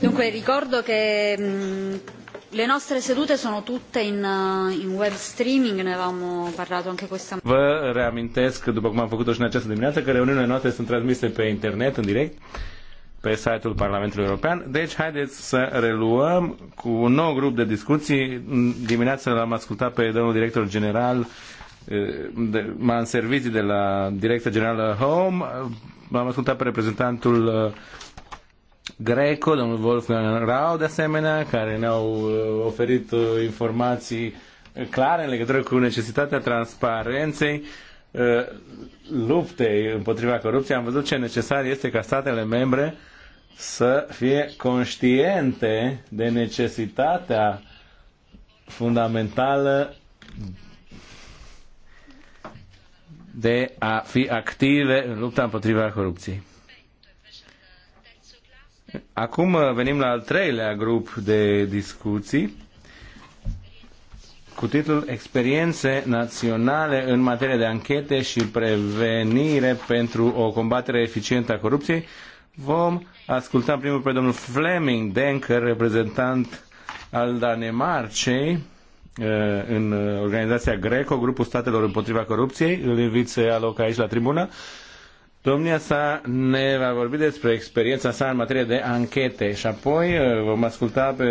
Dunque ricordo che mm, le nostre sedute sono tutte in, uh, in web streaming, ne avevamo parlato anche questa mattina. Vă reamintesc, după cum am făcut-o și în această dimineață, că reuniunile noastre sunt transmise pe internet, în direct, pe site-ul Parlamentului European. Deci, haideți să reluăm cu un nou grup de discuții. Dimineața l-am ascultat pe domnul director general m-am servit de la Direcția Generală Home, m-am ascultat pe reprezentantul uh, Greco, domnul Wolfgang Rau, de asemenea, care ne-au uh, oferit uh, informații clare în legătură cu necesitatea transparenței luptei împotriva corupției. Am văzut ce necesar este ca statele membre să fie conștiente de necesitatea fundamentală de a fi active în lupta împotriva corupției. Acum uh, venim la al treilea grup de discuții cu titlul Experiențe naționale în materie de anchete și prevenire pentru o combatere eficientă a corupției. Vom asculta primul pe domnul Fleming Denker, reprezentant al Danemarcei, Uh, în organizația Greco, grupul statelor împotriva corupției. Îl invit să ia loc aici la tribună. Domnia sa ne va vorbi despre experiența sa în materie de anchete și apoi uh, vom asculta pe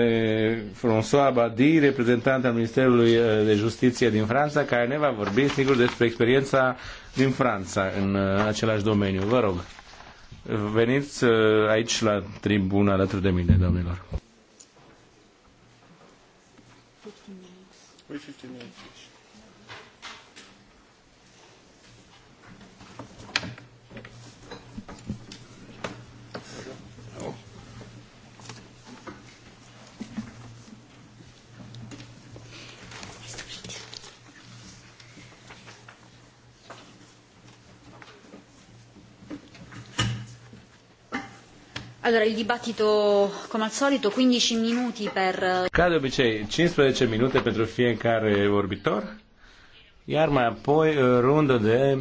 François Badi, reprezentant al Ministerului uh, de Justiție din Franța, care ne va vorbi, sigur, despre experiența din Franța în același domeniu. Vă rog, veniți aici la tribuna alături de mine, domnilor. Wait păi, 15 minutes. Allora, il dibattito, come al solito, 15 minuti per... Eh, Ca de obicei, 15 minute pentru fiecare vorbitor, iar mai apoi eh, rundă de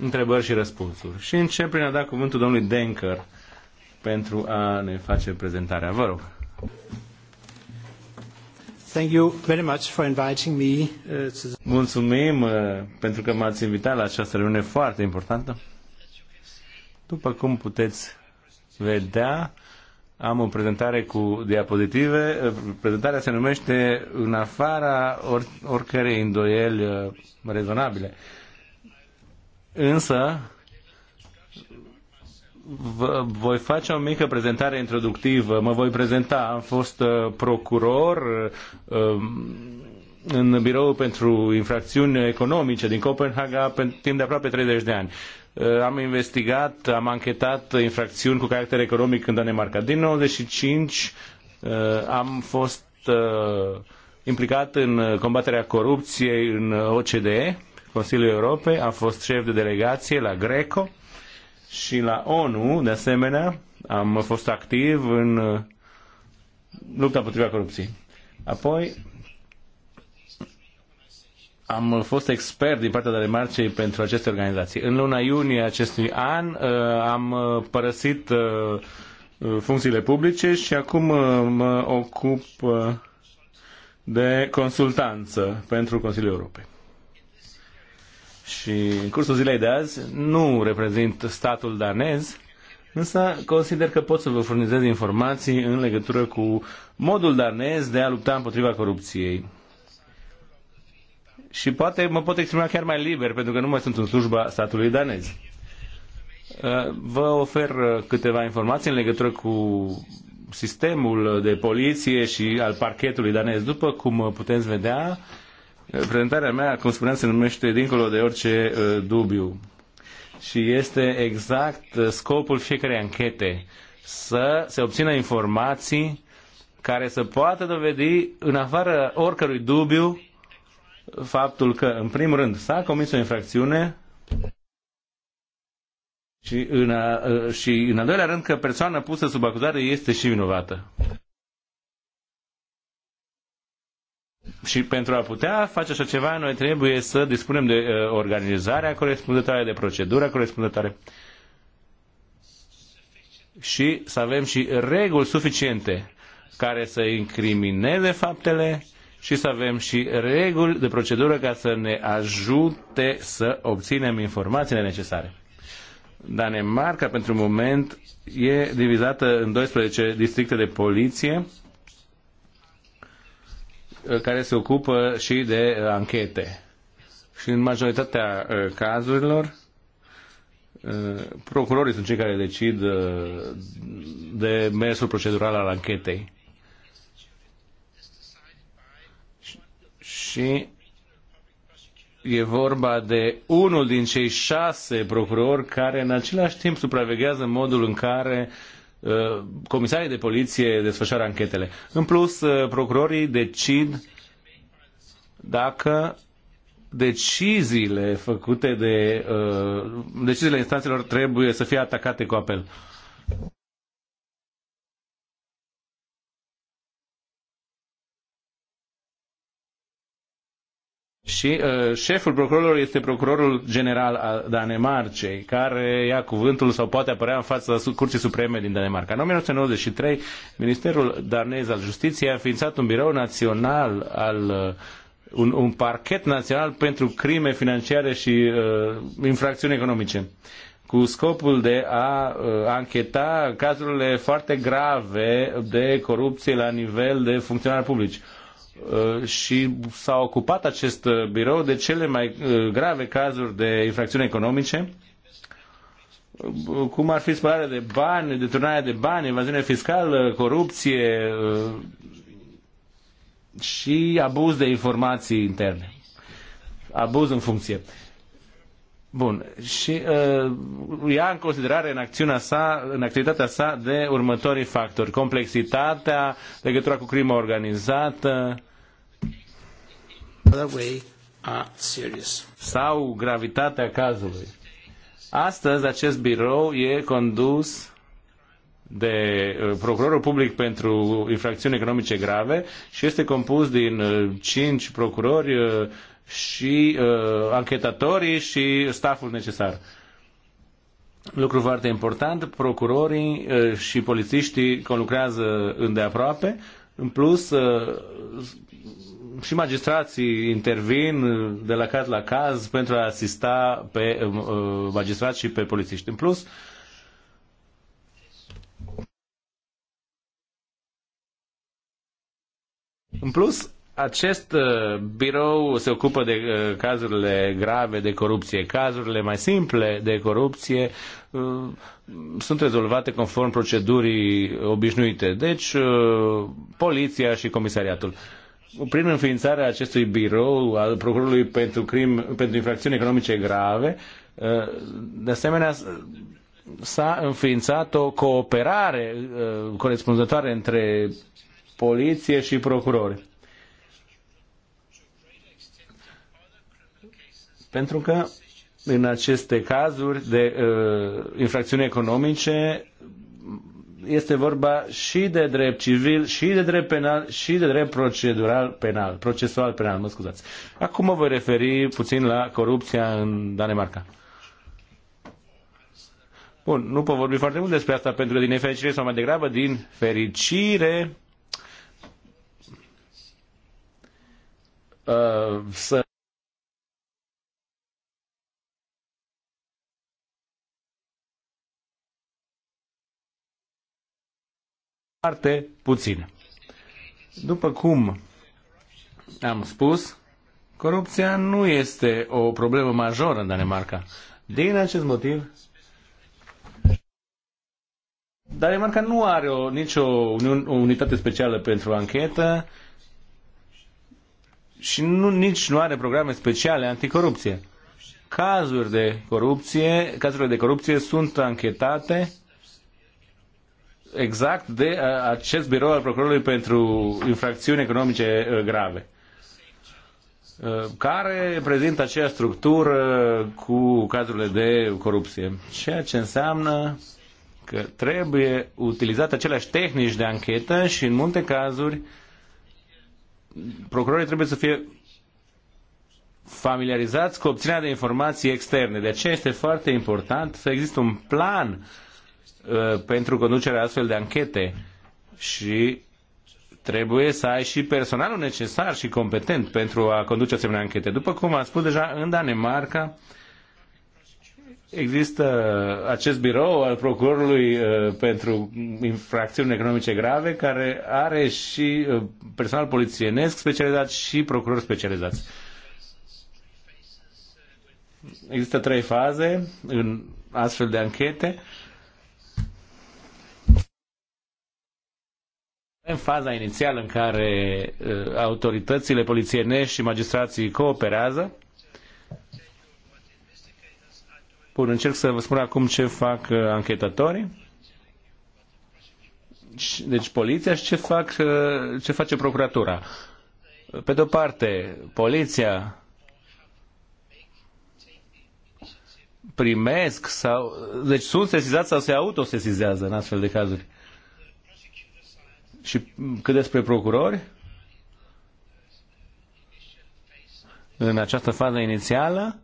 întrebări și răspunsuri. Și încep prin a da cuvântul domnului Denker pentru a ne face prezentarea. Vă rog. Thank you very much for inviting me uh, to... Mulțumim uh, pentru că m-ați invitat la această reuniune foarte importantă. După cum puteți vedea am o prezentare cu diapozitive. Prezentarea se numește În afara or- oricărei îndoieli uh, rezonabile. Însă, voi face o mică prezentare introductivă. Mă voi prezenta. Am fost uh, procuror uh, în birou pentru infracțiuni economice din Copenhaga timp de aproape 30 de ani. Eh, am investigat, am anchetat infracțiuni cu caracter economic în Danemarca. Din 95 eh, am fost eh, implicat în combaterea corupției în OCDE, Consiliul Europei, am fost șef de delegație la Greco și la ONU, de asemenea, am fost activ în lupta împotriva corupției. Apoi am fost expert din partea de remarcei pentru aceste organizații. În luna iunie acestui an uh, am uh, părăsit uh, funcțiile publice și acum mă ocup de consultanță pentru Consiliul Europei. Și în cursul zilei de azi nu reprezint statul danez, însă consider că pot să vă furnizez informații în legătură cu modul danez de a lupta împotriva corupției și poate mă pot exprima chiar mai liber, pentru că nu mai sunt în slujba statului danez. Uh, vă ofer uh, câteva informații în legătură cu sistemul de poliție și al parchetului danez. După cum puteți vedea, uh, prezentarea mea, cum spuneam, se numește Dincolo de orice dubiu. Și este exact scopul fiecarei anchete să se obțină informații care să poată dovedi, în afară oricărui dubiu, faptul că, în primul rând, s-a comis o infracțiune și în, a, ă, și în al doilea rând că persoana pusă sub acuzare este și vinovată. Și pentru a putea face așa ceva, noi trebuie să dispunem de uh, organizarea corespunzătoare, de procedura corespunzătoare și să avem și reguli suficiente care să incrimineze faptele și să avem și reguli de procedură ca să ne ajute să obținem informațiile necesare. Danemarca, pentru moment, e divizată în 12 districte de poliție eh, care se ocupă și de eh, anchete. Și în majoritatea eh, cazurilor, procurorii sunt cei care decid de mersul procedural al anchetei. și e vorba de unul din cei șase procurori care în același timp supraveghează modul în care uh, comisarii de poliție desfășoară anchetele. În plus, uh, procurorii decid dacă deciziile făcute de uh, deciziile instanțelor trebuie să fie atacate cu apel. și uh, șeful procurorilor este procurorul general al Danemarcei, care ia cuvântul sau poate apărea în fața Curții Supreme din Danemarca. În 1993, Ministerul Danez al Justiției a ființat un birou național al uh, un, un parchet național pentru crime financiare și uh, infracțiuni economice cu scopul de a uh, ancheta cazurile foarte grave de corupție la nivel de funcționari publici. Uh, și s-a ocupat acest uh, birou de cele mai uh, grave cazuri de infracțiuni economice, cum ar fi spălarea de bani, deturnarea de bani, evaziune fiscală, corupție și abuz de informații interne. Abuz în funcție. Bun. Și uh, ia în considerare în acțiunea sa, în activitatea sa de următorii factori. Complexitatea, legătura cu crimă organizată, sau gravitatea cazului. Astăzi acest birou e condus de uh, procurorul public pentru infracțiuni economice grave și este compus din uh, cinci procurori uh, și anchetatorii și staful necesar. Lucru foarte important, procurorii și polițiștii conlucrează îndeaproape, în plus, și magistrații intervin de la caz la caz pentru a asista pe uh, uh, magistrați și pe polițiști. În plus, În plus, acest uh, birou se ocupă de cazurile grave de corupție. Cazurile mai simple de corupție sunt rezolvate conform procedurii obișnuite. Deci, poliția și comisariatul prin înființarea acestui birou al Procurorului pentru, crim, pentru infracțiuni economice grave, eh, de asemenea, s-a înființat o cooperare eh, corespunzătoare între poliție și procurori. Pentru că în aceste cazuri de uh, infracțiuni economice este vorba și de drept civil, și de drept penal, și de drept procedural penal, procesual penal, mă scuzați. Acum mă voi referi puțin la corupția în Danemarca. Bun, nu pot vorbi foarte mult despre asta, pentru că din nefericire sau mai degrabă din fericire uh, să foarte puțin. După cum am spus, corupția nu este o problemă majoră în Danemarca. Din acest motiv, Danemarca nu are o, nicio o unitate specială pentru anchetă și nu, nici nu are programe speciale anticorupție. Cazuri de corupție, cazurile de corupție sunt anchetate exact de acest birou al procurorului pentru infracțiuni economice uh, grave uh, care prezintă aceeași structură cu cazurile de corupție. Ceea ce înseamnă că trebuie utilizate aceleași tehnici de anchetă și în multe cazuri procurorii trebuie să fie familiarizați cu obținerea de informații externe. De aceea este foarte important să există un plan uh, Uh, pentru conducerea astfel de anchete și trebuie să ai și personalul necesar și competent pentru a conduce asemenea anchete. După cum am spus deja, în Danemarca există acest birou al procurorului uh, pentru infracțiuni economice grave care are și uh, personal polițienesc specializat și procurori specializați. Există trei faze în astfel de anchete în faza inițială în care uh, autoritățile polițienești și magistrații cooperează. Bun, încerc să vă spun acum ce fac uh, anchetatorii. Deci poliția și ce, fac, uh, ce face procuratura. Pe de-o parte, poliția primesc sau... Deci sunt sesizați sau se autosesizează în astfel de cazuri. Și cât despre procurori, în această fază inițială,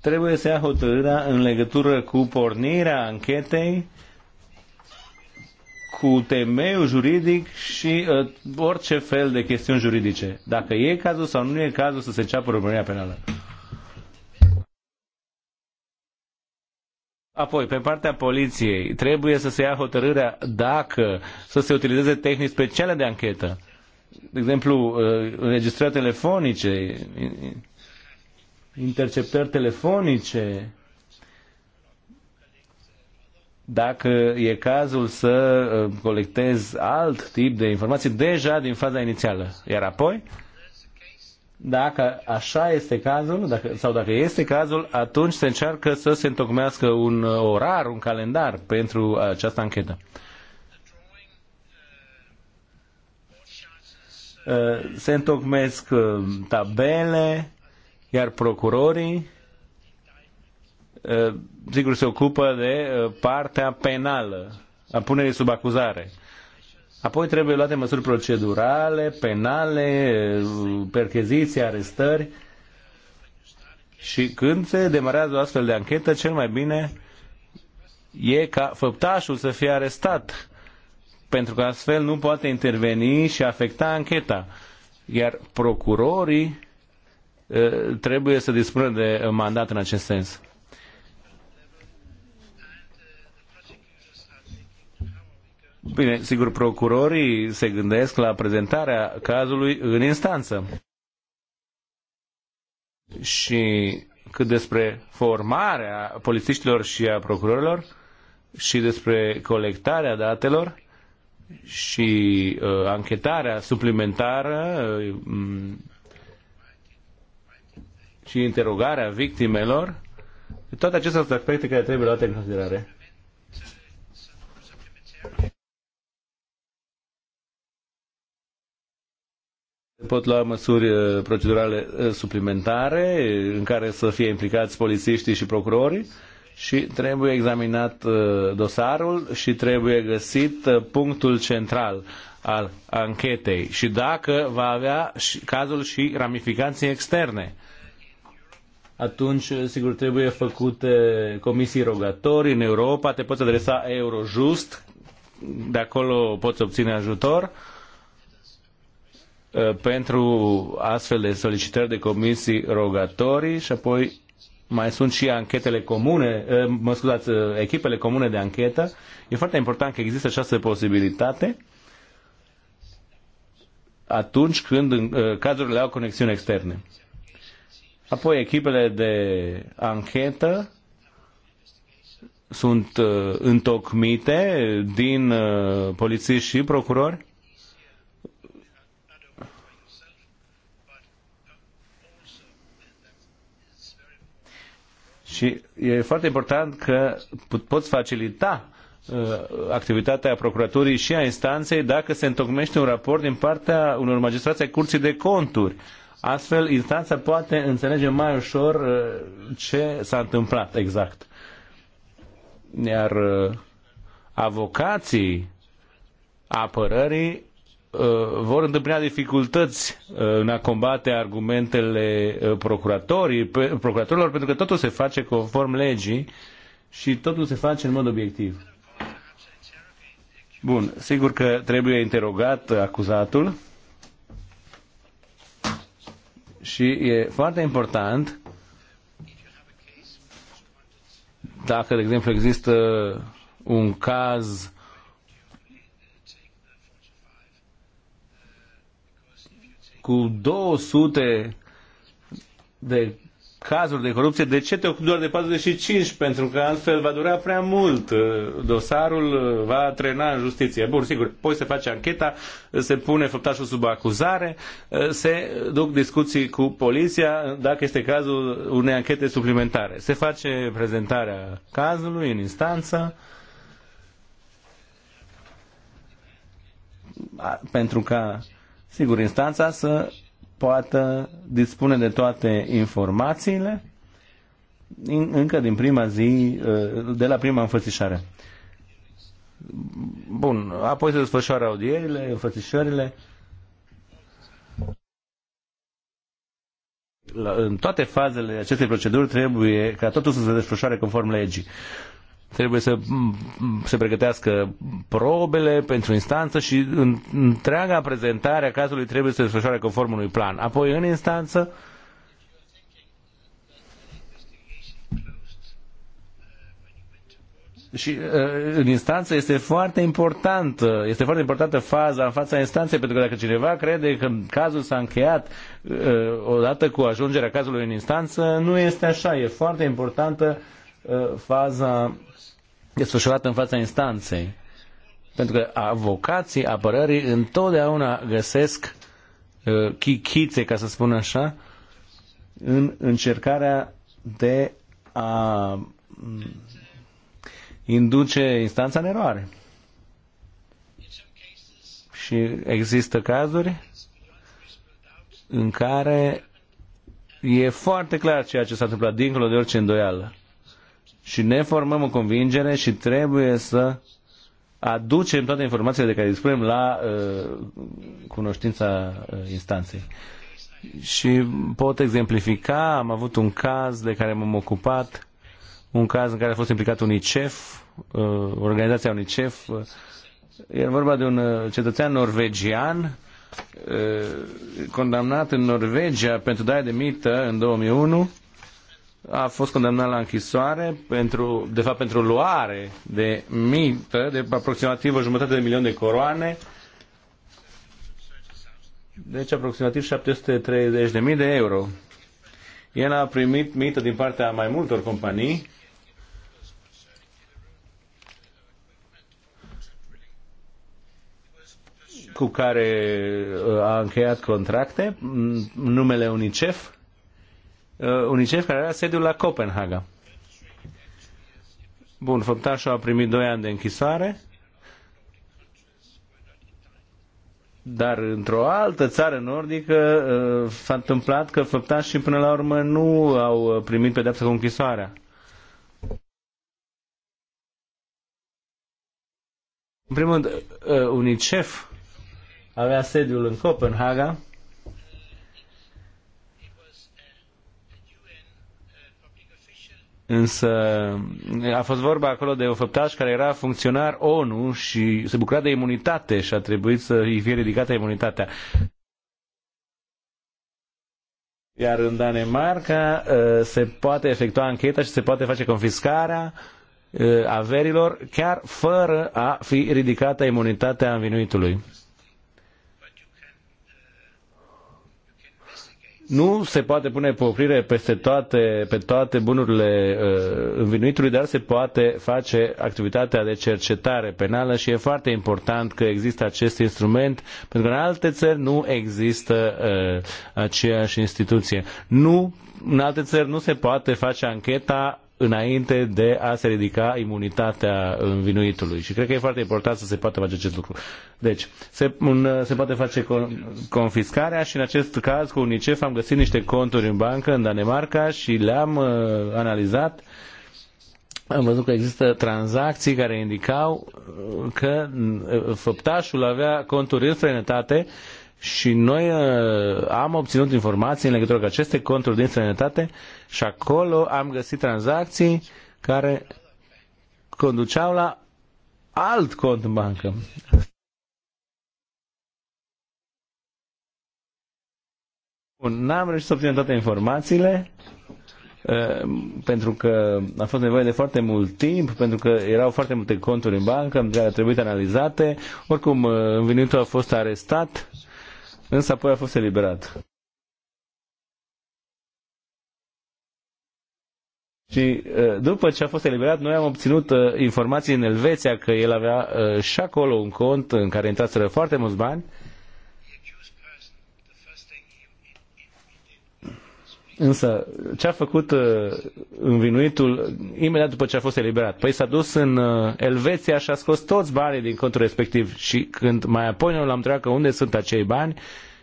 trebuie să ia hotărârea în legătură cu pornirea anchetei, cu temeiul juridic și uh, orice fel de chestiuni juridice. Dacă e cazul sau nu e cazul să se ceapă urmărirea penală. Apoi, pe partea poliției, trebuie să se ia hotărârea dacă să se utilizeze tehnici speciale de anchetă. De exemplu, uh, înregistrări telefonice, interceptări telefonice, dacă e cazul să uh, colectezi alt tip de informații deja din faza inițială. Iar apoi, dacă așa este cazul, dacă, sau dacă este cazul, atunci se încearcă să se întocmească un orar, un calendar pentru această anchetă. Uh, se întocmesc uh, tabele, iar procurorii uh, sigur se ocupă de partea penală a punerii sub acuzare. Apoi trebuie luate măsuri procedurale, penale, percheziții, arestări. Și când se demarează o astfel de anchetă, cel mai bine e ca făptașul să fie arestat, pentru că astfel nu poate interveni și afecta ancheta. Iar procurorii eh, trebuie să dispună de mandat în acest sens. Bine, sigur, procurorii se gândesc la prezentarea cazului în instanță. Și cât despre formarea polițiștilor și a procurorilor și despre colectarea datelor și uh, anchetarea suplimentară uh, și interogarea victimelor, toate acestea sunt aspecte care trebuie luate în considerare. pot lua măsuri uh, procedurale uh, suplimentare în care să fie implicați polițiștii și procurorii și trebuie examinat uh, dosarul și trebuie găsit punctul central al anchetei și dacă va avea cazul și ramificații externe. Atunci, sigur, trebuie făcute comisii rogatorii în Europa, te poți adresa Eurojust, de acolo poți obține ajutor Uh, pentru astfel de solicitări de comisii rogatorii și apoi mai sunt și anchetele comune, uh, mă scuzați, uh, echipele comune de anchetă. E foarte important că există această posibilitate atunci când cazurile au conexiuni externe. Apoi echipele de anchetă sunt uh, întocmite din uh, polițiști și procurori Și e foarte important că poți facilita uh, activitatea procuraturii și a instanței dacă se întocmește un raport din partea unor magistrați ai Curții de Conturi. Astfel, instanța poate înțelege mai ușor uh, ce s-a întâmplat exact. Iar uh, avocații apărării Uh, vor întâmpina dificultăți uh, în a combate argumentele uh, procuratorii, procuratorilor, pentru că totul se face conform legii și totul se face în mod obiectiv. Bun, sigur că trebuie interogat acuzatul și e foarte important dacă, de exemplu, există un caz cu 200 de cazuri de corupție, de ce te ocupi doar de 45? Pentru că altfel va dura prea mult. Dosarul va trena în justiție. Bun, sigur, poi se face ancheta, se pune făptașul sub acuzare, se duc discuții cu poliția, dacă este cazul unei anchete suplimentare. Se face prezentarea cazului în instanță, pentru ca sigur, instanța să poată dispune de toate informațiile încă din prima zi, eh, de la prima înfățișare. Bun, apoi se desfășoară audierile, înfățișările. La, în toate fazele acestei proceduri trebuie ca totul să se desfășoare conform legii trebuie să se pregătească probele pentru instanță și întreaga prezentare a cazului trebuie să se desfășoare conform unui plan. Apoi în instanță și uh, în instanță este foarte importantă, uh, este foarte importantă faza în fața instanței, pentru că dacă cineva crede că cazul s-a încheiat uh, odată cu ajungerea cazului în instanță, nu este așa. E foarte importantă faza desfășurată în fața instanței. Pentru că avocații apărării întotdeauna găsesc uh, chichițe, ca să spun așa, în încercarea de a mm, induce instanța în eroare. Și există cazuri în care e foarte clar ceea ce s-a întâmplat dincolo de orice îndoială și ne formăm o convingere și trebuie să aducem toate informațiile de care dispunem la uh, cunoștința uh, instanței. Și pot exemplifica, am avut un caz de care m-am ocupat, un caz în care a fost implicat UNICEF, uh, organizația UNICEF, uh, era vorba de un uh, cetățean norvegian uh, condamnat în Norvegia pentru daia de mită în 2001 a fost condamnat la închisoare pentru, de fapt pentru luare de mită de aproximativ o jumătate de milion de coroane deci aproximativ 730.000 de euro. El a primit mită din partea mai multor companii cu care uh, a încheiat contracte, mm, numele UNICEF Uh, UNICEF, care era sediul la Copenhaga. Bun, făptașul a primit 2 ani de închisoare, dar într-o altă țară nordică uh, s-a întâmplat că făptașii până la urmă nu au primit pedepsă cu închisoarea. În primul rând, uh, UNICEF avea sediul în Copenhaga Însă a fost vorba acolo de o făptaș care era funcționar ONU și se bucura de imunitate și a trebuit să îi fie ridicată imunitatea. Iar în Danemarca uh, se poate efectua ancheta și se poate face confiscarea uh, averilor chiar fără a fi ridicată imunitatea învinuitului. nu se poate pune pe oprire peste toate, pe toate bunurile uh, învinuitului, dar se poate face activitatea de cercetare penală și e foarte important că există acest instrument, pentru că în alte țări nu există uh, aceeași instituție. Nu, în alte țări nu se poate face ancheta înainte de a se ridica imunitatea învinuitului. Și cred că e foarte important să se poată face acest lucru. Deci, se, un, se poate face con, confiscarea și în acest caz cu UNICEF am găsit niște conturi în bancă în Danemarca și le-am uh, analizat. Am văzut că există tranzacții care indicau uh, că uh, făptașul avea conturi în străinătate uh, și noi uh, am obținut informații în legătură cu aceste conturi din străinătate și acolo am găsit tranzacții care conduceau la alt cont în bancă. Bun, n-am reușit să obținem toate informațiile uh, pentru că a fost nevoie de foarte mult timp, pentru că erau foarte multe conturi în bancă care trebuit analizate. Oricum, uh, învinuitul a fost arestat însă apoi a fost eliberat. Și după ce a fost eliberat, noi am obținut informații în Elveția că el avea și acolo un cont în care intraseră foarte mulți bani Însă, ce a făcut uh, învinuitul imediat după ce a fost eliberat? Păi s-a dus în uh, Elveția și a scos toți banii din contul respectiv și când mai apoi l-am întrebat că unde sunt acei bani,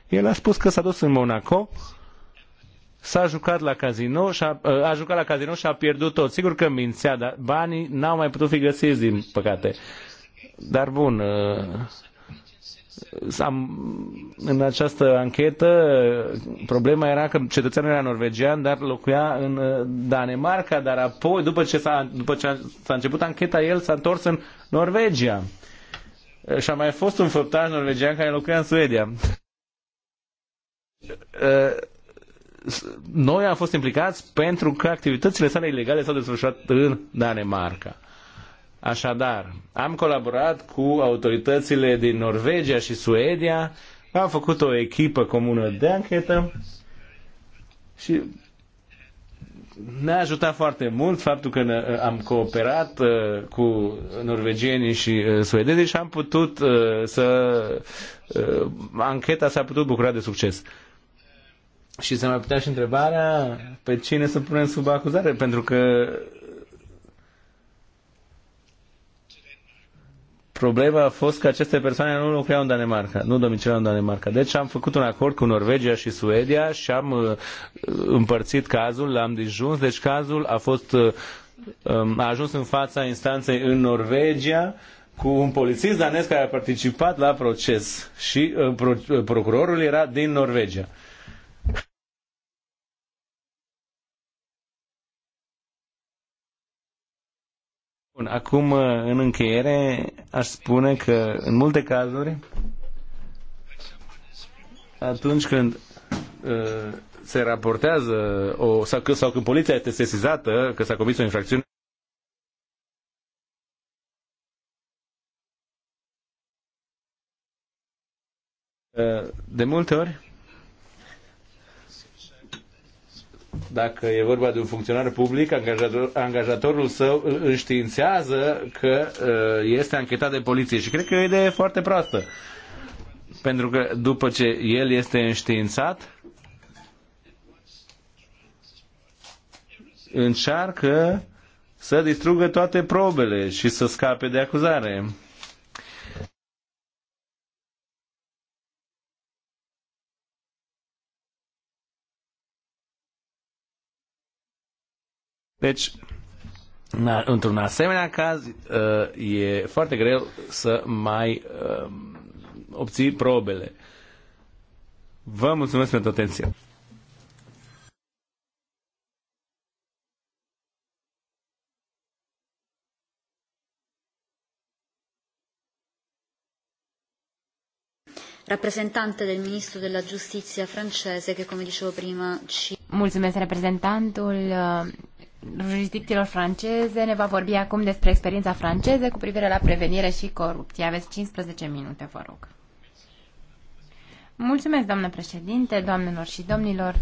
el a spus că s-a dus în Monaco, s-a jucat la casino și a, uh, a jucat la casino și a pierdut tot. Sigur că mințea, dar banii n-au mai putut fi găsiți, din păcate. Dar bun, am în această anchetă problema era că cetățeanul era norvegian, dar locuia în uh, Danemarca, dar apoi, după ce s-a, după ce s-a început ancheta, el s-a întors în Norvegia. Uh, și a mai fost un făptaș norvegian care locuia în Suedia. Uh, noi am fost implicați pentru că activitățile sale ilegale s-au desfășurat în Danemarca. Așadar, am colaborat cu autoritățile din Norvegia și Suedia, am făcut o echipă comună de anchetă și ne-a ajutat foarte mult faptul că ne, uh, am cooperat uh, cu norvegienii și uh, suedezii și am putut uh, să... Uh, ancheta s-a putut bucura de succes. Și să mai putea și întrebarea pe cine să punem sub acuzare, pentru că problema a fost că aceste persoane nu lucreau în Danemarca, nu domiciliau în Danemarca. Deci am făcut un acord cu Norvegia și Suedia și am uh, împărțit cazul, l-am disjuns, deci cazul a fost uh, um, a ajuns în fața instanței în Norvegia cu un polițist danez care a participat la proces și uh, procurorul era din Norvegia. Bun, acum, uh, în încheiere, aș spune că, în multe cazuri, atunci când uh, se raportează o, sau, că, sau când poliția este sesizată că s-a comis o infracțiune, uh, de multe ori, dacă e vorba de un funcționar public, angajator, angajatorul său înștiințează că uh, este anchetat de poliție și cred că e o idee foarte proastă. Pentru că după ce el este înștiințat, încearcă să distrugă toate probele și să scape de acuzare. Deci, într-un asemenea caz, uh, e foarte greu să mai uh, obții probele. Vă mulțumesc pentru atenție! rappresentante del ministro della giustizia francese che come dicevo prima ci... Mulțumesc reprezentantul uh, jurisdicțiilor franceze. Ne va vorbi acum despre experiența franceză cu privire la prevenire și corupție. Aveți 15 minute, vă rog. Mulțumesc, doamnă președinte, doamnelor și domnilor.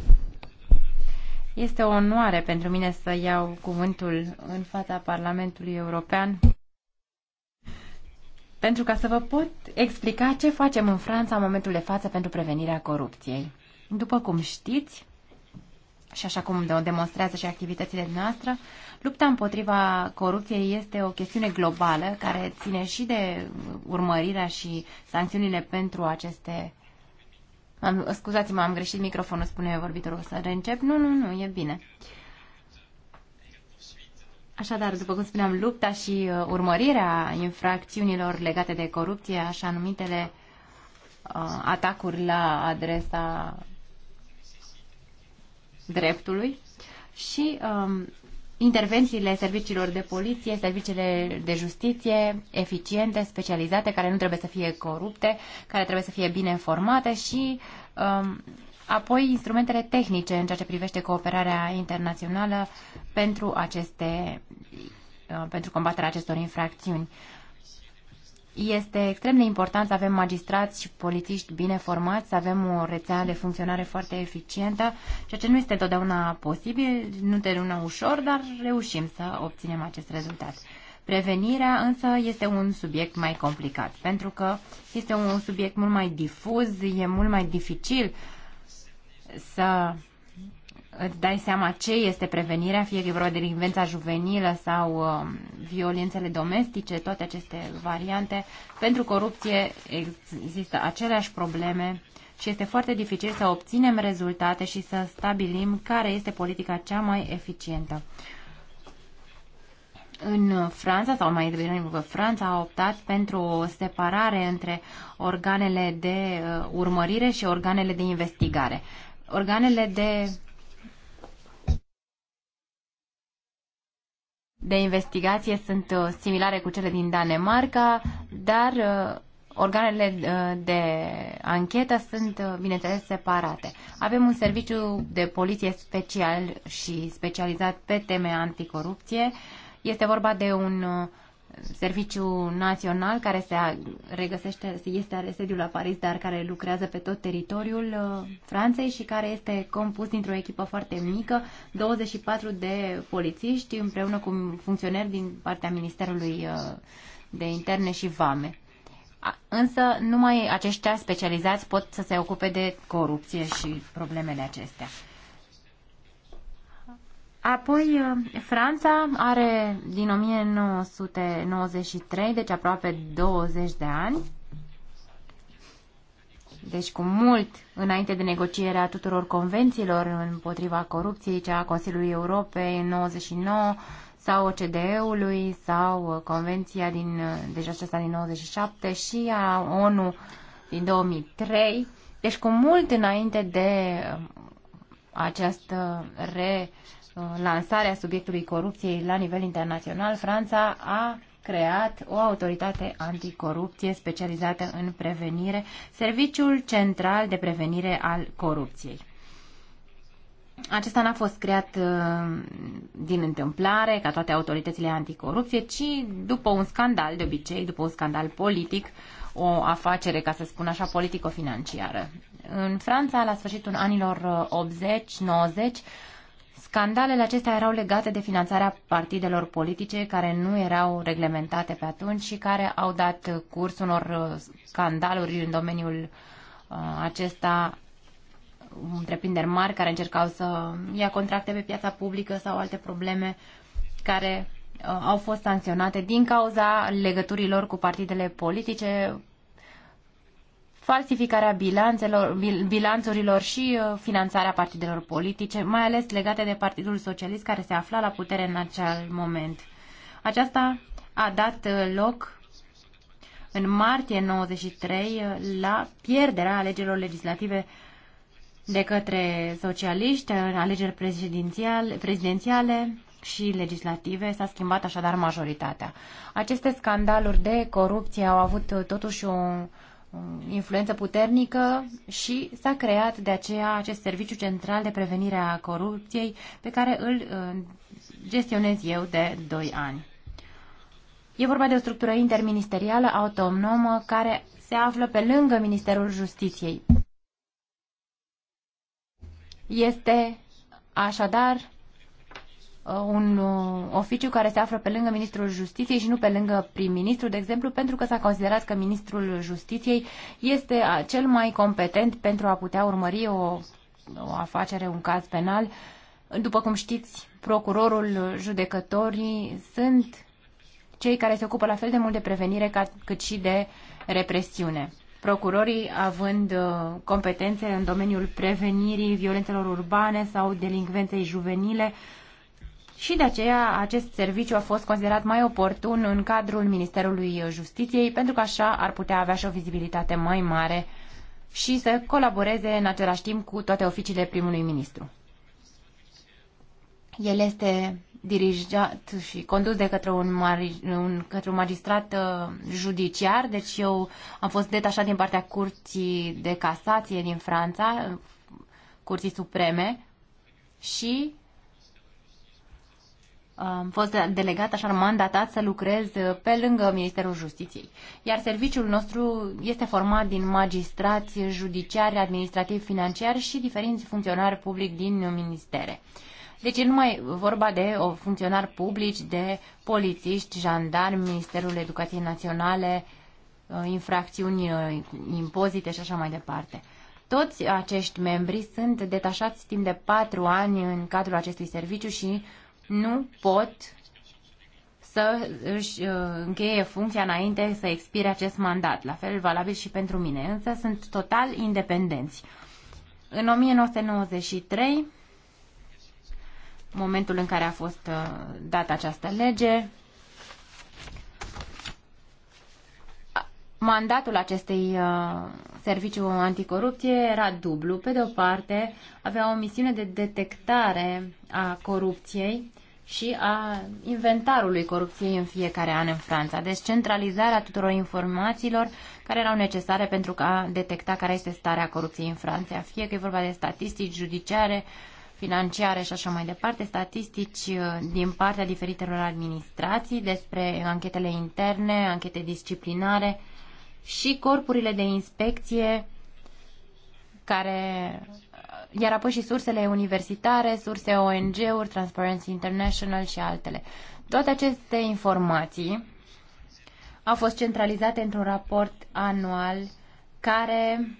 Este o onoare pentru mine să iau cuvântul în fața Parlamentului European pentru ca să vă pot explica ce facem în Franța în momentul de față pentru prevenirea corupției. După cum știți, și așa cum o demonstrează și activitățile noastre, lupta împotriva corupției este o chestiune globală care ține și de urmărirea și sancțiunile pentru aceste... Am, scuzați-mă, am greșit microfonul, spune vorbitorul. Să reîncep? Nu, nu, nu, e bine. Așadar, după cum spuneam, lupta și uh, urmărirea infracțiunilor legate de corupție, așa numitele uh, atacuri la adresa dreptului și um, intervențiile serviciilor de poliție, serviciile de justiție eficiente, specializate, care nu trebuie să fie corupte, care trebuie să fie bine informate și um, apoi instrumentele tehnice în ceea ce privește cooperarea internațională pentru aceste uh, pentru combaterea acestor infracțiuni. Este extrem de important să avem magistrați și polițiști bine formați, să avem o rețea de funcționare foarte eficientă, ceea ce nu este totdeauna posibil, nu totdeauna ușor, dar reușim să obținem acest rezultat. Prevenirea însă este un subiect mai complicat, pentru că este un subiect mult mai difuz, e mult mai dificil să îți dai seama ce este prevenirea, fie că e vorba de delinvența juvenilă sau uh, violențele domestice, toate aceste variante. Pentru corupție există aceleași probleme și este foarte dificil să obținem rezultate și să stabilim care este politica cea mai eficientă. În Franța, sau mai degrabă Franța, a optat pentru o separare între organele de uh, urmărire și organele de investigare. Organele de de investigație sunt uh, similare cu cele din Danemarca, dar uh, organele uh, de anchetă sunt, bineînțeles, separate. Avem un serviciu de poliție special și specializat pe teme anticorupție. Este vorba de un serviciu național care se regăsește, este are sediul la Paris, dar care lucrează pe tot teritoriul uh, Franței și care este compus dintr-o echipă foarte mică, 24 de polițiști împreună cu funcționari din partea Ministerului uh, de Interne și Vame. Însă numai aceștia specializați pot să se ocupe de corupție și problemele acestea. Apoi, uh, Franța are din 1993, deci aproape 20 de ani, deci cu mult înainte de negocierea tuturor convențiilor împotriva corupției, cea a Consiliului Europei în 99 sau OCDE-ului sau uh, Convenția din, uh, deja deci aceasta din 97 și a ONU din 2003. Deci cu mult înainte de această re, lansarea subiectului corupției la nivel internațional, Franța a creat o autoritate anticorupție specializată în prevenire, Serviciul Central de Prevenire al Corupției. Acesta n-a fost creat uh, din întâmplare, ca toate autoritățile anticorupție, ci după un scandal, de obicei, după un scandal politic, o afacere, ca să spun așa, politico-financiară. În Franța, la sfârșitul anilor 80-90, uh, Scandalele acestea erau legate de finanțarea partidelor politice care nu erau reglementate pe atunci și care au dat curs unor uh, scandaluri în domeniul uh, acesta întreprinderi mari care încercau să ia contracte pe piața publică sau alte probleme care uh, au fost sancționate din cauza legăturilor cu partidele politice, falsificarea bilanțelor, bilanțurilor și uh, finanțarea partidelor politice, mai ales legate de Partidul Socialist care se afla la putere în acel moment. Aceasta a dat uh, loc în martie 93 uh, la pierderea alegerilor legislative de către socialiști în alegeri prezidențiale, prezidențiale și legislative s-a schimbat așadar majoritatea. Aceste scandaluri de corupție au avut totuși un Um, influență puternică și s-a creat de aceea acest serviciu central de prevenire a corupției pe care îl uh, gestionez eu de 2 ani. E vorba de o structură interministerială autonomă care se află pe lângă Ministerul Justiției. Este așadar Uh, un uh, oficiu care se află pe lângă Ministrul Justiției și nu pe lângă prim-ministru, de exemplu, pentru că s-a considerat că Ministrul Justiției este uh, cel mai competent pentru a putea urmări o, o afacere, un caz penal. După cum știți, procurorul, judecătorii sunt cei care se ocupă la fel de mult de prevenire ca, cât și de represiune. Procurorii având competențe în domeniul prevenirii violențelor urbane sau delincvenței juvenile, și de aceea acest serviciu a fost considerat mai oportun în cadrul Ministerului Justiției, pentru că așa ar putea avea și o vizibilitate mai mare și să colaboreze în același timp cu toate oficiile primului ministru. El este dirijat și condus de către un, mari, un, către un magistrat uh, judiciar, deci eu am fost detașat din partea Curții de Casație din Franța, uh, Curții Supreme, și am fost delegat, așa mandatat să lucrez pe lângă Ministerul Justiției. Iar serviciul nostru este format din magistrați, judiciari, administrativi, financiari și diferiți funcționari public din ministere. Deci e numai vorba de o funcționari publici, de polițiști, jandarmi, Ministerul Educației Naționale, uh, infracțiuni, uh, impozite și așa mai departe. Toți acești membri sunt detașați timp de patru ani în cadrul acestui serviciu și nu pot să își uh, încheie funcția înainte să expire acest mandat, la fel valabil și pentru mine, însă sunt total independenți. În 1993, momentul în care a fost uh, dată această lege, mandatul acestei uh, serviciu anticorupție era dublu. Pe de o parte, avea o misiune de detectare a corupției și a inventarului corupției în fiecare an în Franța. Deci centralizarea tuturor informațiilor care erau necesare pentru a detecta care este starea corupției în Franța. Fie că e vorba de statistici judiciare, financiare și așa mai departe, statistici uh, din partea diferitelor administrații despre anchetele interne, anchete disciplinare și corpurile de inspecție care iar apoi și sursele universitare, surse ONG-uri, Transparency International și altele. Toate aceste informații au fost centralizate într-un raport anual care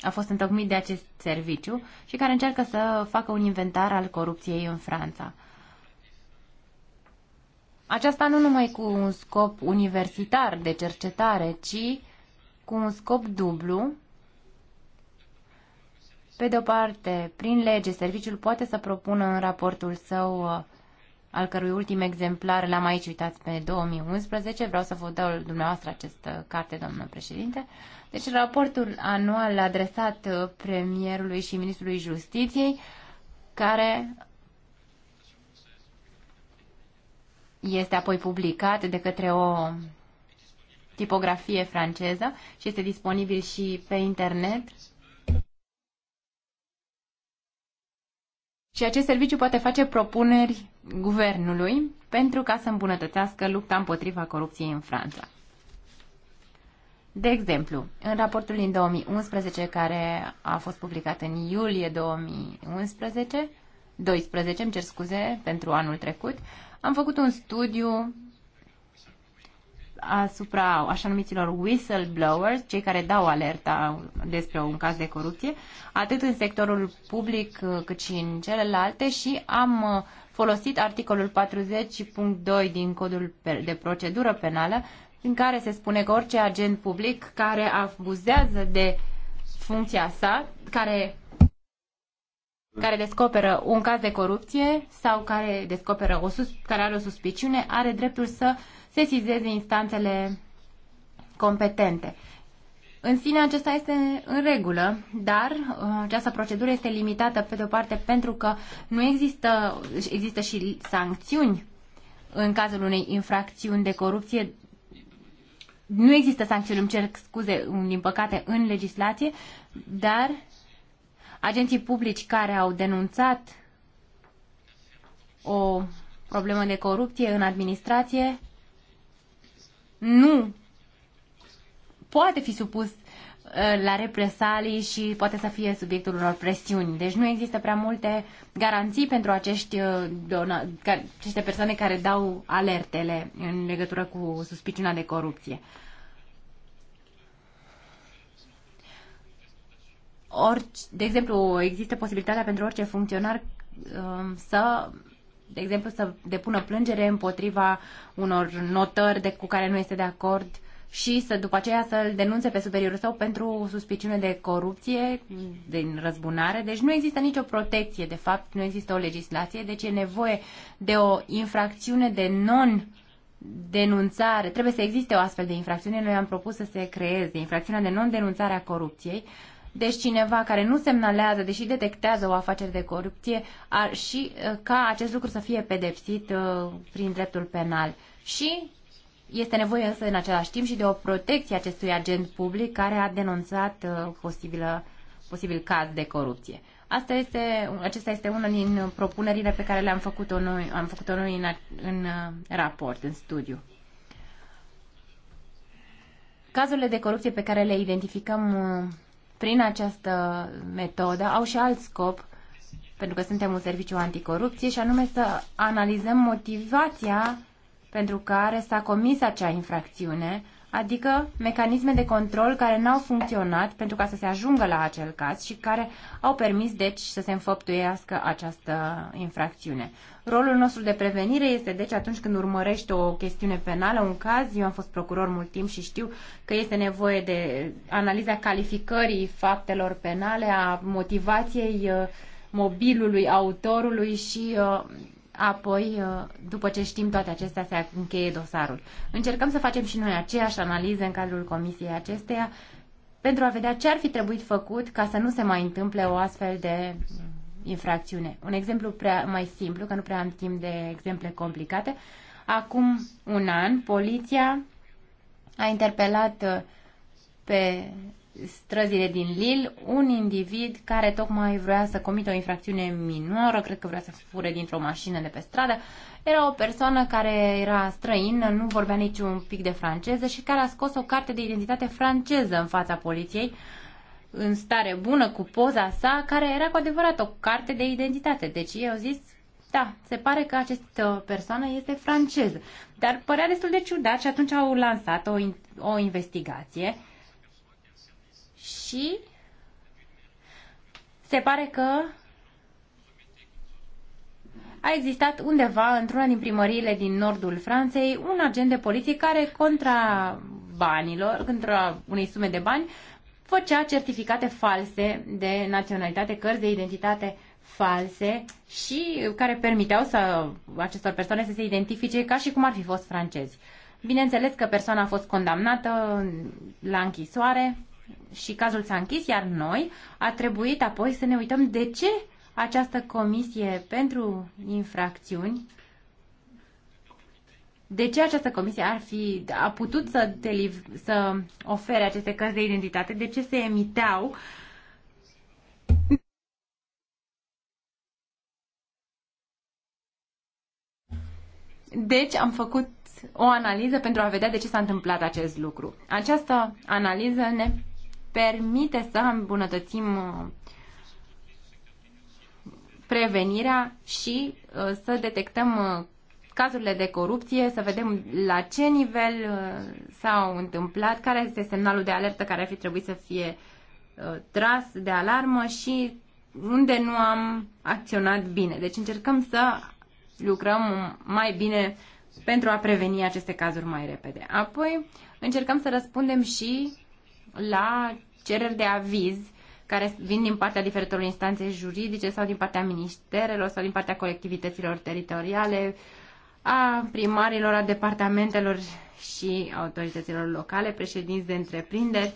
a fost întocmit de acest serviciu și care încearcă să facă un inventar al corupției în Franța. Aceasta nu numai cu un scop universitar de cercetare, ci cu un scop dublu pe de o parte, prin lege, serviciul poate să propună în raportul său uh, al cărui ultim exemplar l-am aici uitat pe 2011. Vreau să vă dau dumneavoastră această carte, domnule președinte. Deci raportul anual adresat uh, premierului și ministrului justiției, care este apoi publicat de către o tipografie franceză și este disponibil și pe internet Și acest serviciu poate face propuneri guvernului pentru ca să îmbunătățească lupta împotriva corupției în Franța. De exemplu, în raportul din 2011, care a fost publicat în iulie 2011, 12, îmi cer scuze pentru anul trecut, am făcut un studiu asupra așa numiților whistleblowers, cei care dau alerta despre un caz de corupție, atât în sectorul public uh, cât și în celelalte și am uh, folosit articolul 40.2 din codul de procedură penală în care se spune că orice agent public care abuzează de funcția sa, care care descoperă un caz de corupție sau care descoperă o sus- care are o suspiciune, are dreptul să uh, sesizeze instanțele competente. În sine acesta este în regulă, dar uh, această procedură este limitată pe de-o parte pentru că nu există, există și sancțiuni în cazul unei infracțiuni de corupție. Nu există sancțiuni, îmi cer scuze, din păcate, în legislație, dar agenții publici care au denunțat o problemă de corupție în administrație nu poate fi supus uh, la represalii și poate să fie subiectul unor presiuni. Deci nu există prea multe garanții pentru acești uh, aceste persoane care dau alertele în legătură cu suspiciunea de corupție. Orice, de exemplu, există posibilitatea pentru orice funcționar uh, să de exemplu, să depună plângere împotriva unor notări de, cu care nu este de acord și să după aceea să-l denunțe pe superiorul său pentru suspiciune de corupție, din răzbunare. Deci nu există nicio protecție, de fapt, nu există o legislație, deci e nevoie de o infracțiune de non denunțare, trebuie să existe o astfel de infracțiune, noi am propus să se creeze infracțiunea de non-denunțare a corupției, deci cineva care nu semnalează, deși detectează o afacere de corupție, ar, și uh, ca acest lucru să fie pedepsit uh, prin dreptul penal. Și este nevoie însă în același timp și de o protecție acestui agent public care a denunțat uh, posibilă, posibil caz de corupție. Asta este, acesta este una din propunerile pe care le-am făcut-o noi, am făcut-o noi în, în raport, în studiu. Cazurile de corupție pe care le identificăm uh, prin această metodă au și alt scop, pentru că suntem un serviciu anticorupție, și anume să analizăm motivația pentru care s-a comis acea infracțiune, adică mecanisme de control care n-au funcționat pentru ca să se ajungă la acel caz și care au permis, deci, să se înfăptuiască această infracțiune. Rolul nostru de prevenire este, deci, atunci când urmărești o chestiune penală, un caz, eu am fost procuror mult timp și știu că este nevoie de analiza calificării faptelor penale, a motivației uh, mobilului autorului și uh, apoi, uh, după ce știm toate acestea, se încheie dosarul. Încercăm să facem și noi aceeași analiză în cadrul comisiei acesteia pentru a vedea ce ar fi trebuit făcut ca să nu se mai întâmple o astfel de uh, infracțiune. Un exemplu prea, mai simplu, că nu prea am timp de exemple complicate. Acum un an, poliția a interpelat uh, pe străzile din Lille un individ care tocmai vrea să comită o infracțiune minoră, cred că vrea să fure dintr-o mașină de pe stradă. Era o persoană care era străină, nu vorbea niciun pic de franceză și care a scos o carte de identitate franceză în fața poliției, în stare bună, cu poza sa, care era cu adevărat o carte de identitate. Deci eu zis, da, se pare că această persoană este franceză. Dar părea destul de ciudat și atunci au lansat o, o investigație și se pare că a existat undeva, într-una din primăriile din nordul Franței, un agent de poliție care, contra banilor, contra unei sume de bani, făcea certificate false de naționalitate, cărți de identitate false și care permiteau să, acestor persoane să se identifice ca și cum ar fi fost francezi. Bineînțeles că persoana a fost condamnată la închisoare și cazul s-a închis, iar noi a trebuit apoi să ne uităm de ce această comisie pentru infracțiuni de ce această comisie ar fi a putut să, deliv, să ofere aceste cărți de identitate? De ce se emiteau? Deci am făcut o analiză pentru a vedea de ce s-a întâmplat acest lucru. Această analiză ne permite să îmbunătățim uh, prevenirea și uh, să detectăm uh, cazurile de corupție, să vedem la ce nivel s-au întâmplat, care este semnalul de alertă care ar fi trebuit să fie tras de alarmă și unde nu am acționat bine. Deci încercăm să lucrăm mai bine pentru a preveni aceste cazuri mai repede. Apoi încercăm să răspundem și la cereri de aviz care vin din partea diferitor instanțe juridice sau din partea ministerelor sau din partea colectivităților teritoriale, a primarilor, a departamentelor și autorităților locale, președinți de întreprinderi,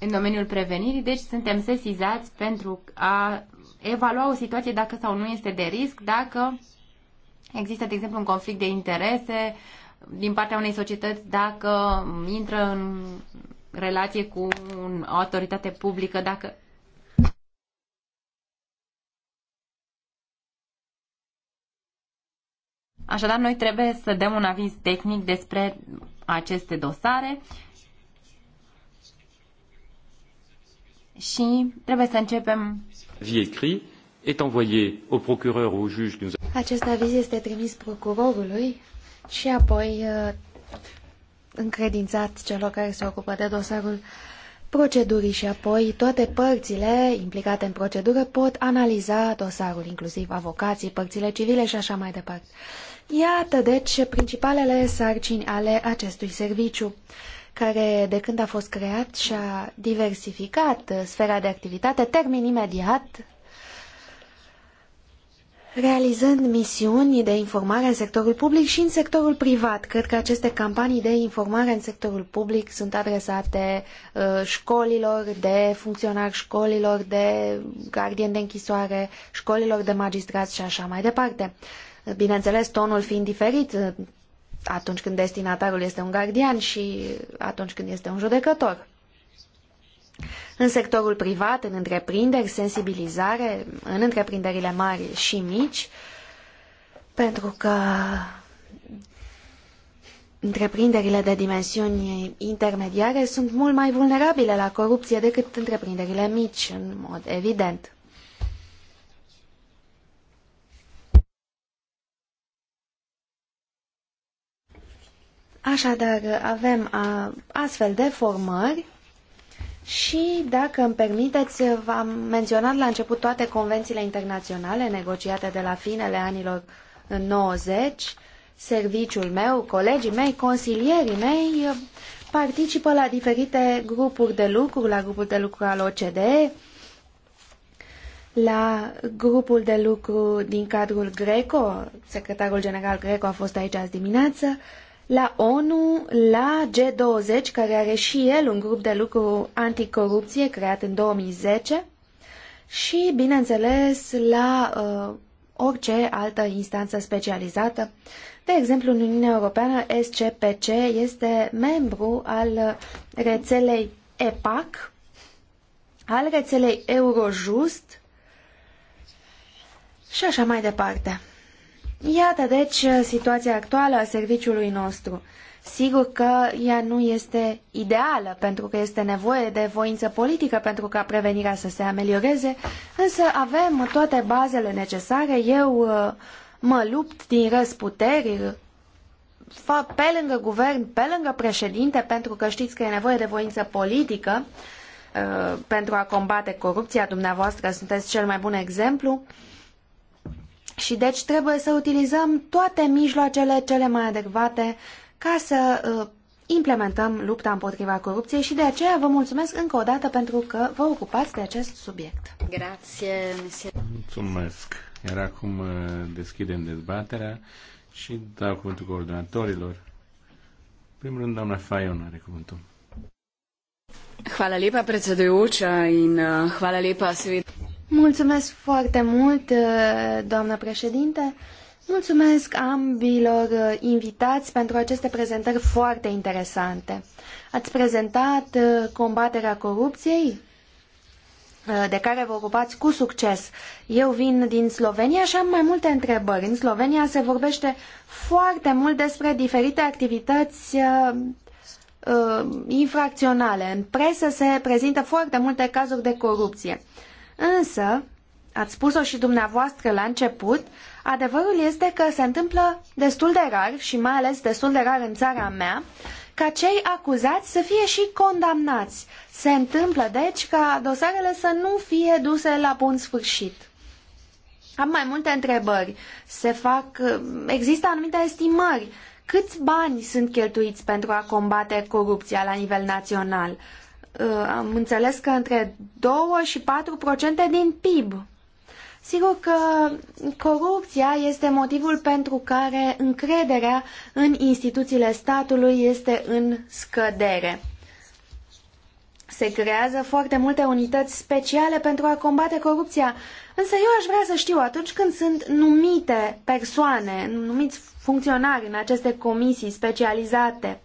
în domeniul prevenirii, deci suntem sesizați pentru a evalua o situație dacă sau nu este de risc, dacă Există, de exemplu, un conflict de interese din partea unei societăți dacă intră în relație cu o autoritate publică, dacă Așadar, noi trebuie să dăm un aviz tehnic despre aceste dosare și trebuie să începem. Vie écrit est envoyé au procureur ou au juge. Acest aviz este trimis procurorului și apoi uh, încredințat celor care se ocupă de dosarul procedurii și apoi toate părțile implicate în procedură pot analiza dosarul, inclusiv avocații, părțile civile și așa mai departe. Iată, deci, principalele sarcini ale acestui serviciu, care de când a fost creat și-a diversificat sfera de activitate, termin imediat, realizând misiuni de informare în sectorul public și în sectorul privat. Cred că aceste campanii de informare în sectorul public sunt adresate uh, școlilor, de funcționari școlilor, de gardieni de închisoare, școlilor de magistrați și așa mai departe. Bineînțeles, tonul fiind diferit uh, atunci când destinatarul este un gardian și atunci când este un judecător. În sectorul privat, în întreprinderi, sensibilizare, în întreprinderile mari și mici, pentru că întreprinderile de dimensiuni intermediare sunt mult mai vulnerabile la corupție decât întreprinderile mici, în mod evident. Așadar, avem astfel de formări și, dacă îmi permiteți, v-am menționat la început toate convențiile internaționale negociate de la finele anilor 90. Serviciul meu, colegii mei, consilierii mei participă la diferite grupuri de lucru, la grupul de lucru al OCDE, la grupul de lucru din cadrul Greco, secretarul general Greco a fost aici azi dimineață, uh, la ONU, la G20, care are și el un grup de lucru anticorupție creat în 2010 și, bineînțeles, la uh, orice altă instanță specializată. De exemplu, în Uniunea Europeană, SCPC este membru al rețelei EPAC, al rețelei Eurojust și așa mai departe. Iată, deci, situația actuală a serviciului nostru. Sigur că ea nu este ideală, pentru că este nevoie de voință politică pentru ca prevenirea să se amelioreze, însă avem toate bazele necesare. Eu uh, mă lupt din răsputeri pe lângă guvern, pe lângă președinte, pentru că știți că e nevoie de voință politică uh, pentru a combate corupția. Dumneavoastră sunteți cel mai bun exemplu. Și deci trebuie să utilizăm toate mijloacele cele mai adecvate ca să uh, implementăm lupta împotriva corupției și de aceea vă mulțumesc încă o dată pentru că vă ocupați de acest subiect. Grație, monsieur. Mulțumesc. Iar acum uh, deschidem dezbaterea și dau cuvântul coordonatorilor. În primul rând, doamna Fayon are cuvântul. Hvala lepa predsedujoča in uh, hvala lepa seveda. Mulțumesc foarte mult, uh, doamnă președinte. Mulțumesc ambilor uh, invitați pentru aceste prezentări foarte interesante. Ați prezentat uh, combaterea corupției, de care vă ocupați cu succes. Eu vin din Slovenia și am mai multe întrebări. În Slovenia se vorbește foarte mult despre diferite activități infracționale. În presă se prezintă foarte multe cazuri de corupție. Însă, ați spus-o și dumneavoastră la început, adevărul este că se întâmplă destul de rar și mai ales destul de rar în țara mea ca cei acuzați să fie și condamnați. Se întâmplă, deci, ca dosarele să nu fie duse la bun sfârșit. Am mai multe întrebări. Se fac, există anumite estimări. Câți bani sunt cheltuiți pentru a combate corupția la nivel național? Uh, am înțeles că între 2 și 4% din PIB. Sigur că corupția este motivul pentru care încrederea în instituțiile statului este în scădere. Se creează foarte multe unități speciale pentru a combate corupția, însă eu aș vrea să știu atunci când sunt numite persoane, numiți funcționari în aceste comisii specializate,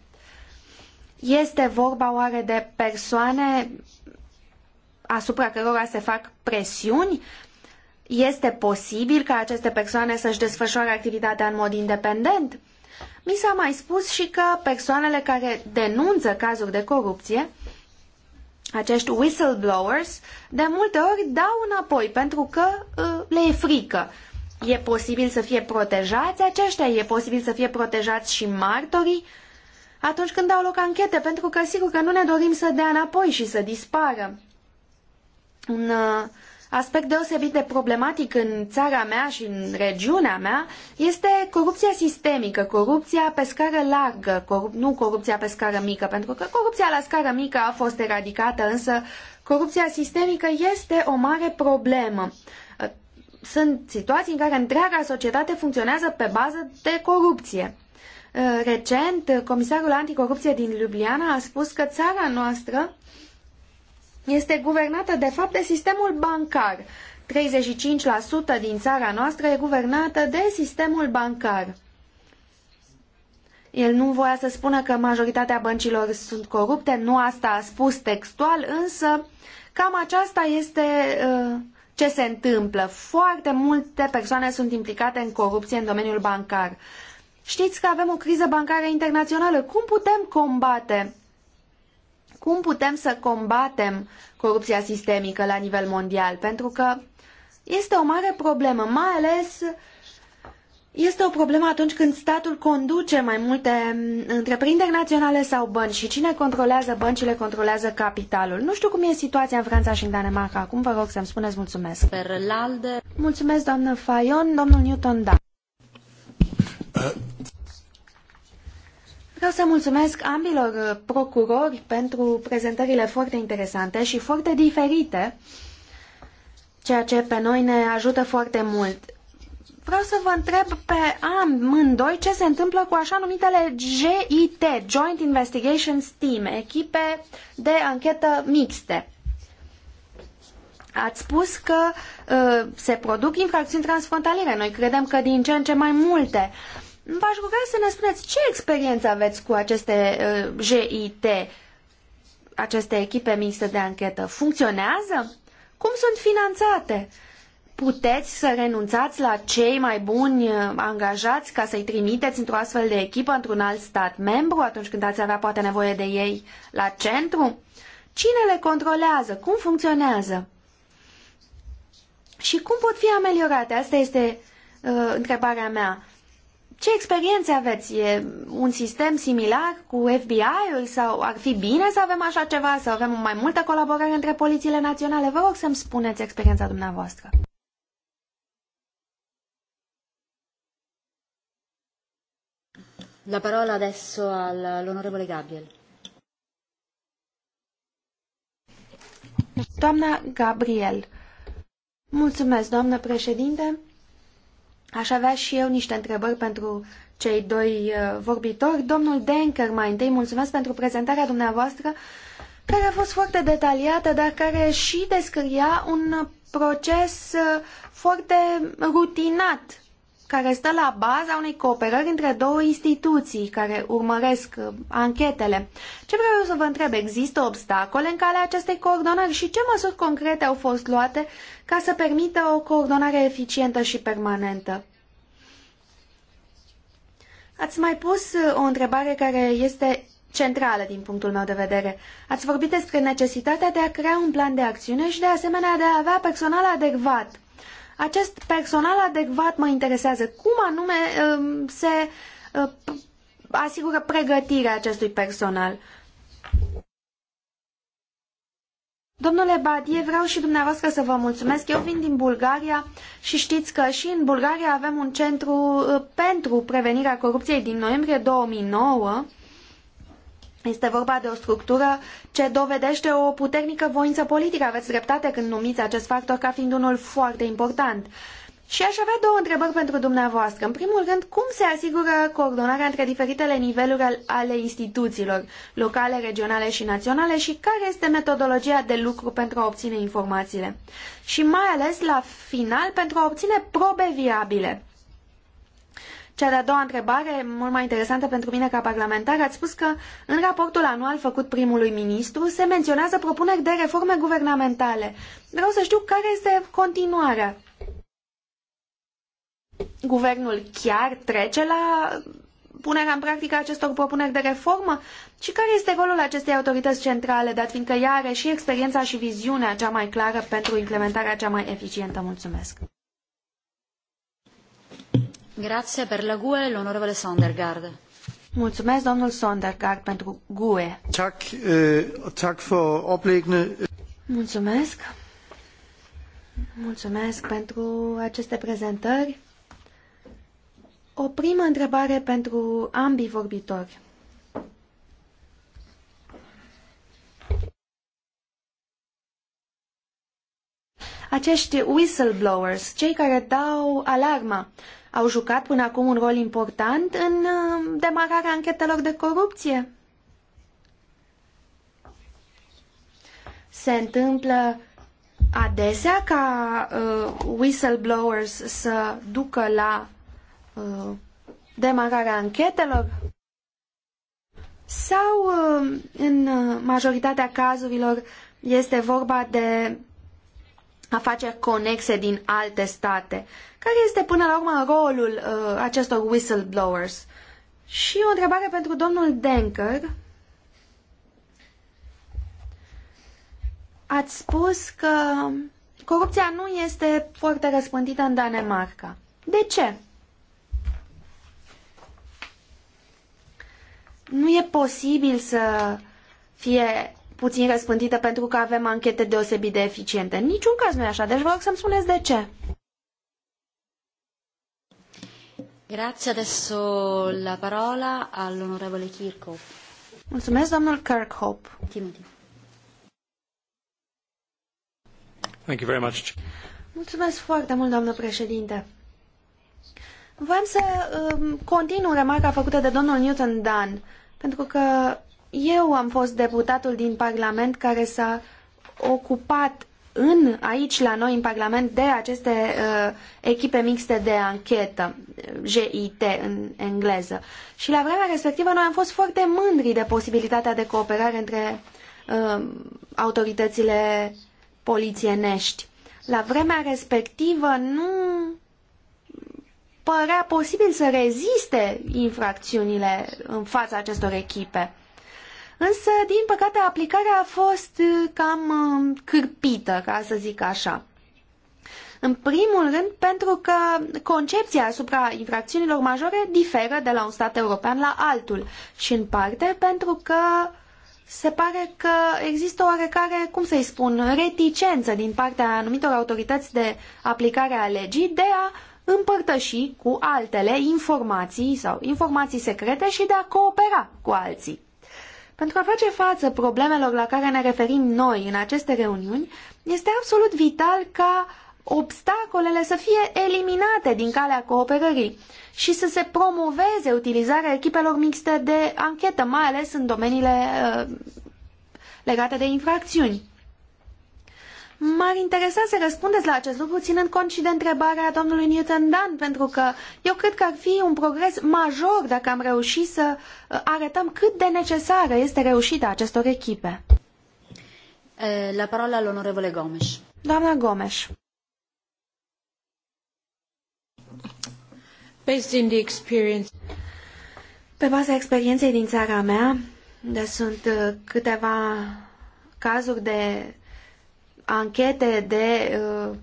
este vorba oare de persoane asupra cărora se fac presiuni? Este posibil ca aceste persoane să-și desfășoare activitatea în mod independent? Mi s-a mai spus și că persoanele care denunță cazuri de corupție, acești whistleblowers, de multe ori dau înapoi pentru că uh, le e frică. E posibil să fie protejați aceștia, e posibil să fie protejați și martorii, uh, atunci când dau loc anchete, pentru că sigur că nu ne dorim să dea înapoi și să dispară. Un uh, aspect deosebit de problematic în țara mea și în regiunea mea este corupția sistemică, corupția pe scară largă, corup nu corupția pe scară mică, pentru că corupția la scară mică a fost eradicată, însă corupția sistemică este o mare problemă uh, sunt situații în care întreaga societate funcționează pe bază de corupție. Eh, recent, comisarul anticorupție din Ljubljana a spus că țara noastră este guvernată de fapt de sistemul bancar. 35% din țara noastră e guvernată de sistemul bancar. El nu voia să spună că majoritatea băncilor sunt corupte, nu asta a spus textual, însă cam aceasta este uh, ce se întâmplă. Foarte multe persoane sunt implicate în corupție în domeniul bancar. Știți că avem o criză bancară internațională. Cum putem combate? Cum putem să combatem corupția sistemică la nivel mondial? Pentru că este o mare problemă, mai ales este o problemă atunci când statul conduce mai multe mm, întreprinderi naționale sau bănci și cine controlează băncile controlează capitalul. Nu știu cum e situația în Franța și în Danemarca. Acum vă rog să-mi spuneți mulțumesc. Mulțumesc, doamnă Fayon, domnul Newton, da. Uh, Vreau să mulțumesc ambilor uh, procurori pentru prezentările foarte interesante și foarte diferite, ceea ce pe noi ne ajută foarte mult. Vreau să vă întreb pe amândoi ce se întâmplă cu așa numitele JIT Joint Investigations Team, echipe de anchetă mixte. Ați spus că uh, se produc infracțiuni transfrontaliere. Noi credem că din ce în ce mai multe. V-aș ruga să ne spuneți ce experiență aveți cu aceste JIT, uh, GIT, aceste echipe mixte de anchetă. Funcționează? Cum sunt finanțate? Puteți să renunțați la cei mai buni uh, angajați ca să-i trimiteți într-o astfel de echipă într-un alt stat membru atunci când ați avea poate nevoie de ei la centru? Cine le controlează? Cum funcționează? Și cum pot fi ameliorate? Asta este uh, întrebarea mea. Ce experiențe aveți? E un sistem similar cu FBI-ul sau ar fi bine să avem așa ceva, să avem mai multă colaborare între polițiile naționale? Vă rog să-mi spuneți experiența dumneavoastră. La parola adesso all'onorevole Gabriel. Doamna Gabriel. Mulțumesc, doamnă președinte. Aș avea și eu niște întrebări pentru cei doi uh, vorbitori. Domnul Denker, mai întâi, mulțumesc pentru prezentarea dumneavoastră, care a fost foarte detaliată, dar care și descria un proces uh, foarte rutinat care stă la baza unei cooperări între două instituții care urmăresc uh, anchetele. Ce vreau eu să vă întreb, există obstacole în calea acestei coordonări și ce măsuri concrete au fost luate ca să permită o coordonare eficientă și permanentă? Ați mai pus uh, o întrebare care este centrală din punctul meu de vedere. Ați vorbit despre necesitatea de a crea un plan de acțiune și de asemenea de a avea personal adecvat – acest personal adecvat mă interesează. Cum anume um, se uh, asigură pregătirea acestui personal? Domnule Badie, vreau și dumneavoastră să vă mulțumesc. Eu vin din Bulgaria și știți că și în Bulgaria avem un centru uh, pentru prevenirea corupției din noiembrie 2009 este vorba de o structură ce dovedește o puternică voință politică. Aveți dreptate când numiți acest factor ca fiind unul foarte important. Și aș avea două întrebări pentru dumneavoastră. În primul rând, cum se asigură coordonarea între diferitele niveluri ale instituțiilor, locale, regionale și naționale și care este metodologia de lucru pentru a obține informațiile? Și mai ales, la final, pentru a obține probe viabile. Cea de-a doua întrebare, mult mai interesantă pentru mine ca parlamentar, ați spus că în raportul anual făcut primului ministru se menționează propuneri de reforme guvernamentale. Vreau să știu care este continuarea. Guvernul chiar trece la punerea în practică acestor propuneri de reformă? Și care este rolul acestei autorități centrale, dat fiindcă ea are și experiența și viziunea cea mai clară pentru implementarea cea mai eficientă? Mulțumesc! Grazie per la GUE, l'onorevole Sondergaard. Mulțumesc, domnul Sondergaard, pentru GUE. Tak, eh, tak for oplæggene. Mulțumesc. Mulțumesc pentru aceste prezentări. O primă întrebare pentru ambii vorbitori. Acești whistleblowers, cei care dau alarma, au jucat până acum un rol important în uh, demararea anchetelor de corupție. Se întâmplă adesea ca uh, whistleblowers să ducă la uh, demararea anchetelor sau uh, în uh, majoritatea cazurilor este vorba de afaceri conexe din alte state. Care este până la urmă rolul uh, acestor whistleblowers? Și o întrebare pentru domnul Denker. Ați spus că corupția nu este foarte răspândită în Danemarca. De ce? Nu e posibil să fie puțin răspândite pentru că avem anchete deosebit de eficiente. În niciun caz nu e așa, deci vă rog să-mi spuneți de ce. Grazie, adesso la parola all'onorevole Kirchhoff. Mulțumesc, domnul Kirkhope. Thank you very much. Mulțumesc foarte mult, doamnă președinte. Voiam să um, continu remarca făcută de domnul Newton Dan, pentru că eu am fost deputatul din Parlament care s-a ocupat în, aici la noi în Parlament de aceste uh, echipe mixte de anchetă, GIT în engleză. Și la vremea respectivă noi am fost foarte mândri de posibilitatea de cooperare între uh, autoritățile polițienești. La vremea respectivă nu părea posibil să reziste infracțiunile în fața acestor echipe. Însă, din păcate, aplicarea a fost uh, cam uh, cârpită, ca să zic așa. În primul rând, pentru că concepția asupra infracțiunilor majore diferă de la un stat european la altul și, în parte, pentru că se pare că există oarecare, cum să-i spun, reticență din partea anumitor autorități de aplicare a legii de a împărtăși cu altele informații sau informații secrete și de a coopera cu alții. Pentru a face față problemelor la care ne referim noi în aceste reuniuni, este absolut vital ca obstacolele să fie eliminate din calea cooperării și să se promoveze utilizarea echipelor mixte de anchetă, mai ales în domeniile uh, legate de infracțiuni. M-ar interesa să răspundeți la acest lucru, ținând cont și de întrebarea domnului Newton Dan, pentru că eu cred că ar fi un progres major dacă am reușit să uh, arătăm cât de necesară este reușita acestor echipe. Uh, la parola l'onorevole Gomes. Doamna Gomes. Based in the experience... Pe baza experienței din țara mea, de sunt uh, câteva cazuri de anchete de uh,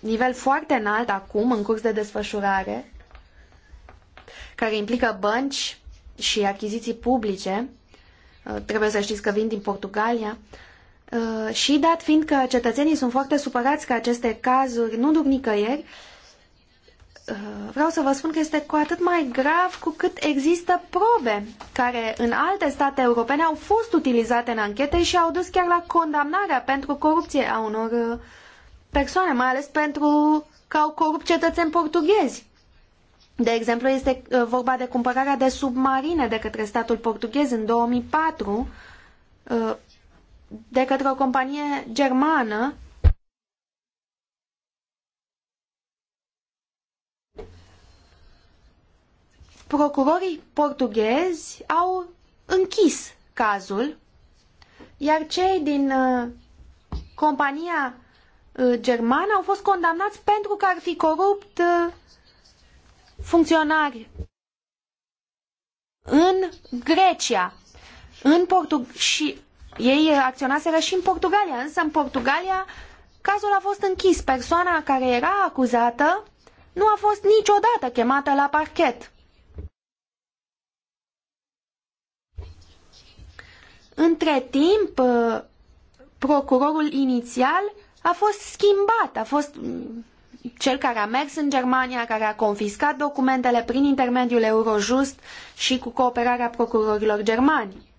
nivel foarte înalt acum, în curs de desfășurare, care implică bănci și achiziții publice. Uh, trebuie să știți că vin din Portugalia. Uh, și dat fiind că cetățenii sunt foarte supărați că aceste cazuri nu duc nicăieri, uh, Uh, vreau să vă spun că este cu atât mai grav cu cât există probe care în alte state europene au fost utilizate în anchete și au dus chiar la condamnarea pentru corupție a unor uh, persoane, mai ales pentru că au corupt cetățeni portughezi. De exemplu, este uh, vorba de cumpărarea de submarine de către statul portughez în 2004 de către o companie germană procurorii portughezi au închis cazul, iar cei din uh, compania uh, germană au fost condamnați pentru că ar fi corupt uh, funcționari în Grecia în Portug- și ei acționaseră și în Portugalia, însă în Portugalia cazul a fost închis. Persoana care era acuzată nu a fost niciodată chemată la parchet. Între timp, uh, procurorul inițial a fost schimbat, a fost mm, cel care a mers în Germania, care a confiscat documentele prin intermediul Eurojust și cu cooperarea procurorilor germani.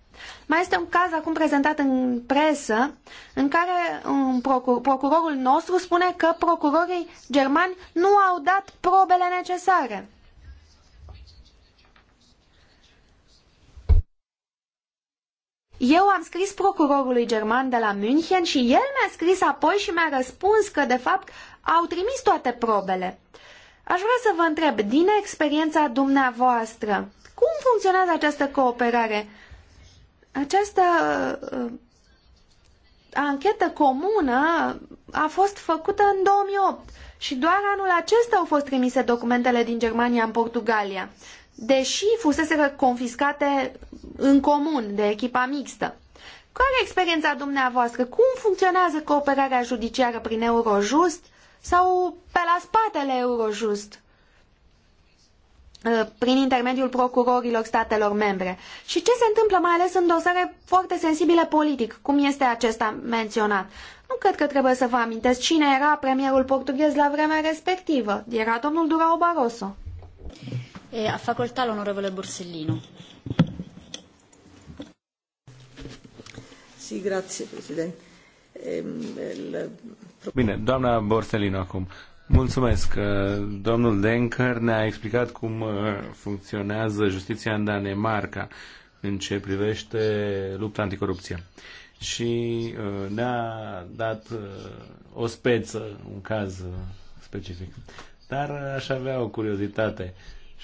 Mai este un caz acum prezentat în presă în care procur, procurorul nostru spune că procurorii germani nu au dat probele necesare. Eu am scris procurorului german de la München și el mi-a scris apoi și mi-a răspuns că, de fapt, au trimis toate probele. Aș vrea să vă întreb, din experiența dumneavoastră, cum funcționează această cooperare? Această uh, anchetă comună a fost făcută în 2008 și doar anul acesta au fost trimise documentele din Germania în Portugalia deși fusese confiscate în comun de echipa mixtă. Care e experiența dumneavoastră? Cum funcționează cooperarea judiciară prin Eurojust sau pe la spatele Eurojust? Eh, prin intermediul procurorilor statelor membre. Și ce se întâmplă mai ales în dosare foarte sensibile politic, cum este acesta menționat? Nu cred că trebuie să vă amintesc cine era premierul portughez la vremea respectivă. Era domnul Durao Barroso a Borsellino. Ehm, Bine, doamna Borsellino acum. Mulțumesc. Eh, domnul Denker ne-a explicat cum eh, funcționează justiția în Danemarca în ce privește lupta anticorupție. Și eh, ne-a dat o speță, un caz specific. Dar aș avea o curiozitate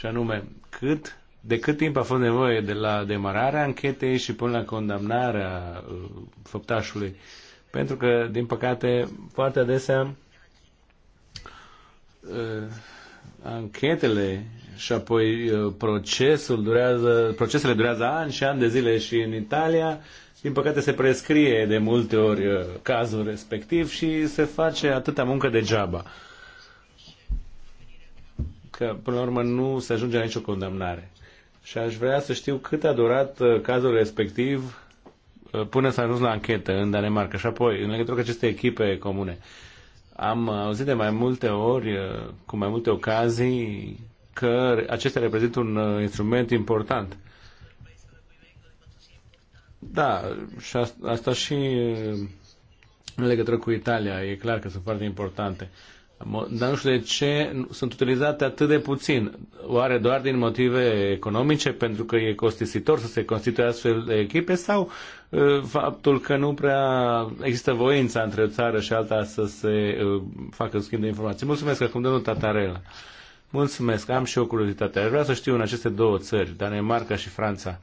și anume cât, de cât timp a fost nevoie de la demararea anchetei și până la condamnarea uh, făptașului. Pentru că, din păcate, foarte adesea uh, anchetele și apoi uh, procesul durează, procesele durează ani și ani de zile și în Italia, din păcate se prescrie de multe ori cazul respectiv și se face atâta muncă degeaba. Uh, că până la urmă nu se ajunge la nicio condamnare. Și aș vrea să știu cât a durat uh, cazul respectiv uh, până s-a ajuns la anchetă în Danemarca și apoi în legătură cu aceste echipe comune. Am auzit de mai multe ori, uh, cu mai multe ocazii, că acestea reprezintă un instrument important. Da, și asta și în legătură cu Italia, e clar că sunt foarte importante. Dar nu știu de ce sunt utilizate atât de puțin. Oare doar din motive economice, pentru că e costisitor să se constituie astfel de echipe, sau uh, faptul că nu prea există voința între o țară și alta să se uh, facă schimb de informații? Mulțumesc acum, domnul Tatarel. Mulțumesc, am și o curiozitate. Aș vrea să știu în aceste două țări, Danemarca și Franța,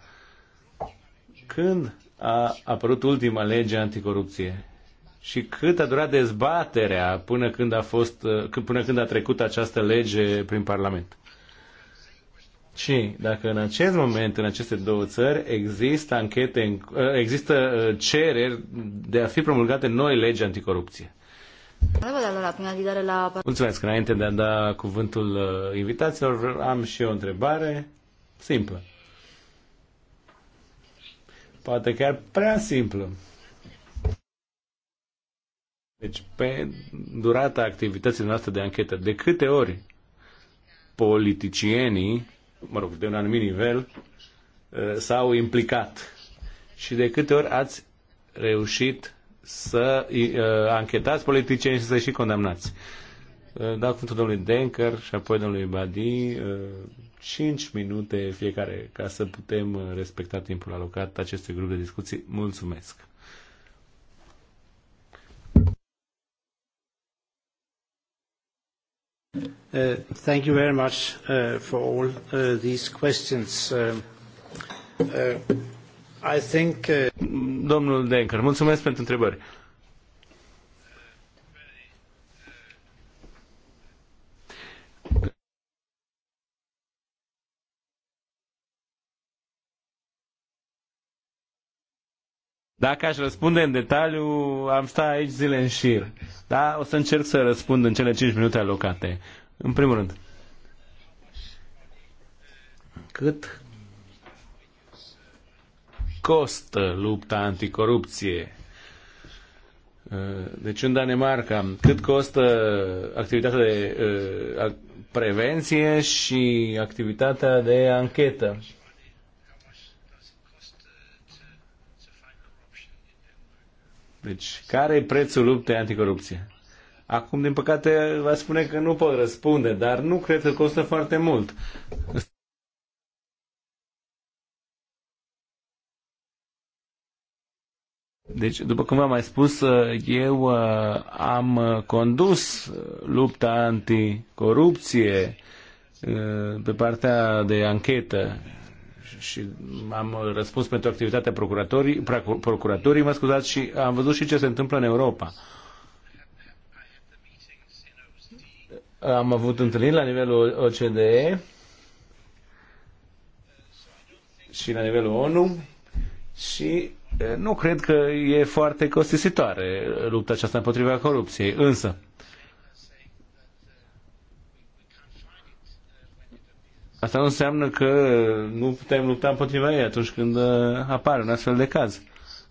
când a apărut ultima lege anticorupție? și cât a durat dezbaterea până când a, fost, uh, până când a trecut această lege prin Parlament. Și dacă în acest moment, în aceste două țări, există anchete, uh, există uh, cereri de a fi promulgate noi legi anticorupție. Mulțumesc. Înainte de a da cuvântul invitaților, am și eu o întrebare simplă. Poate chiar prea simplă. Deci, pe durata activității noastre de anchetă, de câte ori politicienii, mă rog, de un anumit nivel, uh, s-au implicat și de câte ori ați reușit să uh, anchetați politicieni și să și condamnați. Uh, dau cuvântul domnului Denker și apoi domnului Badi, 5 minute fiecare, ca să putem respecta timpul alocat acestui grup de discuții. Mulțumesc! Uh, thank you very much uh, for all uh, these questions. Um, I think... Domnul Denker, mulțumesc pentru întrebări. Dacă aș răspunde în detaliu, am sta aici zile în șir. Da? O să încerc să răspund în cele 5 minute alocate. În primul rând, cât costă lupta anticorupție? Uh, deci în Danemarca, cât costă activitatea de uh, prevenție și activitatea de anchetă? Deci, care e prețul luptei anticorupție? Acum, din păcate, va spune că nu pot răspunde, dar nu cred că costă foarte mult. Deci, după cum v-am mai spus, eu uh, am uh, condus uh, lupta anticorupție pe partea de anchetă și am răspuns pentru activitatea procuratorii, procuratorii mă scuzați, și am văzut și ce se întâmplă în Europa. Am avut întâlniri la nivelul OCDE și la nivelul ONU și eh, nu cred că e foarte costisitoare lupta aceasta împotriva corupției. Însă, Asta nu înseamnă că nu putem lupta împotriva ei atunci când eh, apare un astfel de caz.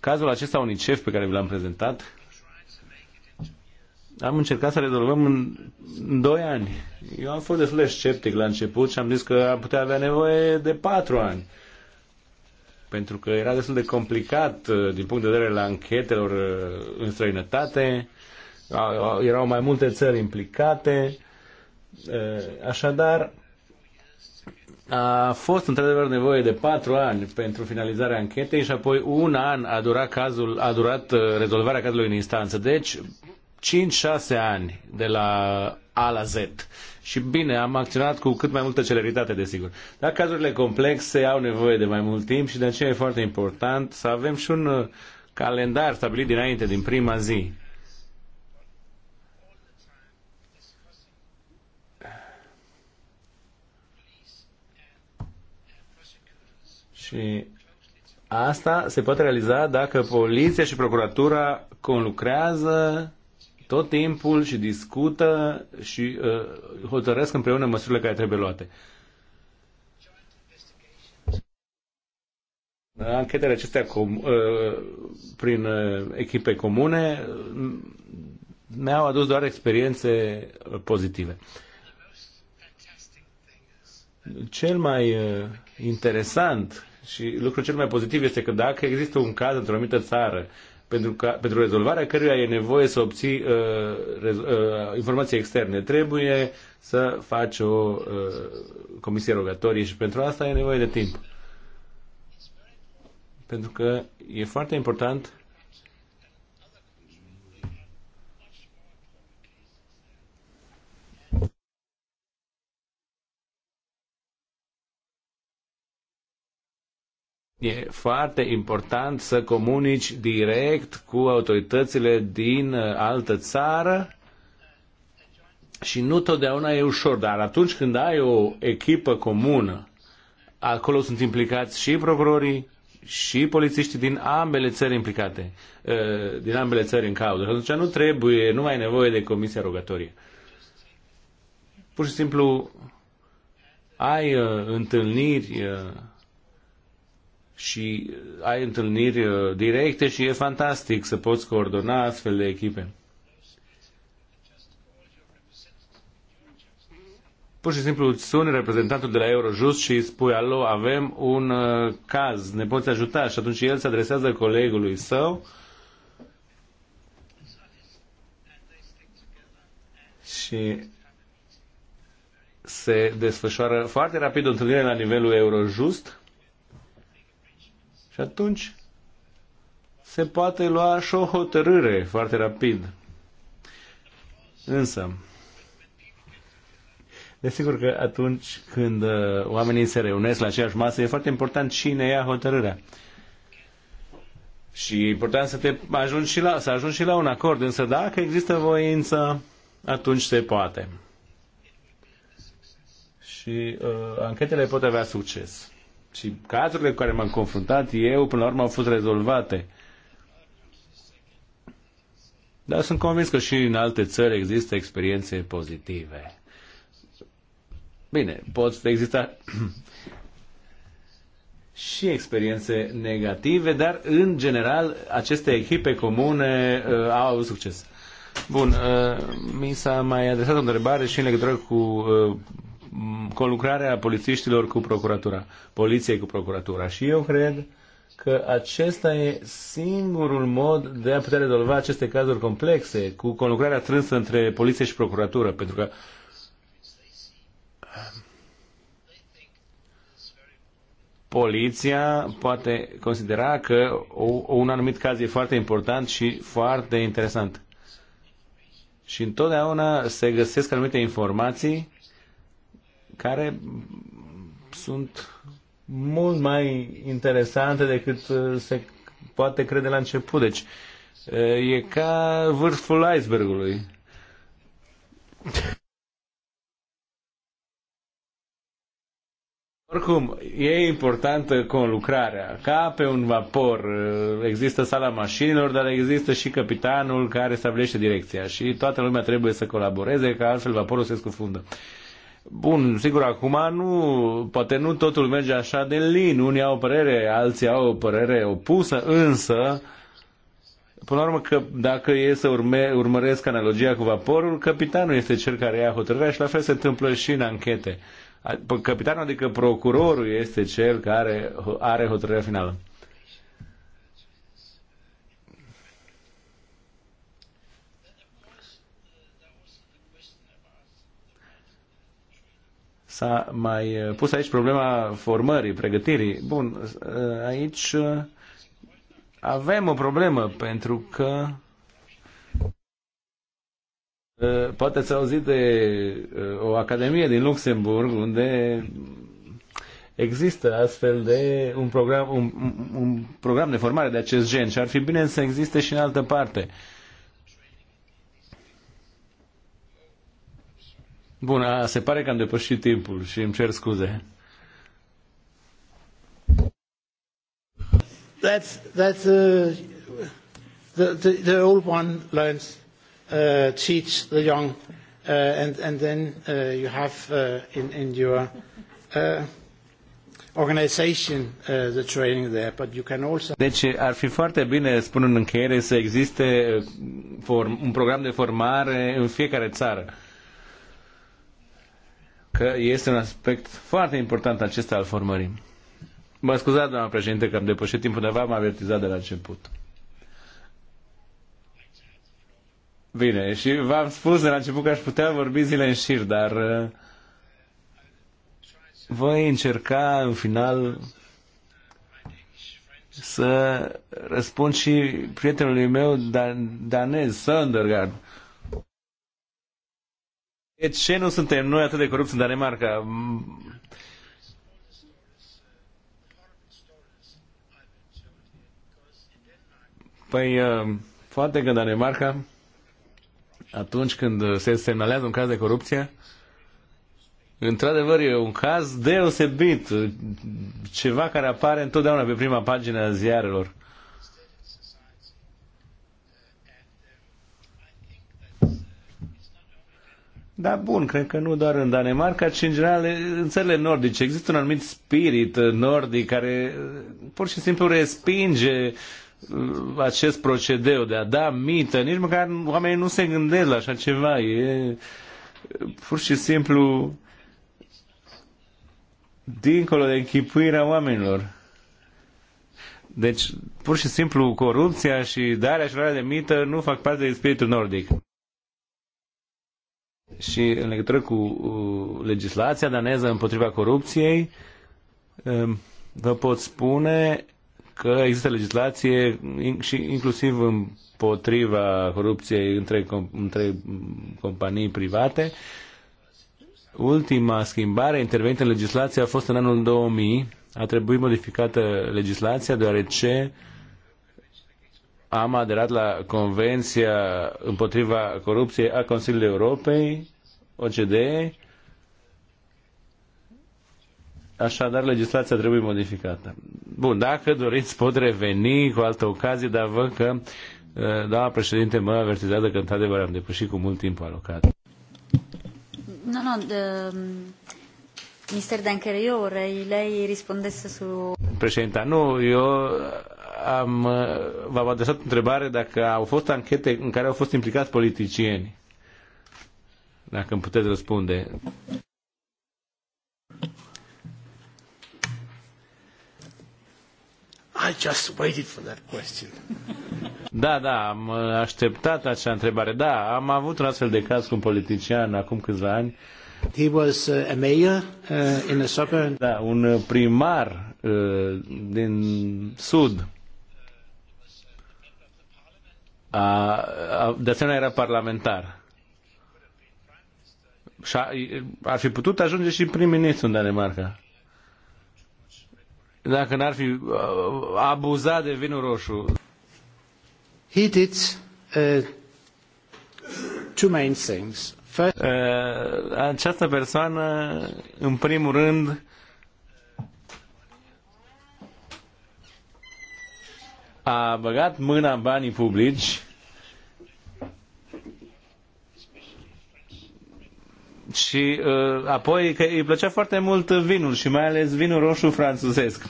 Cazul acesta UNICEF pe care vi l-am prezentat am încercat să rezolvăm în, în 2 ani. Eu am fost destul de sceptic la început și am zis că am putea avea nevoie de 4 ani. Pentru că era destul de complicat uh, din punct de vedere la anchetelor uh, în străinătate, erau mai multe țări implicate, uh, așadar a fost într-adevăr nevoie de patru ani pentru finalizarea anchetei și apoi un an a durat, cazul, a durat rezolvarea cazului în instanță. Deci, 5-6 ani de la A la Z. Și bine, am acționat cu cât mai multă celeritate, desigur. Dar cazurile complexe au nevoie de mai mult timp și de aceea e foarte important să avem și un uh, calendar stabilit dinainte, din prima zi. Și asta se poate realiza dacă poliția și procuratura conlucrează tot timpul și discută și uh, hotărăsc împreună măsurile care trebuie luate. Anchetele acestea com, uh, prin uh, echipe comune mm, mi au adus doar experiențe pozitive. Cel mai uh, interesant și lucrul cel mai pozitiv este că dacă există un caz într-o anumită țară pentru, ca, pentru rezolvarea căruia e nevoie să obții uh, rez, uh, informații externe. Trebuie să faci o uh, comisie rogatorie și pentru asta e nevoie de timp. Pentru că e foarte important E foarte important să comunici direct cu autoritățile din uh, altă țară și nu totdeauna e ușor, dar atunci când ai o echipă comună, acolo sunt implicați și procurorii, și polițiștii din ambele țări implicate, uh, din ambele țări în cauză. Și atunci nu trebuie, nu mai ai nevoie de comisia rogatorie. Pur și simplu ai uh, întâlniri și uh, ai întâlniri uh, directe și e fantastic să poți coordona astfel de echipe. Pur și simplu îți suni reprezentantul de la Eurojust și îi spui, alo, avem un uh, caz, ne poți ajuta? Și atunci el se adresează colegului său și se desfășoară foarte rapid o întâlnire la nivelul Eurojust și atunci se poate lua și o hotărâre foarte rapid. Însă, desigur că atunci când uh, oamenii se reunesc la aceeași masă, e foarte important cine ia hotărârea. Și e important să te ajungi și la, să ajungi și la un acord, însă dacă există voință, atunci se poate. Și uh, anchetele pot avea succes. Și cazurile cu care m-am confruntat eu, până la urmă, au fost rezolvate. Dar sunt convins că și în alte țări există experiențe pozitive. Bine, pot exista și experiențe negative, dar în general aceste echipe comune uh, au succes. Bun, uh, mi s-a mai adresat o întrebare și în legătură cu uh, conlucrarea polițiștilor cu procuratura, poliției cu procuratura. Și eu cred că acesta e singurul mod de a putea rezolva aceste cazuri complexe, cu conlucrarea trânsă între poliție și procuratură, pentru că um, poliția poate considera că un anumit caz e foarte important și foarte interesant. Și întotdeauna se găsesc anumite informații care sunt mult mai interesante decât uh, se poate crede la început. Deci, uh, e ca vârful icebergului. Oricum, e importantă conlucrarea. Ca pe un vapor uh, există sala mașinilor, dar există și capitanul care stabilește direcția și toată lumea trebuie să colaboreze, ca altfel vaporul se scufundă. Bun, sigur, acum nu, poate nu totul merge așa de lin. Unii au o părere, alții au o părere opusă, însă, până la urmă, că dacă e să urme, urmăresc analogia cu vaporul, capitanul este cel care ia hotărârea și la fel se întâmplă și în anchete. Capitanul, adică procurorul, este cel care are hotărârea finală. S-a mai uh, pus aici problema formării, pregătirii. Bun, uh, aici uh, avem o problemă pentru că poate ați auzit de o academie din Luxemburg unde există astfel de un program, un, un program de formare de acest gen și ar fi bine să existe și în altă parte. Uh, Bun, a, se pare că am depășit timpul și îmi cer scuze. That's, that's uh, the, the, the old one learns, uh, teach the young, uh, and, and then uh, you have uh, in, in your uh, organization uh, the training there, but you can also... Deci ar fi foarte bine, spun în încheiere, să existe uh, un program de formare în fiecare țară că este un aspect foarte important acesta al formării. Mă scuzați, doamna președinte, că am depășit timpul, de v-am avertizat de la început. Bine, și v-am spus de la început că aș putea vorbi zile în șir, dar uh, voi încerca în final să răspund și prietenului meu dan danez, Söndergaard. De ce nu suntem noi atât de corupți în Danemarca? Păi, poate uh, că în Danemarca, atunci când se semnalează un caz de corupție, într-adevăr e un caz deosebit, ceva care apare întotdeauna pe prima pagină a ziarelor. Da, bun, cred că nu doar în Danemarca, ci în general în țările nordice. Există un anumit spirit nordic care uh, pur și simplu respinge uh, acest procedeu de a da mită. Nici măcar oamenii nu se gândesc la așa ceva. E uh, pur și simplu dincolo de închipuirea oamenilor. Deci, pur și simplu, corupția și darea și luarea de mită nu fac parte din spiritul nordic și în legătură cu uh, legislația daneză împotriva corupției, um, vă pot spune că există legislație și inclusiv împotriva corupției între, între mm, companii private. Ultima schimbare intervenită în legislație a fost în anul 2000. A trebuit modificată legislația deoarece uh, am aderat la Convenția împotriva corupției a Consiliului Europei, OCDE, Așadar, legislația trebuie modificată. Bun, dacă doriți, pot reveni cu altă ocazie, dar văd că uh, doamna președinte mă avertizează că, într-adevăr, am depășit cu mult timp alocat. Nu, nu, de... Mr. Um, Danker, eu vorrei lei rispondesse su... Președinta, nu, eu am, uh, v-am adresat întrebare dacă au fost anchete în care au fost implicați politicieni. Dacă îmi puteți răspunde. I just waited for that question. Da, da, am uh, așteptat acea întrebare. Da, am avut un astfel de caz cu un politician acum câțiva ani. He was uh, a mayor uh, in a suburb. Da, un primar uh, din sud a, a, de asemenea era parlamentar. Și ar fi putut ajunge și prim-ministru în Danemarca. Dacă n-ar fi abuzat de vinul roșu. He did uh, two main things. First... Uh, această persoană, în primul rând, a băgat mâna în banii publici Și uh, apoi că îi plăcea foarte mult vinul și mai ales vinul roșu franțuzesc.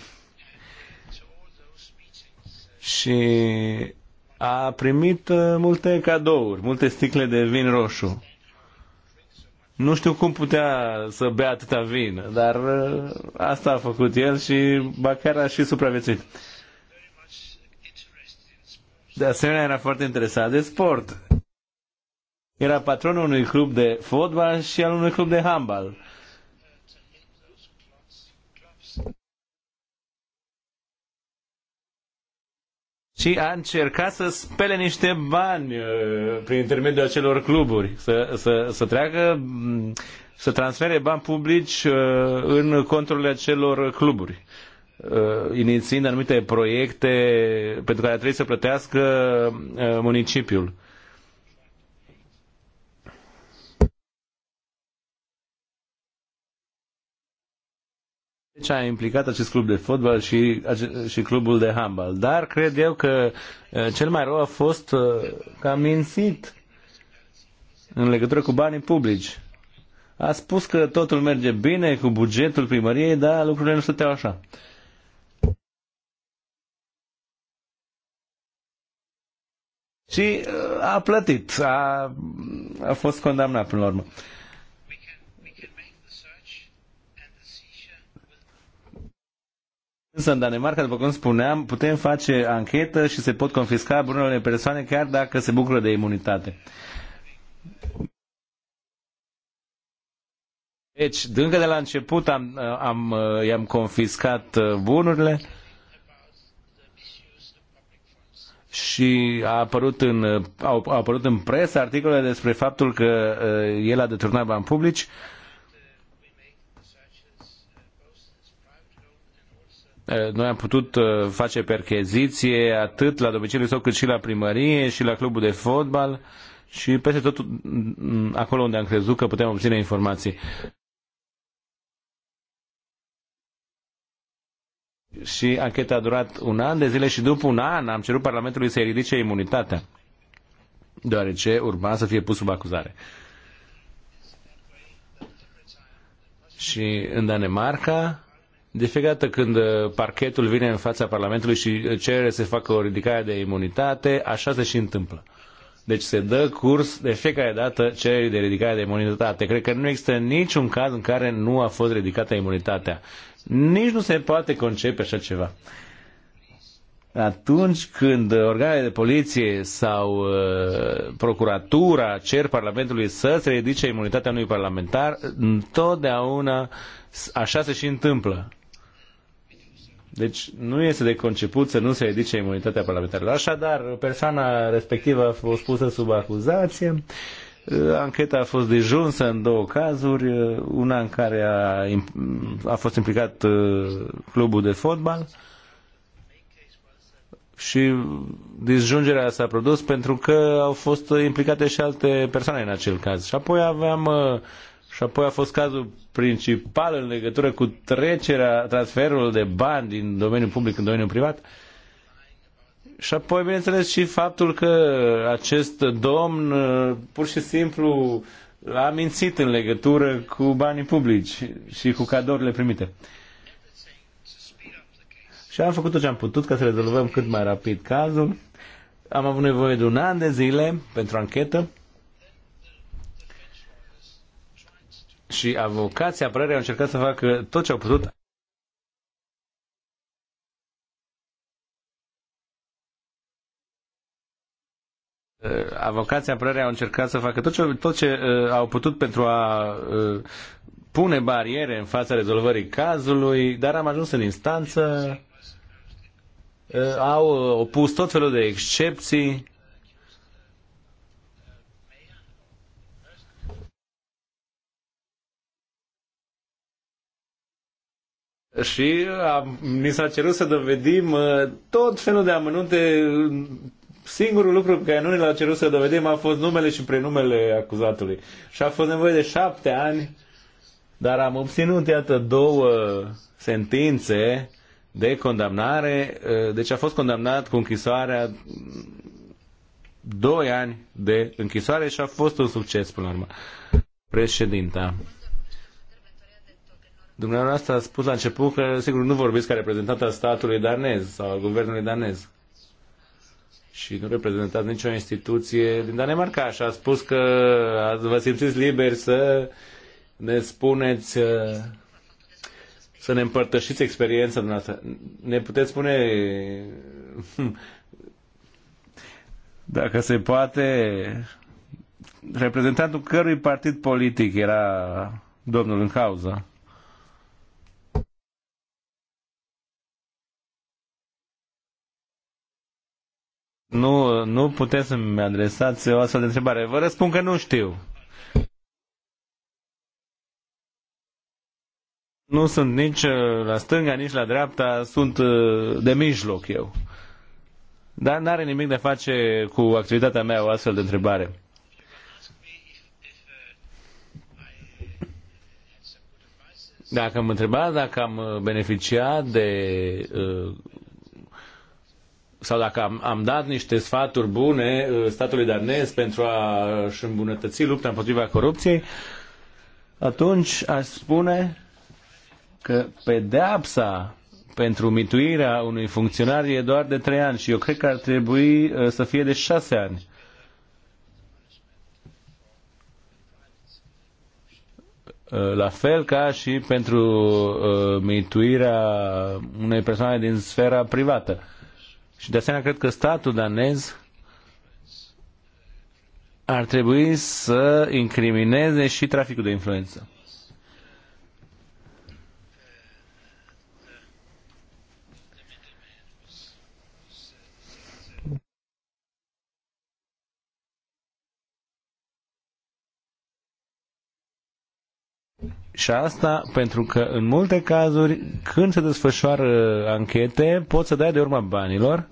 Și a primit uh, multe cadouri, multe sticle de vin roșu. Nu știu cum putea să bea atâta vin, dar uh, asta a făcut el și ba chiar a și supraviețuit. De asemenea, era foarte interesat de sport era patronul unui club de fotbal și al unui club de handbal. și a încercat să spele niște bani uh, prin intermediul acelor cluburi, să, să, să treacă, mm, să transfere bani publici uh, în conturile acelor cluburi uh, inițiind anumite proiecte pentru care trebuie să plătească municipiul. Deci a implicat acest club de fotbal și, și clubul de handbal. Dar cred eu că uh, cel mai rău a fost uh, că a mințit în legătură cu banii publici. A spus că totul merge bine cu bugetul primăriei, dar lucrurile nu stăteau așa. Și uh, a plătit, a, a fost condamnat până la urmă. Însă în Danemarca, după cum spuneam, putem face anchetă și se pot confisca bunurile persoane chiar dacă se bucură de imunitate. Deci, încă de la început am, am, i-am confiscat bunurile și a apărut în, au, au apărut în presă articole despre faptul că el a deturnat bani publici Eh, noi am putut eh, face percheziție atât la domiciliul său cât și la primărie și la clubul de fotbal și peste tot mm, mm, acolo unde am crezut că putem obține informații. Și ancheta a durat un an de zile și după un an am cerut Parlamentului să-i ridice imunitatea, deoarece urma să fie pus sub acuzare. Și în Danemarca, de fiecare dată când uh, parchetul vine în fața Parlamentului și uh, cere să facă o ridicare de imunitate, așa se și întâmplă. Deci se dă curs de fiecare dată cererii de ridicare de imunitate. Cred că nu există niciun caz în care nu a fost ridicată imunitatea. Nici nu se poate concepe așa ceva. Atunci când organele de poliție sau uh, procuratura cer Parlamentului să se ridice imunitatea unui parlamentar, întotdeauna așa se și întâmplă. Deci nu este de conceput să nu se ridice imunitatea parlamentară. Așadar, persoana respectivă a fost pusă sub acuzație. Uh, Ancheta a fost dejunsă în două cazuri, uh, una în care a, a fost implicat uh, clubul de fotbal și disjungerea s-a produs pentru că au fost implicate și alte persoane în acel caz. Și apoi aveam și apoi a fost cazul principal în legătură cu trecerea, transferul de bani din domeniul public în domeniul privat. Și apoi, bineînțeles, și faptul că acest domn uh, pur și simplu a mințit în legătură cu banii publici și cu cadourile primite. Și am făcut tot ce am putut ca să rezolvăm cât mai rapid cazul. Am avut nevoie de un an de zile pentru anchetă și avocații apărării au încercat să facă tot ce au putut eh, avocații apărării au încercat să facă tot ce, tot ce uh, au putut pentru a uh, pune bariere în fața rezolvării cazului, dar am ajuns în instanță, uh, au opus tot felul de excepții și am, ni s-a cerut să dovedim tot felul de amănunte. Singurul lucru pe care nu ni l-a cerut să dovedim a fost numele și prenumele acuzatului. Și a fost nevoie de șapte ani, dar am obținut, iată, două sentințe de condamnare. Deci a fost condamnat cu închisoarea 2 ani de închisoare și a fost un succes până la urmă. Președinta. Dumneavoastră a spus la început că, sigur, nu vorbiți ca reprezentant al statului danez sau al guvernului danez. Și nu reprezentați nicio instituție din Danemarca. Și a spus că vă simțiți liberi să ne spuneți uh, să ne împărtășiți experiența dumneavoastră. Ne puteți spune hmm, dacă se poate reprezentantul cărui partid politic era domnul în cauză? Nu, nu puteți să-mi adresați o astfel de întrebare. Vă răspund că nu știu. Nu sunt nici uh, la stânga, nici la dreapta, sunt uh, de mijloc eu. Dar n-are nimic de face cu activitatea mea o astfel de întrebare. Dacă mă întrebați dacă am uh, beneficiat de uh, sau dacă am, am dat niște sfaturi bune uh, statului danez pentru a-și îmbunătăți lupta împotriva corupției, atunci aș spune că pedeapsa pentru mituirea unui funcționar e doar de trei ani și eu cred că ar trebui uh, să fie de 6 ani. Uh, la fel ca și pentru mituirea unei persoane din sfera privată. Și de asemenea, cred că statul danez ar trebui să incrimineze și traficul de influență. Și asta pentru că în multe cazuri, când se desfășoară anchete, poți să dai de urma banilor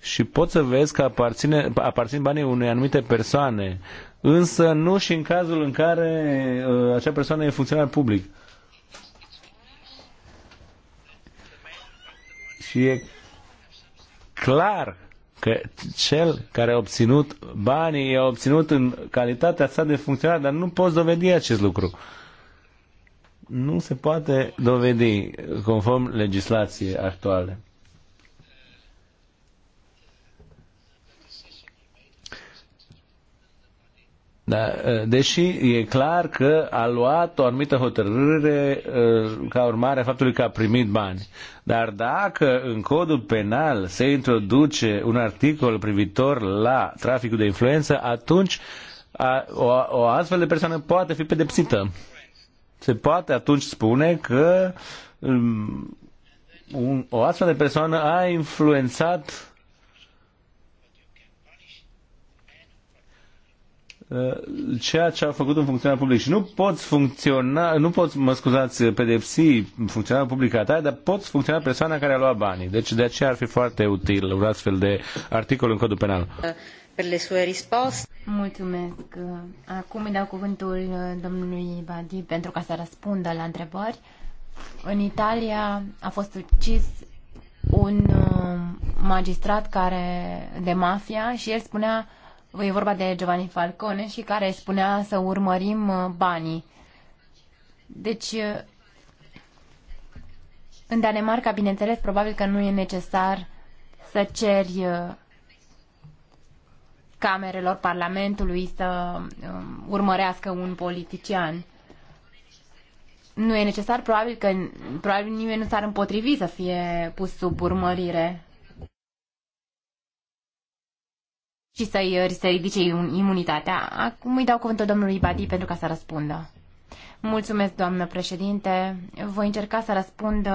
și poți să vezi că aparține, aparțin banii unei anumite persoane, însă nu și în cazul în care uh, acea persoană e funcționar public. Și e clar că cel care a obținut banii i-a obținut în calitatea sa de funcționar, dar nu poți dovedi acest lucru nu se poate dovedi conform legislației actuale. Da, ă, deși e clar că a luat o anumită hotărâre ă, ca urmare a faptului că a primit bani. Dar dacă în codul penal se introduce un articol privitor la traficul de influență, atunci a, o, o astfel de persoană poate fi pedepsită se poate atunci spune că um, o astfel de persoană a influențat uh, ceea ce a făcut un funcționar public și nu poți funcționa, nu poți, mă scuzați, pedepsi funcționarul public a ta, dar poți funcționa persoana care a luat banii. Deci de aceea ar fi foarte util un astfel de articol în codul penal. Uh, per le sue risposte. Mulțumesc. Acum îi dau cuvântul uh, domnului Badi pentru ca să răspundă la întrebări. În Italia a fost ucis un uh, magistrat care de mafia și el spunea, e vorba de Giovanni Falcone și care spunea să urmărim uh, banii. Deci în Danemarca, bineînțeles, probabil că nu e necesar să ceri camerelor Parlamentului să um, urmărească un politician. Nu e necesar, probabil că probabil nimeni nu s-ar împotrivi să fie pus sub urmărire și să-i se ridice imunitatea. Acum îi dau cuvântul domnului Badi pentru ca să răspundă. Mulțumesc, doamnă președinte. Voi încerca să răspund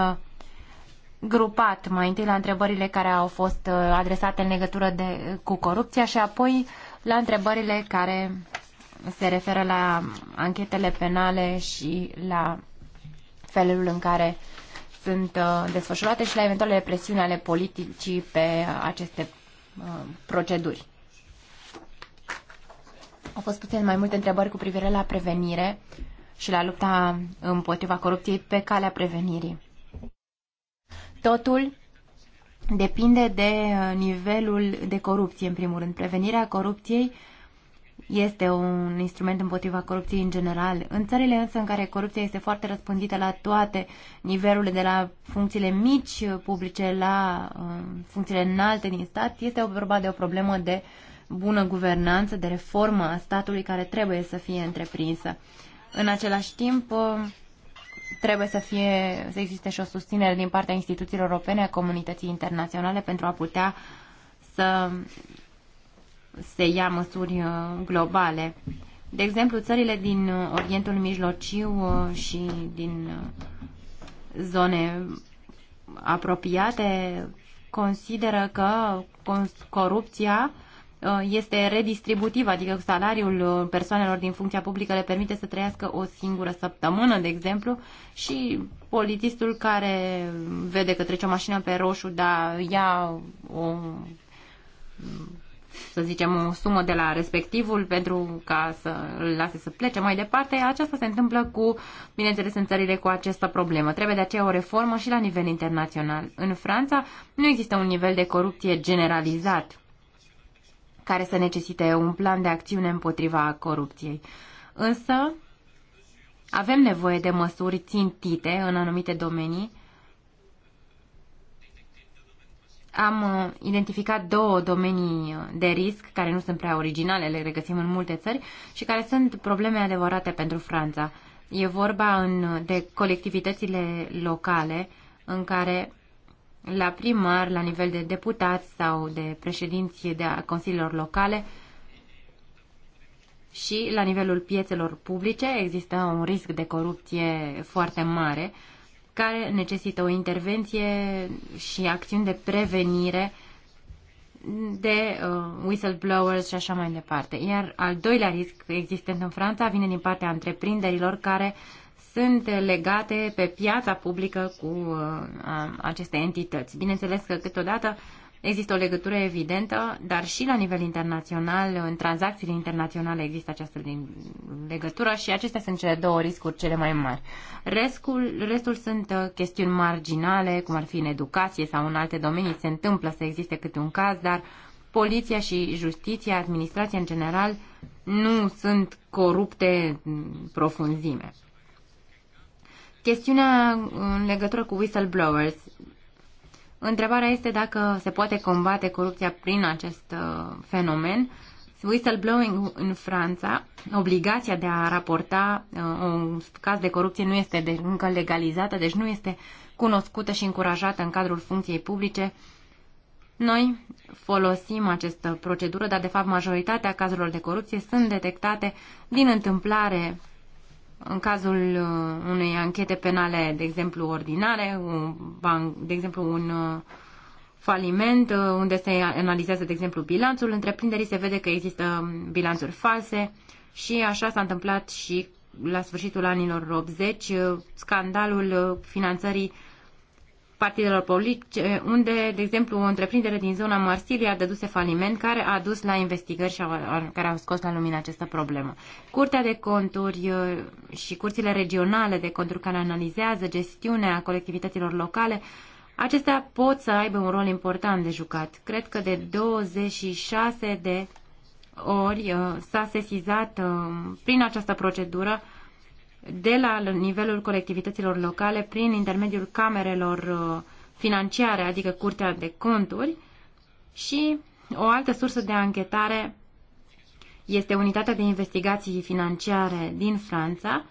grupat mai întâi la întrebările care au fost uh, adresate în legătură de, cu corupția și apoi la întrebările care se referă la anchetele penale și la felul în care sunt uh, desfășurate și la eventuale presiuni ale politicii pe aceste uh, proceduri. Au fost puțin mai multe întrebări cu privire la prevenire și la lupta împotriva corupției pe calea prevenirii. Totul depinde de uh, nivelul de corupție, în primul rând. Prevenirea corupției este un instrument împotriva corupției în general. În țările însă în care corupția este foarte răspândită la toate nivelurile, de la funcțiile mici uh, publice la uh, funcțiile înalte din stat, este vorba de o problemă de bună guvernanță, de reformă a statului care trebuie să fie întreprinsă. În același timp, trebuie să fie, să existe și o susținere din partea instituțiilor europene, a comunității internaționale pentru a putea să se ia măsuri uh, globale. De exemplu, țările din uh, Orientul Mijlociu uh, și din zone apropiate consideră că corupția Uh, este redistributiv, adică salariul uh, persoanelor din funcția publică le permite să trăiască o singură săptămână, de exemplu, și polițistul care vede că trece o mașină pe roșu, dar ia o să zicem, o sumă de la respectivul pentru ca să îl lase să plece mai departe. Aceasta se întâmplă cu, bineînțeles, în țările cu această problemă. Trebuie de aceea o reformă și la nivel internațional. În Franța nu există un nivel de corupție generalizat care să necesite un plan de acțiune împotriva corupției. Însă, avem nevoie de măsuri țintite în anumite domenii. Am uh, identificat două domenii uh, de risc care nu sunt prea originale, le regăsim în multe țări și care sunt probleme adevărate pentru Franța. E vorba în, de colectivitățile locale în care la primar, la nivel de deputați sau de președinție de consiliilor locale și la nivelul piețelor publice există un risc de corupție foarte mare care necesită o intervenție și acțiuni de prevenire de uh, whistleblowers și așa mai departe. Iar al doilea risc existent în Franța vine din partea întreprinderilor care uh, sunt legate pe piața publică cu uh, aceste entități. Bineînțeles că câteodată există o legătură evidentă, dar și la nivel internațional, în tranzacțiile internaționale există această legătură și acestea sunt cele două riscuri cele mai mari. Restul, restul sunt uh, chestiuni marginale, cum ar fi în educație sau în alte domenii, se întâmplă să existe câte un caz, dar poliția și justiția, administrația în general, nu sunt corupte în profunzime. Chestiunea în legătură cu whistleblowers. Întrebarea este dacă se poate combate corupția prin acest uh, fenomen. Whistleblowing în Franța, obligația de a raporta uh, un caz de corupție nu este de, încă legalizată, deci nu este cunoscută și încurajată în cadrul funcției publice. Noi folosim această procedură, dar de fapt majoritatea cazurilor de corupție sunt detectate din întâmplare în cazul uh, unei anchete penale, de exemplu, ordinare, un ban, de exemplu, un uh, faliment, uh, unde se analizează, de exemplu, bilanțul întreprinderii, se vede că există bilanțuri false și așa s-a întâmplat și la sfârșitul anilor 80, scandalul finanțării partidelor politice, unde, de exemplu, o întreprindere din zona Marsilia dăduse faliment, care a dus la investigări și a, care au scos la lumină această problemă. Curtea de conturi uh, și curțile regionale de conturi care analizează gestiunea colectivităților locale, acestea pot să aibă un rol important de jucat. Cred că de 26 de ori uh, s-a sesizat uh, prin această procedură de la nivelul colectivităților locale prin intermediul camerelor uh, financiare, adică Curtea de Conturi, și o altă sursă de anchetare este Unitatea de Investigații Financiare din Franța.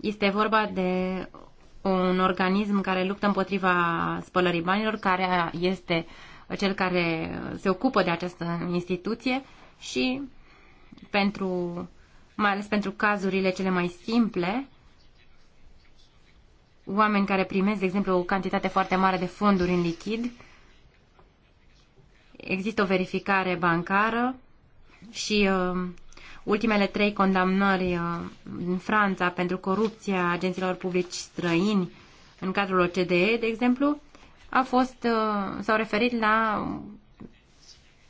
Este vorba de un organism care luptă împotriva spălării banilor, care este cel care se ocupă de această instituție și pentru mai ales pentru cazurile cele mai simple, oameni care primesc, de exemplu, o cantitate foarte mare de fonduri în lichid, există o verificare bancară și uh, ultimele trei condamnări uh, în Franța pentru corupția agenților publici străini în cadrul OCDE, de exemplu, a fost, uh, s-au referit la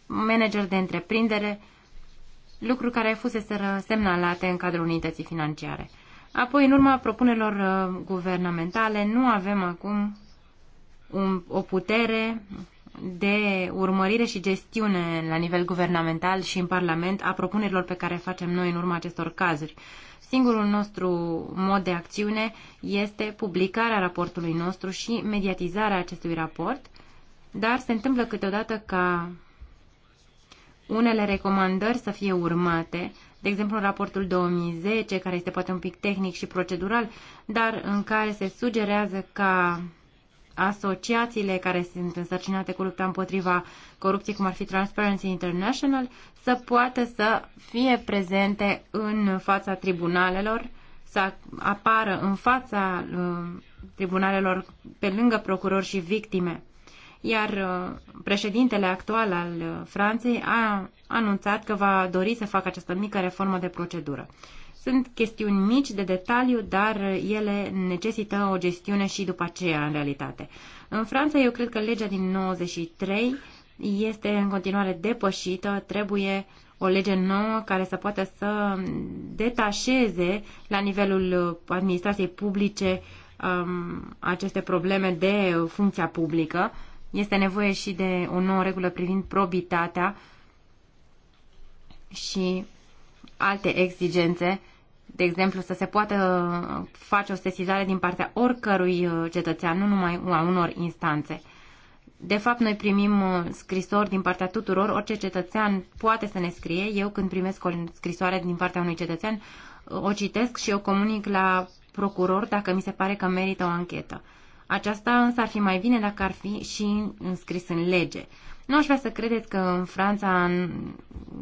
manager de întreprindere Lucru care fusese semnalate în cadrul unității financiare. Apoi, în urma propunerilor uh, guvernamentale, nu avem acum un, o putere de urmărire și gestiune la nivel guvernamental și în Parlament a propunerilor pe care facem noi în urma acestor cazuri. Singurul nostru mod de acțiune este publicarea raportului nostru și mediatizarea acestui raport, dar se întâmplă câteodată ca unele recomandări să fie urmate, de exemplu în raportul 2010, care este poate un pic tehnic și procedural, dar în care se sugerează ca asociațiile care sunt însărcinate cu lupta împotriva corupției, cum ar fi Transparency International, să poată să fie prezente în fața tribunalelor, să apară în fața uh, tribunalelor pe lângă procurori și victime iar uh, președintele actual al uh, Franței a anunțat că va dori să facă această mică reformă de procedură. Sunt chestiuni mici de detaliu, dar ele necesită o gestiune și după aceea, în realitate. În Franța, eu cred că legea din 93 este în continuare depășită, trebuie o lege nouă care să poată să detașeze la nivelul uh, administrației publice um, aceste probleme de funcția publică este nevoie și de o nouă regulă privind probitatea și alte exigențe, de exemplu să se poată face o sesizare din partea oricărui uh, cetățean, nu numai a unor instanțe. De fapt, noi primim uh, scrisori din partea tuturor, orice cetățean poate să ne scrie. Eu când primesc o scrisoare din partea unui cetățean, uh, o citesc și o comunic la procuror dacă mi se pare că merită o anchetă. Aceasta însă ar fi mai bine dacă ar fi și înscris în lege. Nu aș vrea să credeți că în Franța în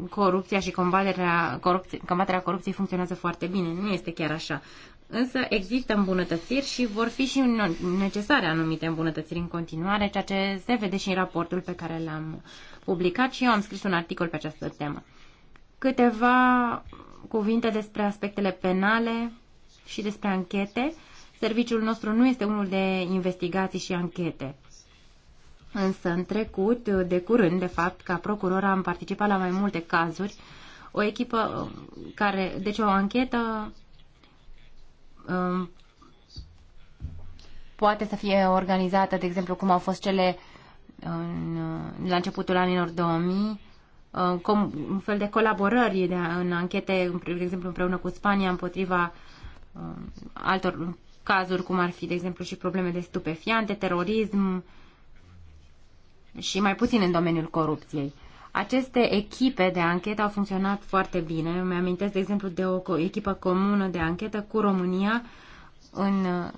corupția și combaterea, corupție, combaterea corupției funcționează foarte bine. Nu este chiar așa. Însă există îmbunătățiri și vor fi și necesare anumite îmbunătățiri în continuare, ceea ce se vede și în raportul pe care l-am publicat și eu am scris un articol pe această temă. Câteva cuvinte despre aspectele penale și despre anchete. Serviciul nostru nu este unul de investigații și anchete. Însă, în trecut, de curând, de fapt, ca procuror am participat la mai multe cazuri, o echipă um, care, deci o anchetă um, poate să fie organizată, de exemplu, cum au fost cele în, uh, la începutul anilor 2000, uh, com, un fel de colaborări de, în anchete, de exemplu, împreună cu Spania împotriva um, altor cazuri, cum ar fi, de exemplu, și probleme de stupefiante, terorism și mai puțin în domeniul corupției. Aceste echipe de anchetă au funcționat foarte bine. Îmi amintesc, de exemplu, de o echipă comună de anchetă cu România în uh,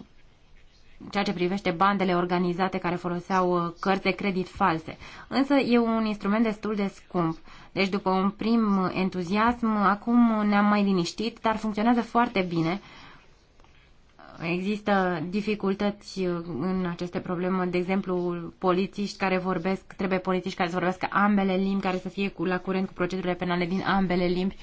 ceea ce privește bandele organizate care foloseau uh, cărți de credit false. Însă e un instrument destul de scump. Deci după un prim uh, entuziasm, acum ne-am mai liniștit, dar funcționează foarte bine Există dificultăți uh, în aceste probleme, de exemplu, polițiști care vorbesc, trebuie polițiști care să vorbească ambele limbi, care să fie cu, la curent cu procedurile penale din ambele limbi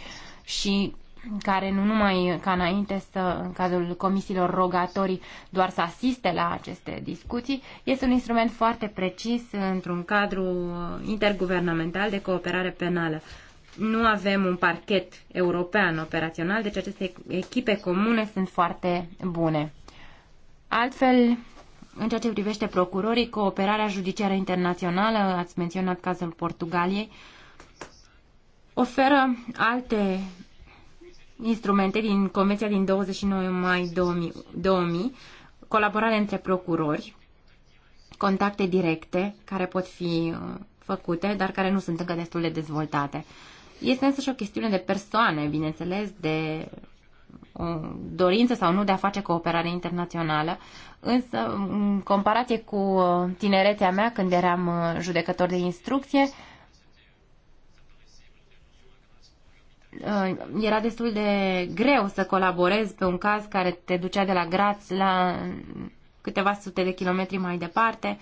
și care nu numai ca înainte să, în cazul comisiilor rogatorii, doar să asiste la aceste discuții, este un instrument foarte precis într-un cadru interguvernamental de cooperare penală nu avem un parchet european operațional, deci aceste echipe comune sunt foarte bune. Altfel, în ceea ce privește procurorii, cooperarea judiciară internațională, ați menționat cazul Portugaliei, oferă alte instrumente din Convenția din 29 mai 2000, 2000 colaborare între procurori, contacte directe care pot fi uh, făcute, dar care nu sunt încă destul de dezvoltate. Este însă și o chestiune de persoane, bineînțeles, de o dorință sau nu de a face cooperare internațională, însă în comparație cu uh, tinerețea mea când eram uh, judecător de instrucție, uh, era destul de greu să colaborezi pe un caz care te ducea de la Graz la câteva sute de kilometri mai departe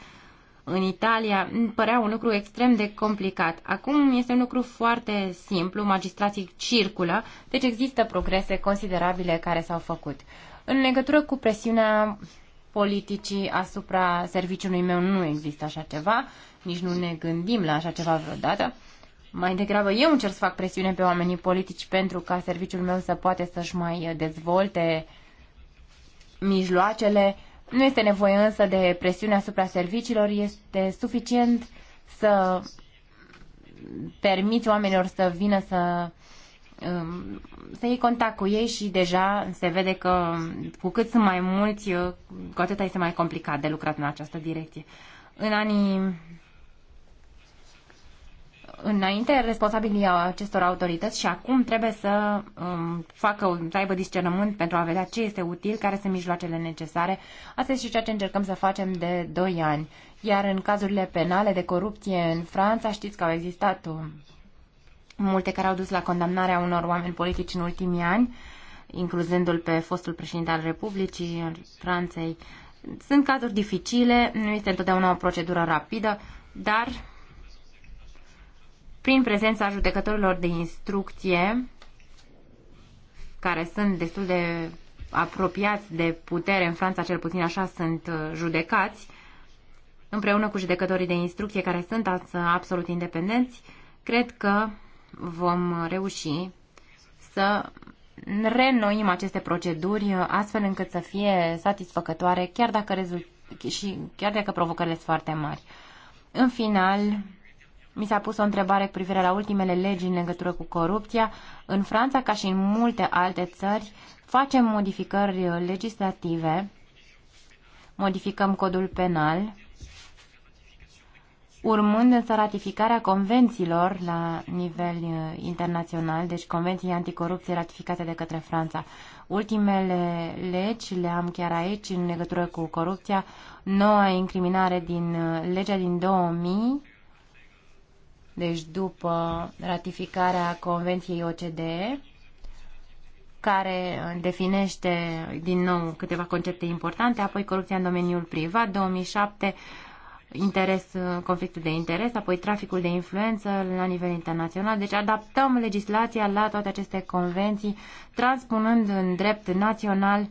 în Italia părea un lucru extrem de complicat. Acum este un lucru foarte simplu, magistrații circulă, deci există progrese considerabile care s-au făcut. În legătură cu presiunea politicii asupra serviciului meu nu există așa ceva, nici nu ne gândim la așa ceva vreodată. Mai degrabă eu încerc să fac presiune pe oamenii politici pentru ca serviciul meu să poate să-și mai dezvolte mijloacele nu este nevoie însă de presiune asupra serviciilor, este suficient să permiți oamenilor să vină să um, să iei contact cu ei și deja se vede că cu cât sunt mai mulți, cu atât este mai complicat de lucrat în această direcție. În anii înainte responsabilii acestor autorități și acum trebuie să um, facă, să aibă discernământ pentru a vedea ce este util, care sunt mijloacele necesare. Asta este și ceea ce încercăm să facem de 2 ani. Iar în cazurile penale de corupție în Franța, știți că au existat um, multe care au dus la condamnarea unor oameni politici în ultimii ani, incluzându-l pe fostul președinte al Republicii în Franței. Sunt cazuri dificile, nu este întotdeauna o procedură rapidă, dar prin prezența judecătorilor de instrucție, care sunt destul de apropiați de putere, în Franța cel puțin așa sunt uh, judecați, împreună cu judecătorii de instrucție care sunt absolut independenți, cred că vom reuși să renoim aceste proceduri uh, astfel încât să fie satisfăcătoare, chiar dacă, rezult- și chiar dacă provocările sunt foarte mari. În final, mi s-a pus o întrebare cu privire la ultimele legi în legătură cu corupția. În Franța, ca și în multe alte țări, facem modificări legislative, modificăm codul penal, urmând însă ratificarea convențiilor la nivel uh, internațional, deci convenții anticorupție ratificate de către Franța. Ultimele legi le-am chiar aici în legătură cu corupția, noua incriminare din uh, legea din 2000 deci după ratificarea Convenției OCDE, care definește din nou câteva concepte importante, apoi corupția în domeniul privat, 2007 interes, conflictul de interes, apoi traficul de influență la nivel internațional. Deci adaptăm legislația la toate aceste convenții, transpunând în drept național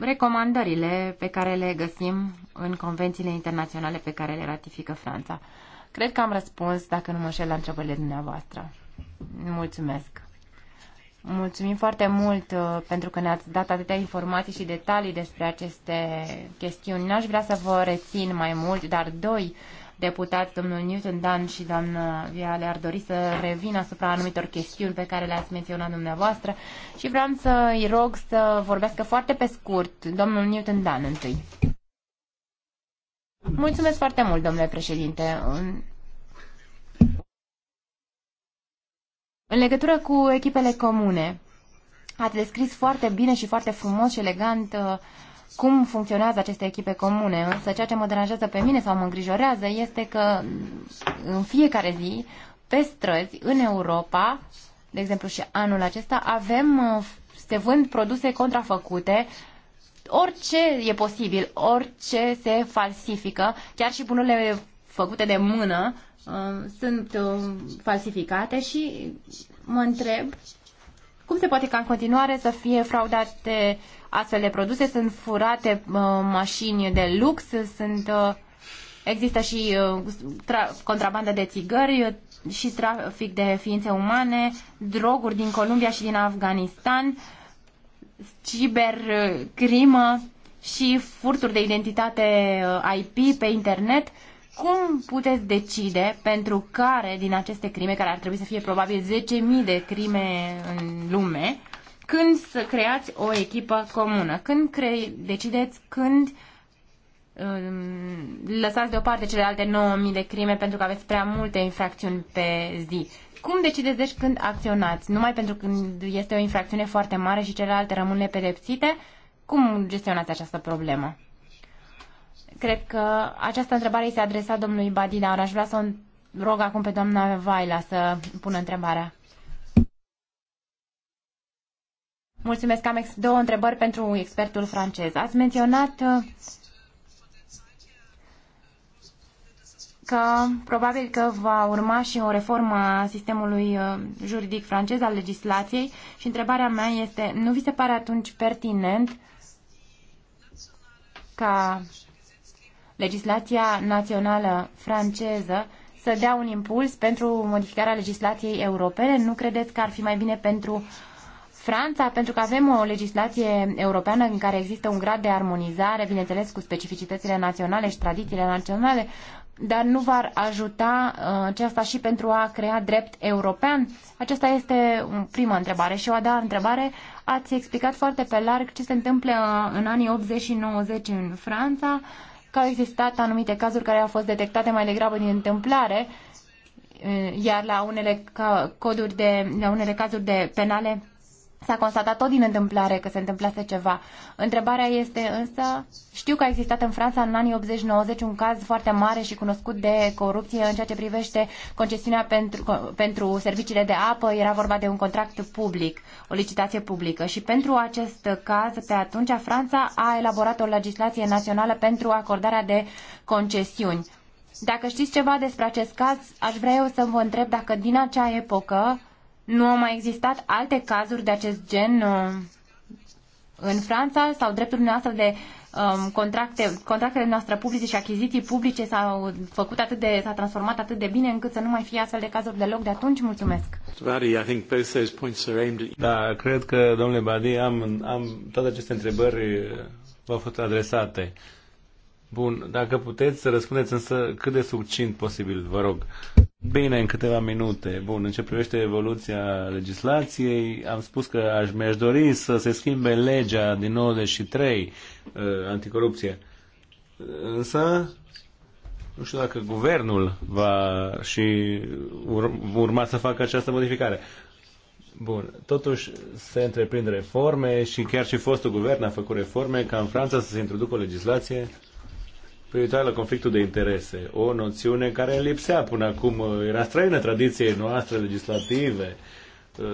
recomandările pe care le găsim în convențiile internaționale pe care le ratifică Franța. Cred că am răspuns, dacă nu mă înșel, la întrebările dumneavoastră. Mulțumesc! Mulțumim foarte mult uh, pentru că ne-ați dat atâtea informații și detalii despre aceste chestiuni. N-aș vrea să vă rețin mai mult, dar doi deputați, domnul Newton Dan și doamna Viale, ar dori să revină asupra anumitor chestiuni pe care le-ați menționat dumneavoastră și vreau să i rog să vorbească foarte pe scurt. Domnul Newton Dan întâi. Mulțumesc foarte mult, domnule președinte. În... în legătură cu echipele comune, ați descris foarte bine și foarte frumos și elegant uh, cum funcționează aceste echipe comune, însă ceea ce mă deranjează pe mine sau mă îngrijorează este că mm, în fiecare zi, pe străzi, în Europa, de exemplu și anul acesta, avem uh, se vând produse contrafăcute orice e posibil, orice se falsifică, chiar și bunurile făcute de mână uh, sunt uh, falsificate și mă întreb cum se poate ca în continuare să fie fraudate astfel de produse, sunt furate uh, mașini de lux, sunt uh, există și uh, contrabandă de țigări și trafic de ființe umane, droguri din Columbia și din Afganistan. Uh, cibercrimă și furturi de identitate uh, IP pe internet, cum puteți decide pentru care din aceste crime, care ar trebui să fie probabil 10.000 de crime în lume, când să creați o echipă comună? Când cre- decideți când um, lăsați deoparte celelalte 9.000 de crime pentru că aveți prea multe infracțiuni pe zi? Cum decideți deci când acționați? Numai pentru când este o infracțiune foarte mare și celelalte rămân nepedepsite? Cum gestionați această problemă? Cred că această întrebare i se domnului Badina, dar aș vrea să o rog acum pe doamna Vaila să pună întrebarea. Mulțumesc, am ex- două întrebări pentru expertul francez. Ați menționat uh, că probabil că va urma și o reformă a sistemului uh, juridic francez, al legislației și întrebarea mea este, nu vi se pare atunci pertinent ca legislația națională franceză să dea un impuls pentru modificarea legislației europene? Nu credeți că ar fi mai bine pentru Franța, pentru că avem o legislație europeană în care există un grad de armonizare, bineînțeles, cu specificitățile naționale și tradițiile naționale, dar nu va ajuta uh, aceasta și pentru a crea drept european? Aceasta este um, prima întrebare. Și o a doua întrebare, ați explicat foarte pe larg ce se întâmplă uh, în anii 80 și 90 în Franța, că au existat anumite cazuri care au fost detectate mai degrabă din întâmplare, uh, iar la unele coduri de, la unele cazuri de penale S-a constatat tot din întâmplare că se întâmplase ceva. Întrebarea este însă, știu că a existat în Franța în anii 80-90 un caz foarte mare și cunoscut de corupție în ceea ce privește concesiunea pentru, pentru serviciile de apă. Era vorba de un contract public, o licitație publică. Și pentru acest caz, pe atunci, Franța a elaborat o legislație națională pentru acordarea de concesiuni. Dacă știți ceva despre acest caz, aș vrea eu să vă întreb dacă din acea epocă nu au mai existat alte cazuri de acest gen uh, în Franța sau drepturile noastre de um, contracte, contractele noastre publice și achiziții publice s-au făcut atât de, s-a transformat atât de bine încât să nu mai fie astfel de cazuri deloc de atunci. Mulțumesc. Da, cred că, domnule Badi, am, am toate aceste întrebări uh, v-au fost adresate. Bun, dacă puteți să răspundeți însă cât de succint posibil, vă rog. Bine, în câteva minute. Bun, în ce privește evoluția legislației, am spus că aș, mi-aș dori să se schimbe legea din 93, uh, anticorupție. Însă, nu știu dacă guvernul va și ur- urma să facă această modificare. Bun, totuși se întreprind reforme și chiar și fostul guvern a făcut reforme ca în Franța să se introducă o legislație privitoare la conflictul de interese, o noțiune care lipsea până acum, era străină tradiției noastre legislative, eh,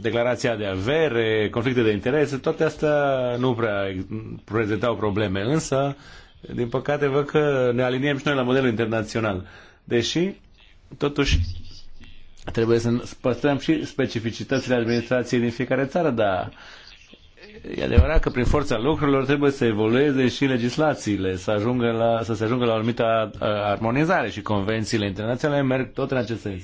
declarația de avere, conflicte de interese, toate astea nu prea prezentau probleme, însă, din păcate, văd că ne aliniem și noi la modelul internațional. Deși, totuși, trebuie să păstrăm și specificitățile administrației din fiecare țară, dar e adevărat că prin forța lucrurilor trebuie să evolueze și legislațiile, să, ajungă la, să se ajungă la o anumită uh, armonizare și convențiile internaționale merg tot în acest sens.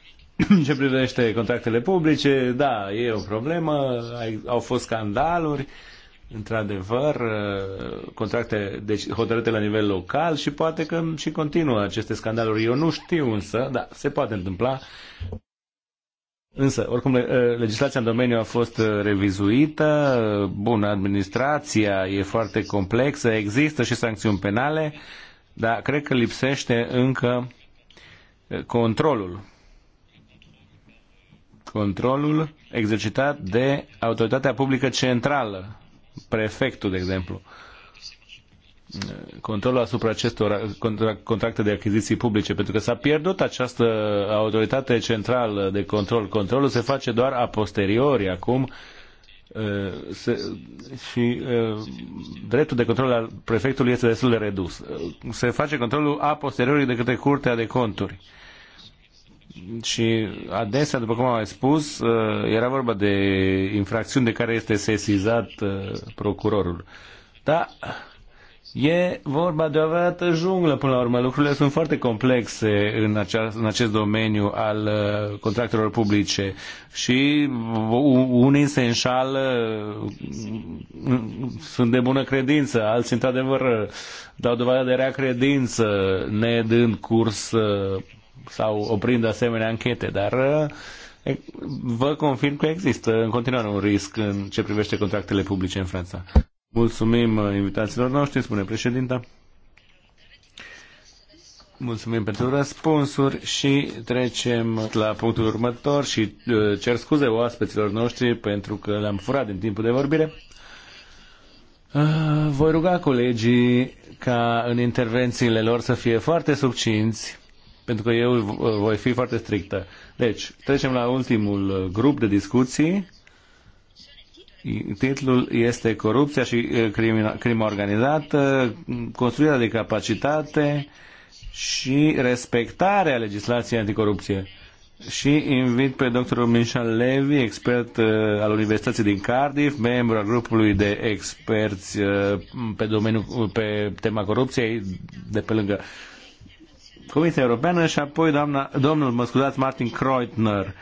Ce privește contractele publice, da, e o problemă, au fost scandaluri, într-adevăr, uh, contracte deci, hotărâte la nivel local și poate că și continuă aceste scandaluri. Eu nu știu însă, dar se poate întâmpla Însă, oricum, eh, legislația în domeniu a fost eh, revizuită, eh, bună, administrația e foarte complexă, există și sancțiuni penale, dar cred că lipsește încă controlul. Controlul exercitat de autoritatea publică centrală, prefectul, de exemplu controlul asupra acestor contracte de achiziții publice, pentru că s-a pierdut această autoritate centrală de control. Controlul se face doar a posteriori acum uh, se, și uh, dreptul de control al prefectului este destul de redus. Uh, se face controlul a posteriori de către Curtea de Conturi. Și adesea, după cum am mai spus, era vorba de infracțiuni de care este sesizat procurorul. Dar E vorba de o adevărată junglă, până la urmă. Lucrurile sunt foarte complexe în, acea, în acest domeniu al uh, contractelor publice și unii se înșală, mm, sunt de bună credință, alții, într-adevăr, dau dovadă de rea credință, ne dând curs uh, sau oprind asemenea anchete, dar uh, vă confirm că există în continuare un risc în ce privește contractele publice în Franța. Mulțumim uh, invitațiilor noștri, spune președinta. Mulțumim pentru răspunsuri și trecem la punctul următor și uh, cer scuze oaspeților noștri pentru că le-am furat din timpul de vorbire. Uh, voi ruga colegii ca în intervențiile lor să fie foarte subcinți, pentru că eu voi fi foarte strictă. Deci, trecem la ultimul grup de discuții Titlul este Corupția și uh, crima, crima organizată, construirea de capacitate și respectarea legislației anticorupție. Și invit pe doctorul Michel Levy, expert uh, al Universității din Cardiff, membru al grupului de experți uh, pe, domeniul, uh, pe tema corupției de pe lângă Comisia Europeană și apoi doamna, domnul, mă scuzați, Martin Kreutner,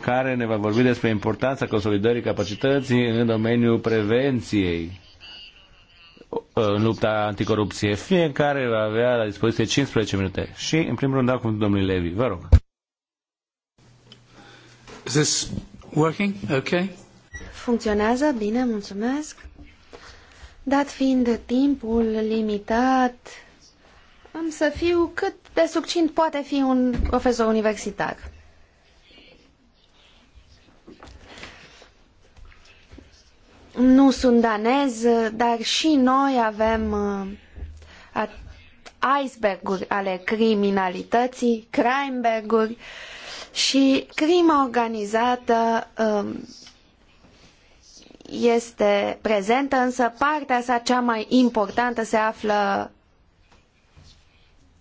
care ne va vorbi despre importanța consolidării capacității în domeniul prevenției în lupta anticorupție. Fiecare va avea la dispoziție 15 minute. Și, în primul rând, dau domnul domnului Levi. Vă rog. Is this working? Okay. Funcționează bine, mulțumesc. Dat fiind timpul limitat, am să fiu cât de succint poate fi un profesor universitar. Nu sunt danez, dar și noi avem uh, iceberguri ale criminalității, crimeberguri și crima organizată um, este prezentă, însă partea sa cea mai importantă se află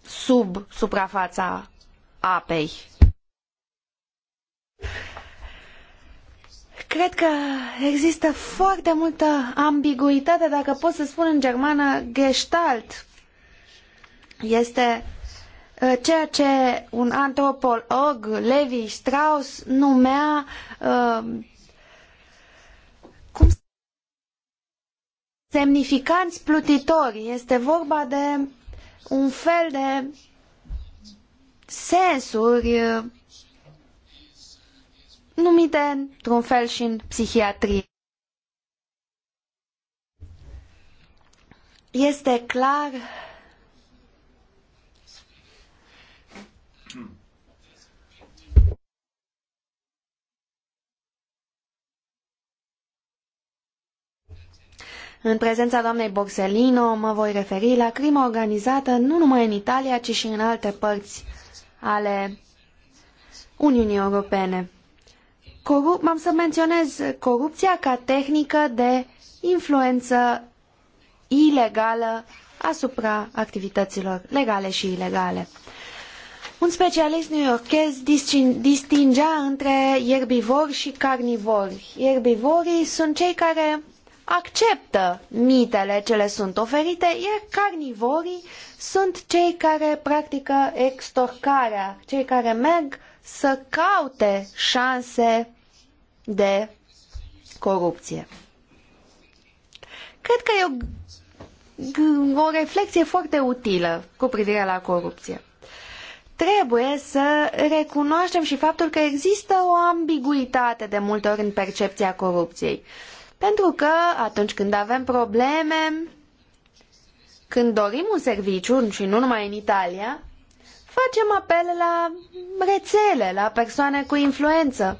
sub suprafața apei. Cred că există foarte multă ambiguitate, dacă pot să spun în germană, gestalt. Este uh, ceea ce un antropolog, Levi Strauss, numea uh, cum semnificanți plutitori. Este vorba de un fel de sensuri uh, numite într-un fel și în psihiatrie. Este clar În prezența doamnei Borsellino mă voi referi la crima organizată nu numai în Italia, ci și în alte părți ale Uniunii Europene. Corup am să menționez corupția ca tehnică de influență ilegală asupra activităților legale și ilegale. Un specialist newyorkez distingea între ierbivori și carnivori. Ierbivorii sunt cei care acceptă mitele ce le sunt oferite, iar carnivorii sunt cei care practică extorcarea, cei care merg să caute șanse de corupție. Cred că e o, o reflexie foarte utilă cu privire la corupție. Trebuie să recunoaștem și faptul că există o ambiguitate de multe ori în percepția corupției. Pentru că atunci când avem probleme, când dorim un serviciu, și nu numai în Italia, facem apel la rețele, la persoane cu influență,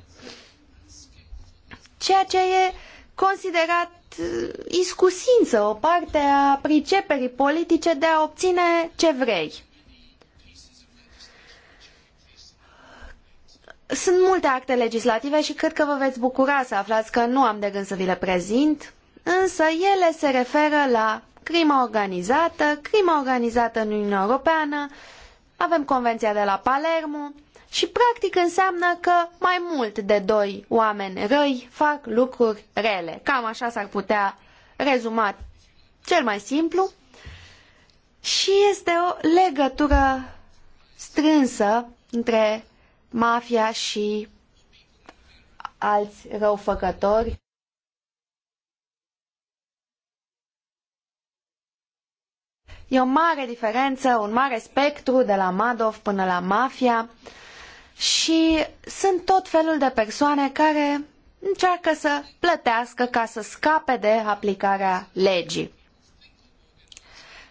ceea ce e considerat uh, iscusință, o parte a priceperii politice de a obține ce vrei. Sunt multe acte legislative și cred că vă veți bucura să aflați că nu am de gând să vi le prezint, însă ele se referă la crima organizată, crima organizată în Uniunea Europeană, avem convenția de la Palermo și practic înseamnă că mai mult de doi oameni răi fac lucruri rele. Cam așa s-ar putea rezuma cel mai simplu. Și este o legătură strânsă între mafia și alți răufăcători E o mare diferență, un mare spectru de la Madoff până la mafia și sunt tot felul de persoane care încearcă să plătească ca să scape de aplicarea legii.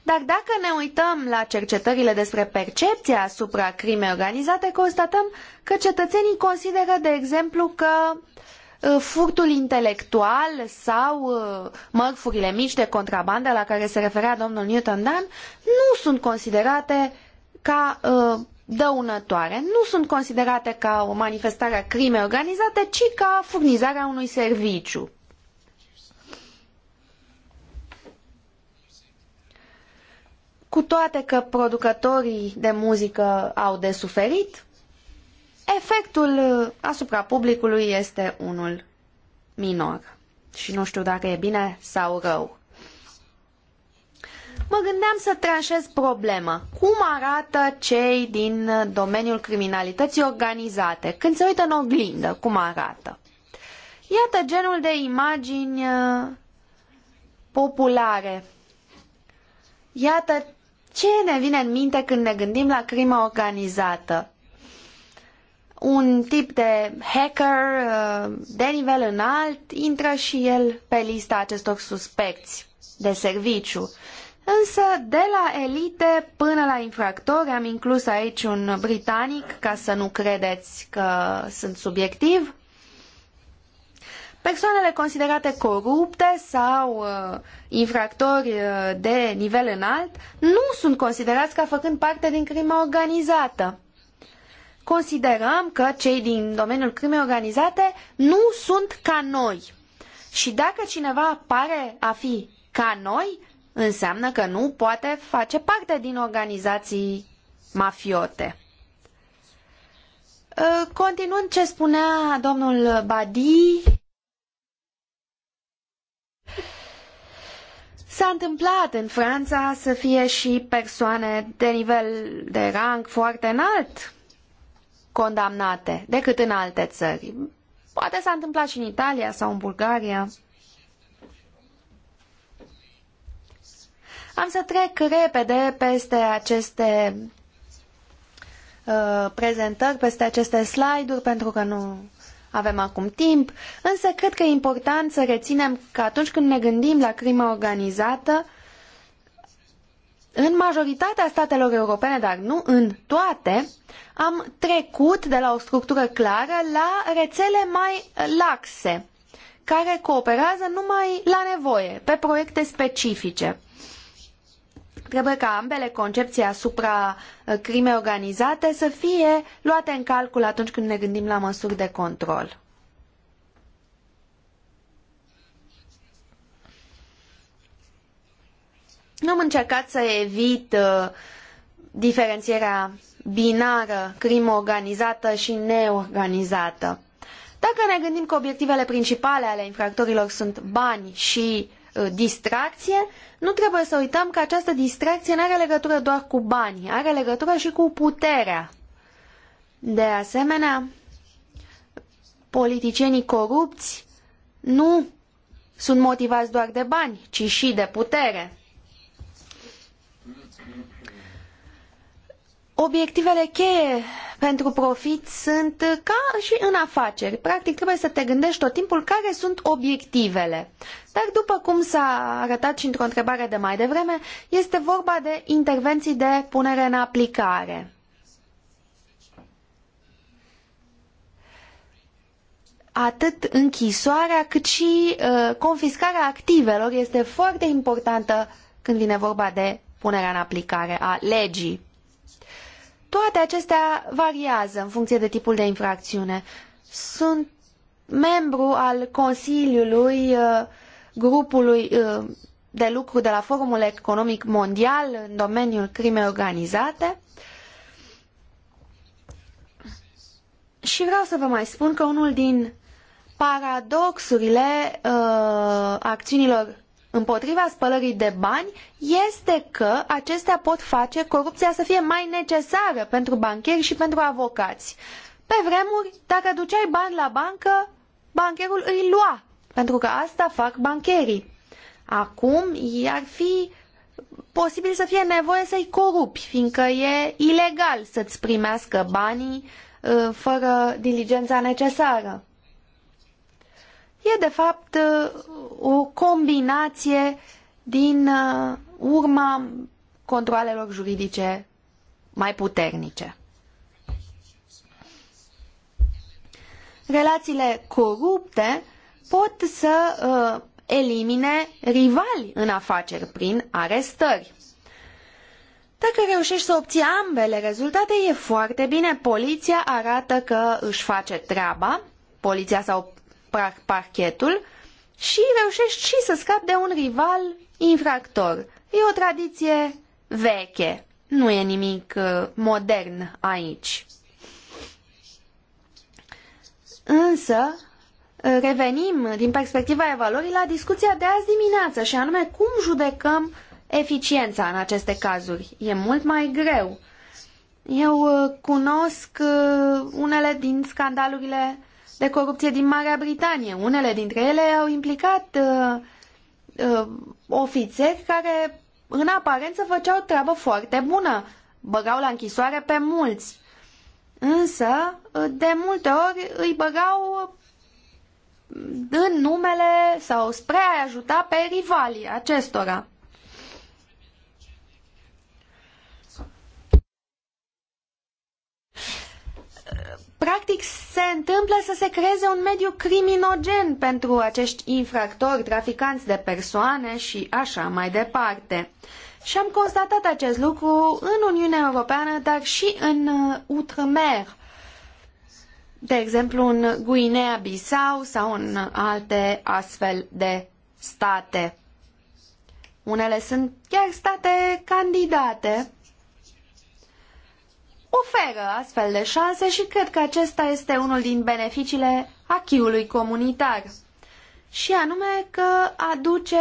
Dar dacă ne uităm la cercetările despre percepția asupra crimei organizate, constatăm că cetățenii consideră, de exemplu, că uh, Uh, furtul intelectual sau uh, mărfurile mici de contrabandă la care se referea domnul Newton Dan nu sunt considerate ca uh, dăunătoare, nu sunt considerate ca o manifestare a crimei organizate, ci ca furnizarea unui serviciu. Cu toate că producătorii de muzică au de suferit, Efectul uh, asupra publicului este unul minor și nu știu dacă e bine sau rău. Mă gândeam să tranșez problema. Cum arată cei din domeniul criminalității organizate? Când se uită în oglindă, cum arată? Iată genul de imagini uh, populare. Iată ce ne vine în minte când ne gândim la crimă organizată un tip de hacker uh, de nivel înalt intră și el pe lista acestor suspecți de serviciu. Însă, de la elite până la infractori, am inclus aici un britanic, ca să nu credeți că sunt subiectiv, persoanele considerate corupte sau uh, infractori uh, de nivel înalt nu sunt considerați ca făcând parte din crima organizată considerăm că cei din domeniul crimei organizate nu sunt ca noi. Și dacă cineva pare a fi ca noi, înseamnă că nu poate face parte din organizații mafiote. Ă, continuând ce spunea domnul Badi, s-a întâmplat în Franța să fie și persoane de nivel de rang foarte înalt condamnate decât în alte țări. Poate s-a întâmplat și în Italia sau în Bulgaria. Am să trec repede peste aceste uh, prezentări, peste aceste slide-uri, pentru că nu avem acum timp, însă cred că e important să reținem că atunci când ne gândim la crima organizată, uh, în majoritatea statelor europene, dar nu în toate, am trecut de la o structură clară la rețele mai laxe, care cooperează numai la nevoie, pe proiecte specifice. Trebuie ca ambele concepții asupra uh, crimei organizate să fie luate în calcul atunci când ne gândim la măsuri de control. Nu Am încercat să evit uh, diferențierea binară, crimă organizată și neorganizată. Dacă ne gândim că obiectivele principale ale infractorilor sunt bani și uh, distracție, nu trebuie să uităm că această distracție nu are legătură doar cu banii, are legătură și cu puterea. De asemenea, politicienii corupți nu sunt motivați doar de bani, ci și de putere. obiectivele cheie pentru profit sunt ca și în afaceri. Practic trebuie să te gândești tot timpul care sunt obiectivele. Dar după cum s-a arătat și într-o întrebare de mai devreme, este vorba de intervenții de punere în aplicare. Atât închisoarea cât și uh, confiscarea activelor este foarte importantă când vine vorba de punerea în aplicare a legii. Toate acestea variază în funcție de tipul de infracțiune. Sunt membru al Consiliului uh, grupului uh, de lucru de la Forumul Economic Mondial în domeniul crimei organizate. Și vreau să vă mai spun că unul din paradoxurile uh, acțiunilor împotriva spălării de bani este că acestea pot face corupția să fie mai necesară pentru bancheri și pentru avocați. Pe vremuri, dacă duceai bani la bancă, bancherul îi lua, pentru că asta fac bancherii. Acum ar fi posibil să fie nevoie să-i corupi, fiindcă e ilegal să-ți primească banii uh, fără diligența necesară e de fapt uh, o combinație din uh, urma controalelor juridice mai puternice. Relațiile corupte pot să uh, elimine rivali în afaceri prin arestări. Dacă reușești să obții ambele rezultate, e foarte bine. Poliția arată că își face treaba. Poliția sau parchetul și reușești și să scapi de un rival infractor. E o tradiție veche, nu e nimic uh, modern aici. Însă, uh, revenim din perspectiva evaluării la discuția de azi dimineață și anume cum judecăm eficiența în aceste cazuri. E mult mai greu. Eu uh, cunosc unele din scandalurile de corupție din Marea Britanie. Unele dintre ele au implicat uh, uh, ofițeri care, în aparență, făceau treabă foarte bună. Băgau la închisoare pe mulți. Însă, uh, de multe ori, îi băgau în numele sau spre a ajuta pe rivalii acestora. practic se întâmplă să se creeze un mediu criminogen pentru acești infractori, traficanți de persoane și așa mai departe. Și am constatat acest lucru în Uniunea Europeană, dar și în Outremer, uh, de exemplu în Guinea-Bissau sau în alte astfel de state. Unele sunt chiar state candidate oferă astfel de șanse și cred că acesta este unul din beneficiile achiului comunitar. Și anume că aduce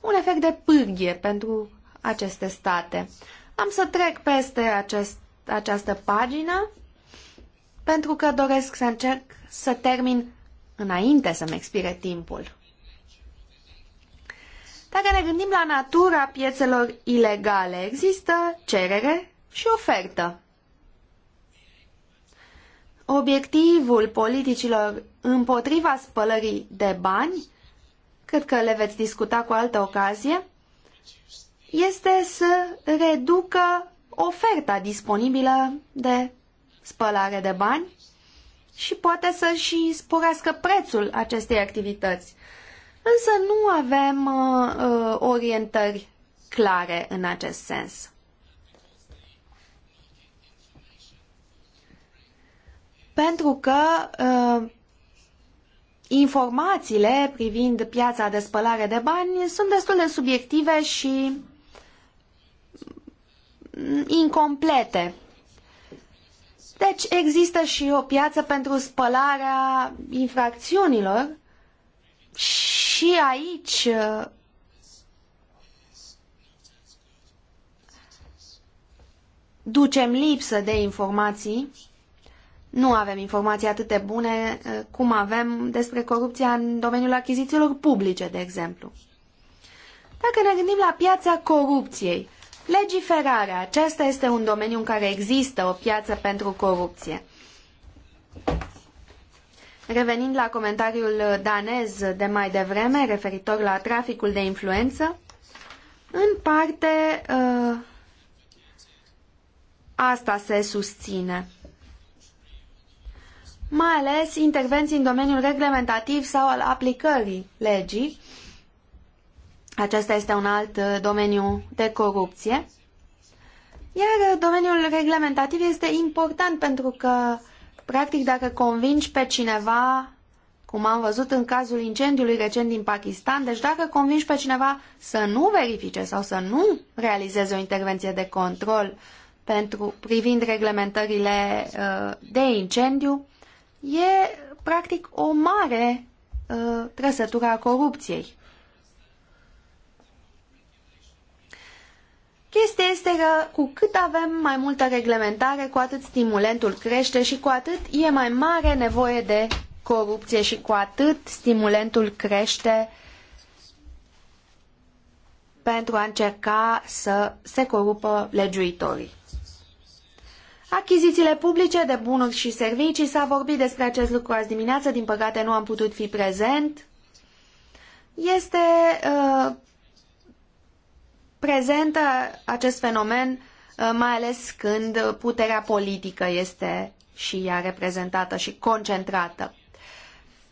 un efect de pârghie pentru aceste state. Am să trec peste acest, această pagină pentru că doresc să încerc să termin înainte să-mi expire timpul. Dacă ne gândim la natura piețelor ilegale, există cerere și ofertă obiectivul politicilor împotriva spălării de bani, cred că le veți discuta cu altă ocazie, este să reducă oferta disponibilă de spălare de bani și poate să și sporească prețul acestei activități. Însă nu avem uh, uh orientări clare în acest sens. pentru că uh, informațiile privind piața de spălare de bani sunt destul de subiective și incomplete. Deci există și o piață pentru spălarea infracțiunilor și aici uh, ducem lipsă de informații nu avem informații atât de bune uh, cum avem despre corupția în domeniul achizițiilor publice, de exemplu. Dacă ne gândim la piața corupției, legiferarea, aceasta este un domeniu în care există o piață pentru corupție. Revenind la comentariul danez de mai devreme, referitor la traficul de influență, în parte uh, asta se susține mai ales intervenții în domeniul reglementativ sau al aplicării legii. Acesta este un alt uh, domeniu de corupție. Iar uh, domeniul reglementativ este important pentru că, practic, dacă convingi pe cineva, cum am văzut în cazul incendiului recent din Pakistan, deci dacă convingi pe cineva să nu verifice sau să nu realizeze o intervenție de control pentru privind reglementările uh, de incendiu, e practic o mare uh, trăsătură a corupției. Chestia este că cu cât avem mai multă reglementare, cu atât stimulentul crește și cu atât e mai mare nevoie de corupție și cu atât stimulentul crește pentru a încerca să se corupă legiuitorii. Achizițiile publice de bunuri și servicii, s-a vorbit despre acest lucru azi dimineață, din păcate nu am putut fi prezent. Este uh, prezentă acest fenomen, uh, mai ales când puterea politică este și ea reprezentată și concentrată.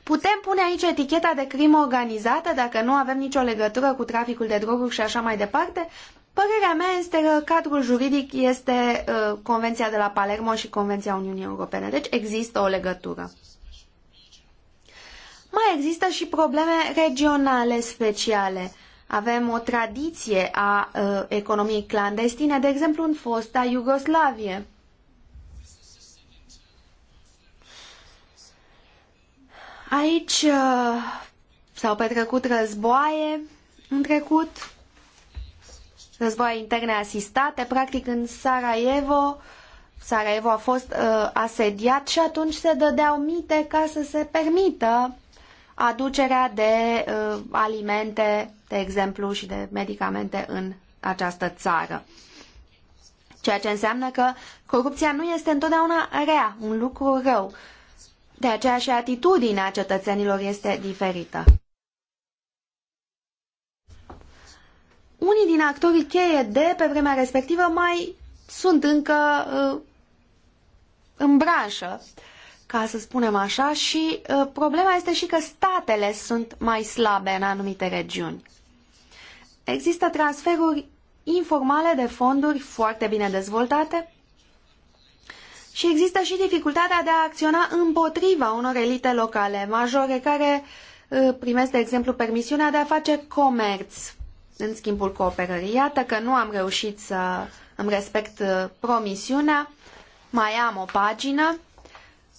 Putem pune aici eticheta de crimă organizată dacă nu avem nicio legătură cu traficul de droguri și așa mai departe? Părerea mea este că cadrul juridic este uh, Convenția de la Palermo și Convenția Uniunii Europene, deci există o legătură. Mai există și probleme regionale speciale. Avem o tradiție a uh, economiei clandestine, de exemplu în fosta Iugoslavie. Aici uh, s-au petrecut războaie în trecut, războaie interne asistate. Practic în Sarajevo, Sarajevo a fost uh, asediat și atunci se dădeau mite ca să se permită aducerea de uh, alimente, de exemplu, și de medicamente în această țară. Ceea ce înseamnă că corupția nu este întotdeauna rea, un lucru rău. De aceea și atitudinea cetățenilor este diferită. unii din actorii cheie de pe vremea respectivă mai sunt încă uh, în branșă, ca să spunem așa, și uh, problema este și că statele sunt mai slabe în anumite regiuni. Există transferuri informale de fonduri foarte bine dezvoltate și există și dificultatea de a acționa împotriva unor elite locale majore care uh, primesc, de exemplu, permisiunea de a face comerț în schimbul cooperării. Iată că nu am reușit să îmi respect uh, promisiunea, mai am o pagină.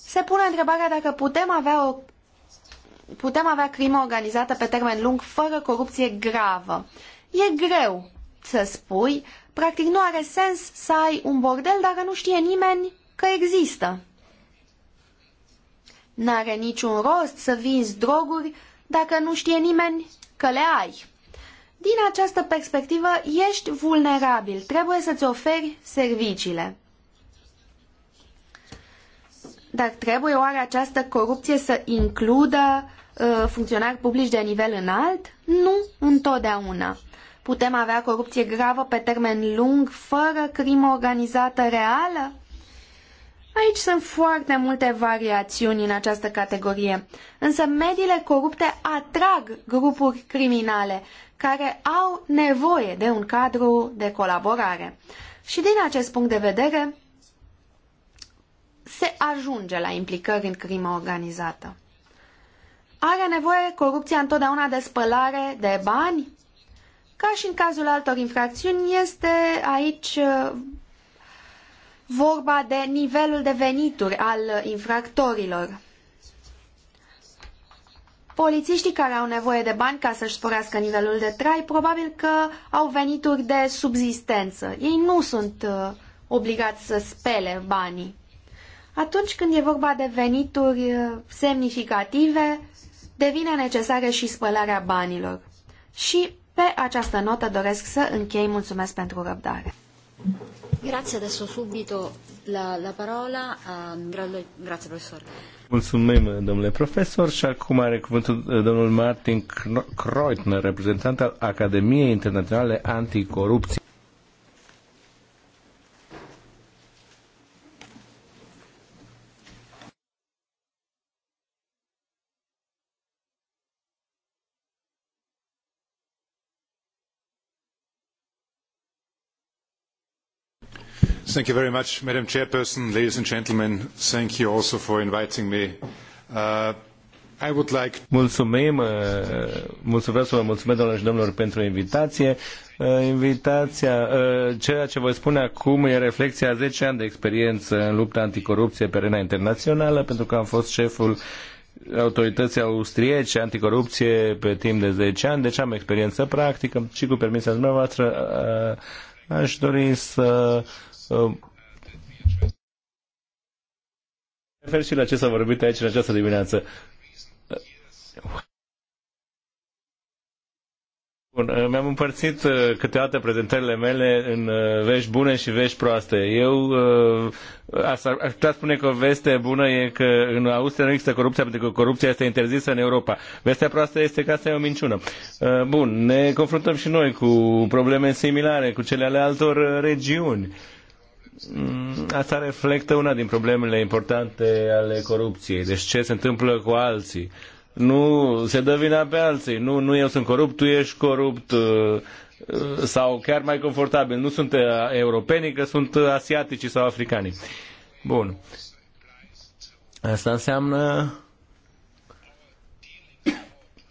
Se pune întrebarea dacă putem avea o putem avea crimă organizată pe termen lung fără corupție gravă. E greu să spui, practic nu are sens să ai un bordel dacă nu știe nimeni că există. N-are niciun rost să vinzi droguri dacă nu știe nimeni că le ai. Din această perspectivă, ești vulnerabil, trebuie să-ți oferi serviciile. Dar trebuie oare această corupție să includă uh, funcționari publici de nivel înalt? Nu întotdeauna. Putem avea corupție gravă pe termen lung, fără crimă organizată reală? Aici sunt foarte multe variațiuni în această categorie, însă mediile corupte atrag grupuri criminale care au nevoie de un cadru de colaborare. Și din acest punct de vedere se ajunge la implicări în crimă organizată. Are nevoie corupția întotdeauna de spălare de bani? Ca și în cazul altor infracțiuni, este aici vorba de nivelul de venituri al infractorilor. Polițiștii care au nevoie de bani ca să-și sporească nivelul de trai, probabil că au venituri de subzistență. Ei nu sunt uh, obligați să spele banii. Atunci când e vorba de venituri uh, semnificative, devine necesară și spălarea banilor. Și pe această notă doresc să închei. Mulțumesc pentru răbdare. Grazie, adesso subito la, la parola a... Grazie, professor. Mulțumim, domnule profesor, și acum are cuvântul eh, domnul Martin Kreutner, reprezentant al Academiei Internaționale Anticorupție. Thank you very much, Madam Chairperson. Ladies and gentlemen, thank you also for inviting me. Uh, I would like... Mulțumim, uh, mulțumesc, vă mulțumesc, doamnelor și domnilor, pentru invitație. Uh, invitația, uh, ceea ce voi spune acum e reflexia a 10 ani de experiență în lupta anticorupție pe arena internațională, pentru că am fost șeful autorității austriece anticorupție pe timp de 10 ani, deci am experiență practică și cu permisia dumneavoastră aș dori să Um, refer și la ce s-a vorbit aici în această dimineață. Bun, mi-am împărțit uh, câteodată prezentările mele în uh, vești bune și vești proaste. Eu uh, aș putea spune că o veste bună e că în Austria nu există corupție, pentru că corupția este interzisă în Europa. Vestea proastă este că asta e o minciună. Bun, ne confruntăm și noi cu probleme similare, cu cele ale altor regiuni Mm, asta reflectă una din problemele importante ale corupției. Deci ce se întâmplă cu alții? Nu se dă vina pe alții. Nu, nu eu sunt corupt, tu ești corupt uh, sau chiar mai confortabil. Nu sunt uh, europenii, că sunt uh, asiatici sau africani. Bun. Asta înseamnă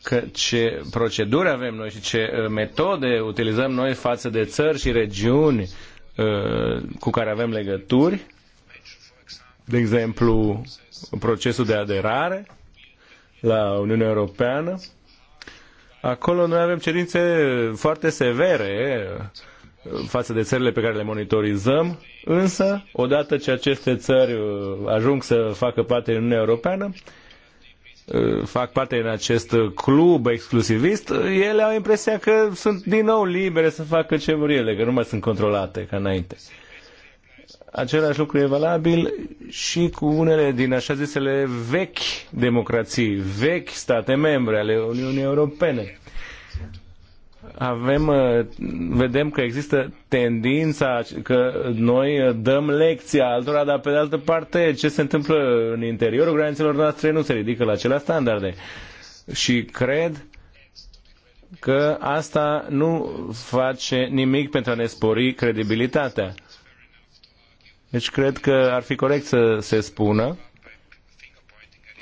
că ce proceduri avem noi și ce metode utilizăm noi față de țări și regiuni uh, Uh, cu care avem legături, de exemplu, procesul de aderare la Uniunea Europeană. Acolo noi avem cerințe foarte severe uh, față de țările pe care le monitorizăm, însă, odată ce aceste țări uh, ajung să facă parte din Uniunea Europeană, Uh, fac parte din acest club exclusivist, ele au impresia că sunt din nou libere să facă ce vor ele, că nu mai sunt controlate ca înainte. Același lucru e valabil și cu unele din așa zisele vechi democrații, vechi state membre ale Uniunii Europene avem, uh, vedem că există tendința că noi uh, dăm lecția altora, dar pe de altă parte ce se întâmplă în interiorul granițelor noastre nu se ridică la acelea standarde. Și cred că asta nu face nimic pentru a ne spori credibilitatea. Deci cred că ar fi corect să se spună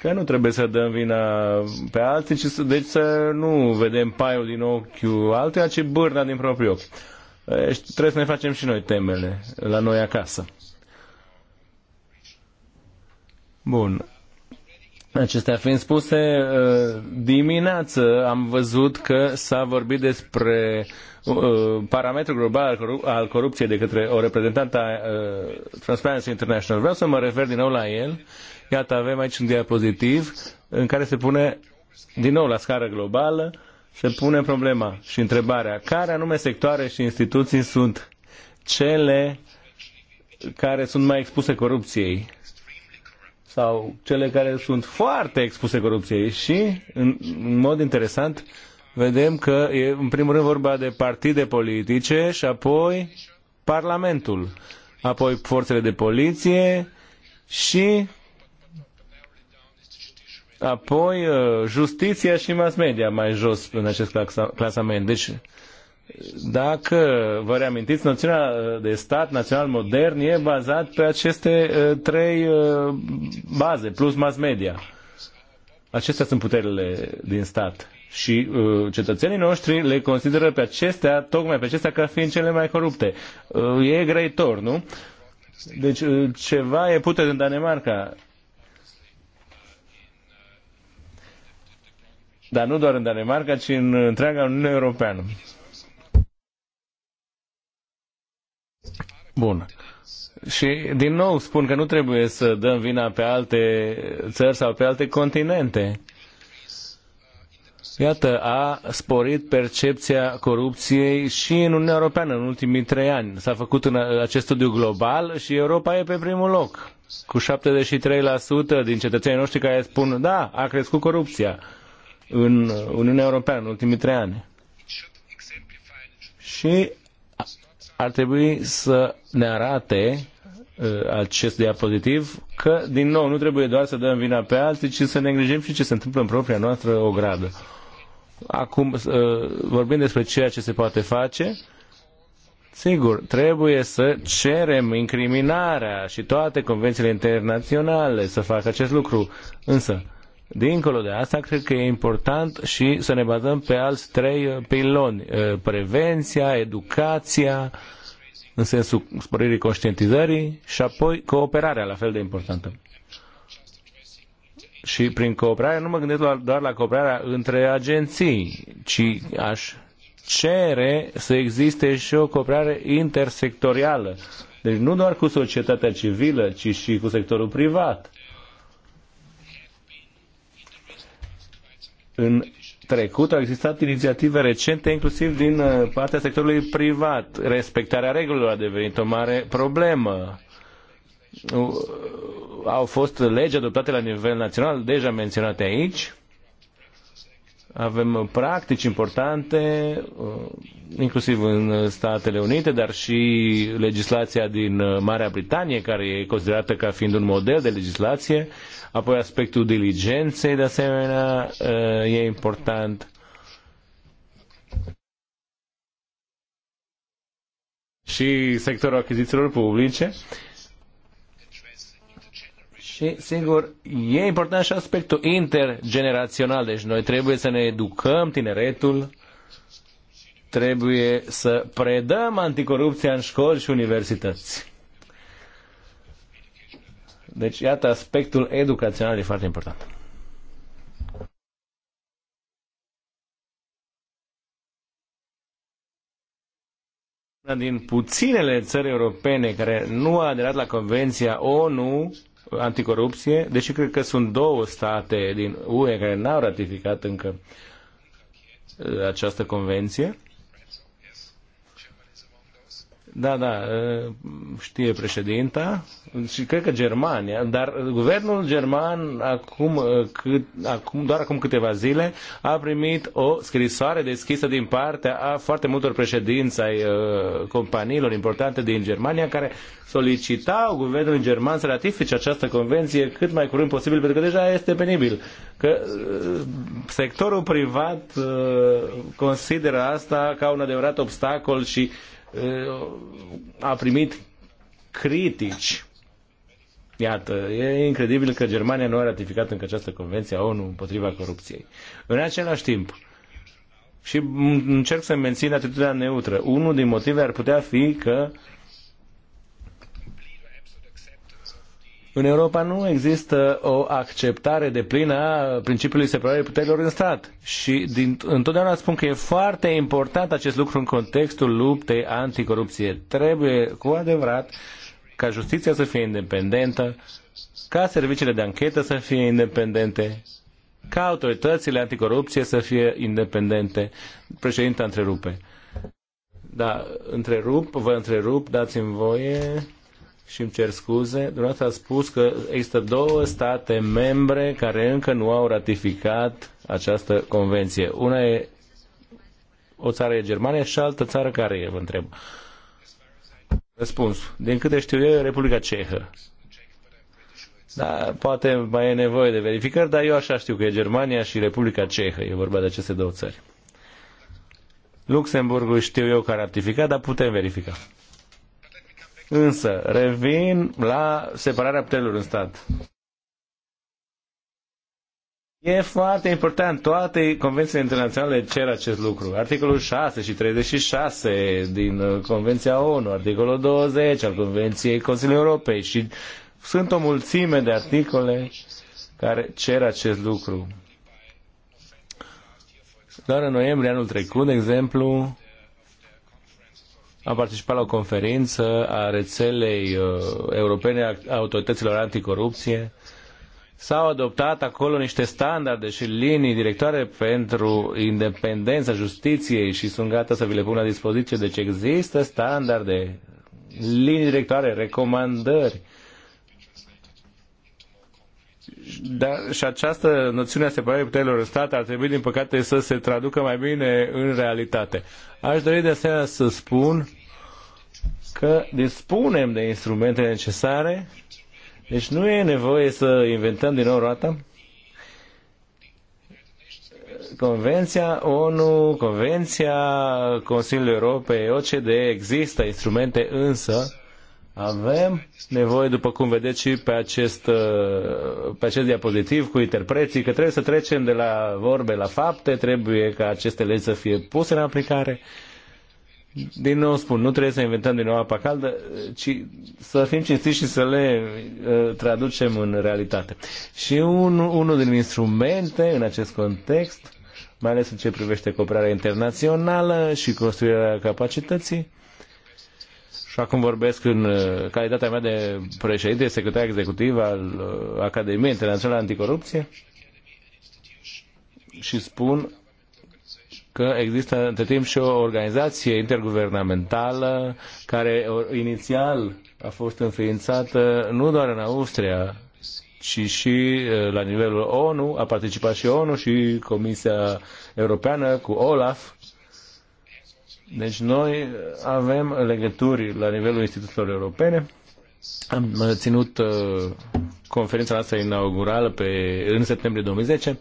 că nu trebuie să dăm vina pe alții, ci să, deci să nu vedem paiul din ochiul altuia, ci bârna din propriul ochi. Și trebuie să ne facem și noi temele la noi acasă. Bun. Acestea fiind spuse, dimineață am văzut că s-a vorbit despre parametrul global al corupției de către o reprezentantă a Transparency International. Vreau să mă refer din nou la el Iată, avem aici un diapozitiv în care se pune, din nou la scară globală, se pune problema și întrebarea care anume sectoare și instituții sunt cele care sunt mai expuse corupției sau cele care sunt foarte expuse corupției și, în, în mod interesant, vedem că e în primul rând vorba de partide politice și apoi Parlamentul, apoi forțele de poliție și apoi uh, justiția și mass media mai jos în acest clasament. Deci, dacă vă reamintiți, noțiunea uh, de stat național modern e bazat pe aceste uh, trei baze, plus mass media. Acestea sunt puterile din stat. Și uh, cetățenii noștri le consideră pe acestea, tocmai pe acestea, ca fiind cele mai corupte. Uh, e greitor, nu? Deci uh, ceva e putere în Danemarca Dar nu doar în Danemarca, ci în întreaga Uniune Europeană. Bun. Și din nou spun că nu trebuie să dăm vina pe alte țări sau pe alte continente. Iată, a sporit percepția corupției și în Uniunea Europeană în ultimii trei ani. S-a făcut în acest studiu global și Europa e pe primul loc, cu 73% din cetățenii noștri care spun, da, a crescut corupția în Uniunea Europeană în ultimii trei ani. Și ar trebui să ne arate uh, acest diapozitiv că, din nou, nu trebuie doar să dăm vina pe alții, ci să ne îngrijim și ce se întâmplă în propria noastră ogradă. Acum, uh, vorbim despre ceea ce se poate face, Sigur, trebuie să cerem incriminarea și toate convențiile internaționale să facă acest lucru. Însă, Dincolo de asta, cred că e important și să ne bazăm pe alți trei uh, piloni. Uh, prevenția, educația, în sensul sporirii conștientizării și apoi cooperarea, la fel de importantă. Și prin cooperare nu mă gândesc doar, doar la cooperarea între agenții, ci aș cere să existe și o cooperare intersectorială. Deci nu doar cu societatea civilă, ci și cu sectorul privat în trecut au existat inițiative recente, inclusiv din uh, partea sectorului privat. Respectarea regulilor a devenit o mare problemă. Au fost legi adoptate la nivel național, deja menționate aici. Avem practici importante, uh, inclusiv în Statele Unite, dar și legislația din uh, Marea Britanie, care e considerată ca fiind un model de legislație. Uh, Apoi aspectul diligenței, de asemenea, uh, e important. Și sectorul achizițiilor publice. Și, sigur, e important și aspectul intergenerațional. Deci noi trebuie să ne educăm tineretul, trebuie să predăm anticorupția în școli și universități. Deci, iată, aspectul educațional e foarte important. Una din puținele țări europene care nu a aderat la Convenția ONU anticorupție, deși cred că sunt două state din UE care n-au ratificat încă uh, această convenție. Da, da, știe președinta și cred că Germania, dar guvernul german acum, cât, acum, doar acum câteva zile a primit o scrisoare deschisă din partea a foarte multor președinți ai companiilor importante din Germania care solicitau guvernului german să ratifice această convenție cât mai curând posibil, pentru că deja este penibil. Că sectorul privat consideră asta ca un adevărat obstacol și uh, a primit critici. Iată, e incredibil că Germania nu a ratificat încă această convenție a ONU împotriva corupției. În același timp, și încerc să mențin atitudinea neutră, unul din motive ar putea fi că uh, În Europa nu există o acceptare de plină a principiului separării puterilor în stat. Și din, întotdeauna spun că e foarte important acest lucru în contextul luptei anticorupție. Trebuie cu adevărat ca justiția să fie independentă, ca serviciile de anchetă să fie independente, ca autoritățile anticorupție să fie independente. Președinta întrerupe. Da, întrerup, vă întrerup, dați-mi voie și îmi cer scuze, dumneavoastră a spus că există două state membre care încă nu au ratificat această convenție. Una e o țară e Germania și altă țară care e, vă întreb. Răspuns. Din câte știu eu, e Republica Cehă. Da, poate mai e nevoie de verificări, dar eu așa știu că e Germania și Republica Cehă. E vorba de aceste două țări. Luxemburgul știu eu că a ratificat, dar putem verifica. Însă, revin la separarea puterilor în stat. E foarte important. Toate convențiile internaționale cer acest lucru. Articolul 6 și 36 din uh, Convenția ONU, articolul 20 al Convenției Consiliului Europei și sunt o mulțime de articole care cer acest lucru. Doar în noiembrie anul trecut, de exemplu, am participat la o conferință a rețelei uh, europene a autorităților anticorupție. S-au adoptat acolo niște standarde și linii directoare pentru independența justiției și sunt gata să vi le pun la dispoziție. Deci există standarde, linii directoare, recomandări. Da, și această noțiune a separării puterilor în stat ar trebui, din păcate, să se traducă mai bine în realitate. Aș dori de asemenea să spun că dispunem de instrumentele necesare, deci nu e nevoie să inventăm din nou roata. Convenția ONU, Convenția Consiliului Europei, OCDE, există instrumente, însă avem nevoie, după cum vedeți și pe acest, pe acest diapozitiv cu interpreții, că trebuie să trecem de la vorbe la fapte, trebuie ca aceste legi să fie puse în aplicare din nou spun, nu trebuie să inventăm din nou apa caldă, ci să fim cinstiți și să le uh, traducem în realitate. Și un, unul din instrumente în acest context, mai ales în ce privește cooperarea internațională și construirea capacității, și acum vorbesc în uh, calitatea mea de președinte, secretar executiv al uh, Academiei Internaționale Anticorupție și spun că există între timp și o organizație interguvernamentală care inițial a fost înființată nu doar în Austria, ci și uh, la nivelul ONU, a participat și ONU și Comisia Europeană cu OLAF. Deci noi avem legături la nivelul instituțiilor europene. Am uh, ținut uh, conferința noastră inaugurală pe, în septembrie 2010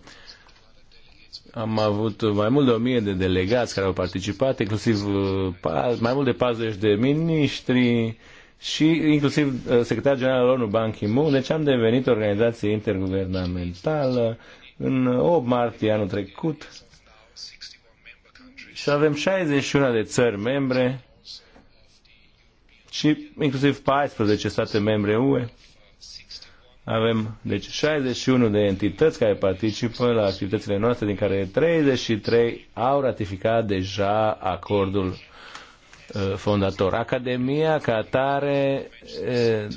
am avut mai mult de o mie de delegați care au participat, inclusiv uh, mai mult de 40 de miniștri și inclusiv uh, secretar general al ONU Ban Ki-moon. Deci am devenit organizație interguvernamentală în 8 martie anul trecut și avem 61 de țări membre și inclusiv 14 state membre UE avem, deci, 61 de entități care participă la activitățile noastre, din care 33 au ratificat deja acordul uh, fondator. Academia ca atare uh,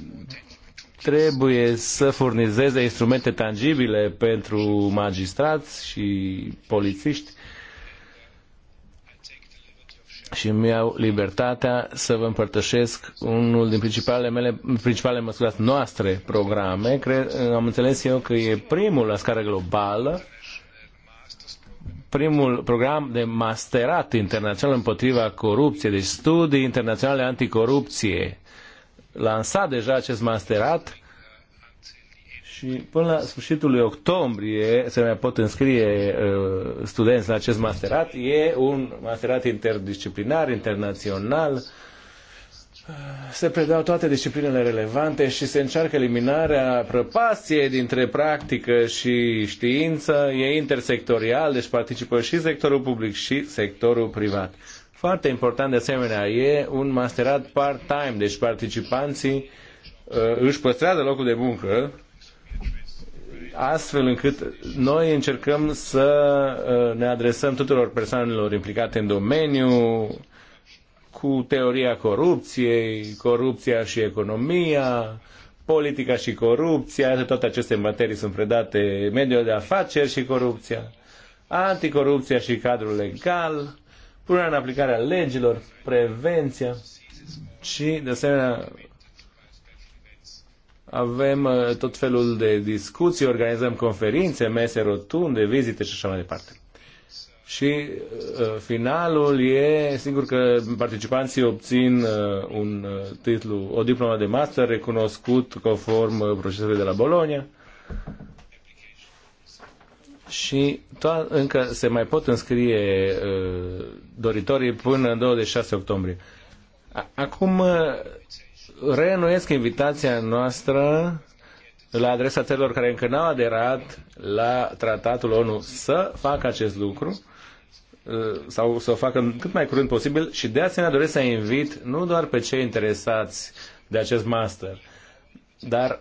trebuie să furnizeze instrumente tangibile pentru magistrați și polițiști și îmi iau libertatea să vă împărtășesc unul din principalele mele, principalele măsuri noastre programe. Cred, am înțeles eu că e primul la scară globală, primul program de masterat internațional împotriva corupției, deci studii internaționale anticorupție. Lansat deja acest masterat și până la sfârșitul lui octombrie se mai pot înscrie uh, studenți la acest masterat. E un masterat interdisciplinar, internațional. Uh, se predau toate disciplinele relevante și se încearcă eliminarea prăpastiei dintre practică și știință. E intersectorial, deci participă și sectorul public și sectorul privat. Foarte important de asemenea e un masterat part-time, deci participanții uh, își păstrează locul de muncă astfel încât noi încercăm să uh, ne adresăm tuturor persoanelor implicate în domeniu, cu teoria corupției, corupția și economia, politica și corupția, toate aceste materii sunt predate mediul de afaceri și corupția, anticorupția și cadrul legal, punerea în aplicare a legilor, prevenția și, de asemenea, avem uh, tot felul de discuții, organizăm conferințe, mese rotunde, vizite și așa mai departe. Și uh, finalul e, sigur că participanții obțin uh, un titlu, o diplomă de master recunoscut conform procesului de la Bologna. Și to- încă se mai pot înscrie doritorii până în 26 octombrie. Acum reînnoiesc invitația noastră la adresa țărilor care încă n-au aderat la tratatul ONU să facă acest lucru uh, sau să o facă cât mai curând posibil și de asemenea doresc să invit nu doar pe cei interesați de acest master, dar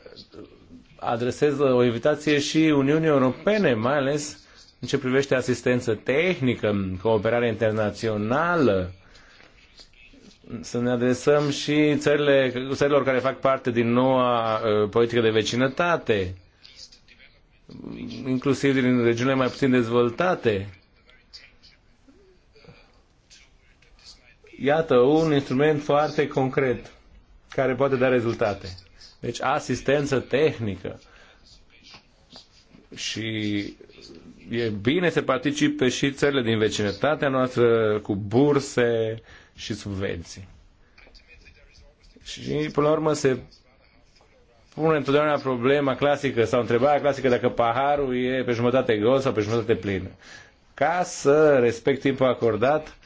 adresez o invitație și Uniunii Europene, mai ales în ce privește asistență tehnică, cooperare internațională, să ne adresăm și țările, țărilor care fac parte din noua uh, politică de vecinătate, inclusiv din regiunile mai puțin dezvoltate. Iată un instrument foarte concret care poate da rezultate. Deci asistență tehnică. Și e bine să participe și țările din vecinătatea noastră cu burse, uh, și subvenții. Și până la urmă se pune întotdeauna problema clasică sau întrebarea clasică dacă paharul e pe jumătate gol sau pe jumătate plin. Ca să respect timpul acordat,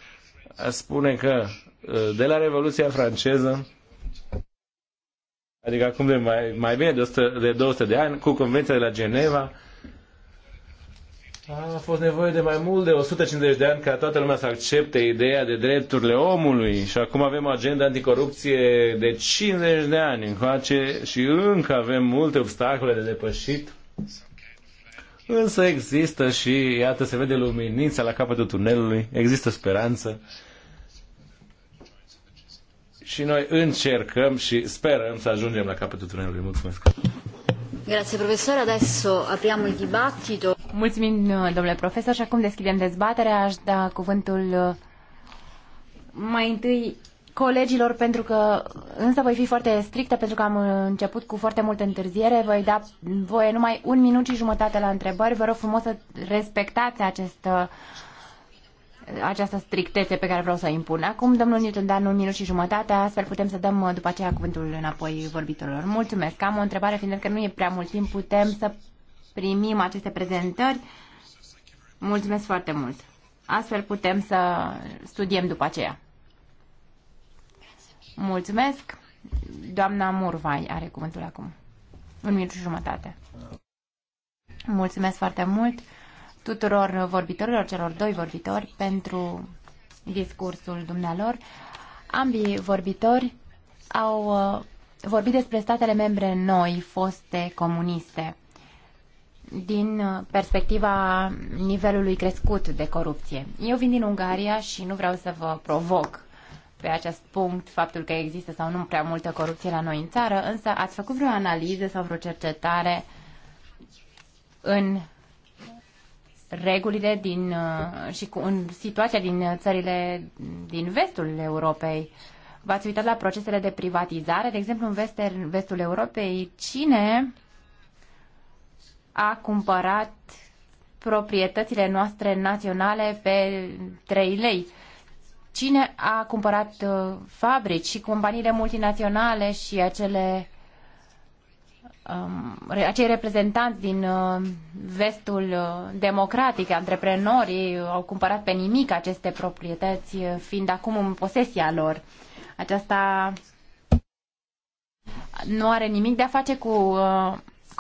spune că ă, de la Revoluția franceză, adică acum de mai, mai bine de, 100, de 200 de ani, cu Convenția de la Geneva, a fost nevoie de mai mult de 150 de ani ca toată lumea să accepte ideea de drepturile omului și acum avem o agenda anticorupție de 50 de ani încoace și încă avem multe obstacole de depășit. Însă există și, iată, se vede luminița la capătul tunelului, există speranță. Și noi încercăm și sperăm să ajungem la capătul tunelului. Mulțumesc! Grazie professore, adesso apriamo il dibattito. Mulțumim, domnule profesor, și acum deschidem dezbaterea. Aș da cuvântul uh, mai întâi colegilor, pentru că însă voi fi foarte strictă, pentru că am început cu foarte multă întârziere. Voi da voie numai un minut și jumătate la întrebări. Vă rog frumos să respectați acest, această strictețe pe care vreau să o impun. Acum, domnul Newton, dar un minut și jumătate, astfel putem să dăm uh, după aceea cuvântul înapoi vorbitorilor. Mulțumesc. Am o întrebare, fiindcă nu e prea mult timp, putem să primim aceste prezentări. Mulțumesc foarte mult! Astfel putem să studiem după aceea. Mulțumesc! Doamna Murvai are cuvântul acum. Un minut și jumătate. Mulțumesc foarte mult tuturor vorbitorilor, celor doi vorbitori, pentru discursul dumnealor. Ambii vorbitori au uh, vorbit despre statele membre noi, foste comuniste din uh, perspectiva nivelului crescut de corupție. Eu vin din Ungaria și nu vreau să vă provoc pe acest punct faptul că există sau nu prea multă corupție la noi în țară, însă ați făcut vreo analiză sau vreo cercetare în regulile din, uh, și cu, în situația din țările din vestul Europei. V-ați uitat la procesele de privatizare, de exemplu, în vestul, vestul Europei, cine a cumpărat proprietățile noastre naționale pe 3 lei. Cine a cumpărat uh, fabrici și companiile multinaționale și acele um, acei reprezentanți din uh, vestul uh, democratic, antreprenorii, au cumpărat pe nimic aceste proprietăți, fiind acum în posesia lor. Aceasta nu are nimic de a face cu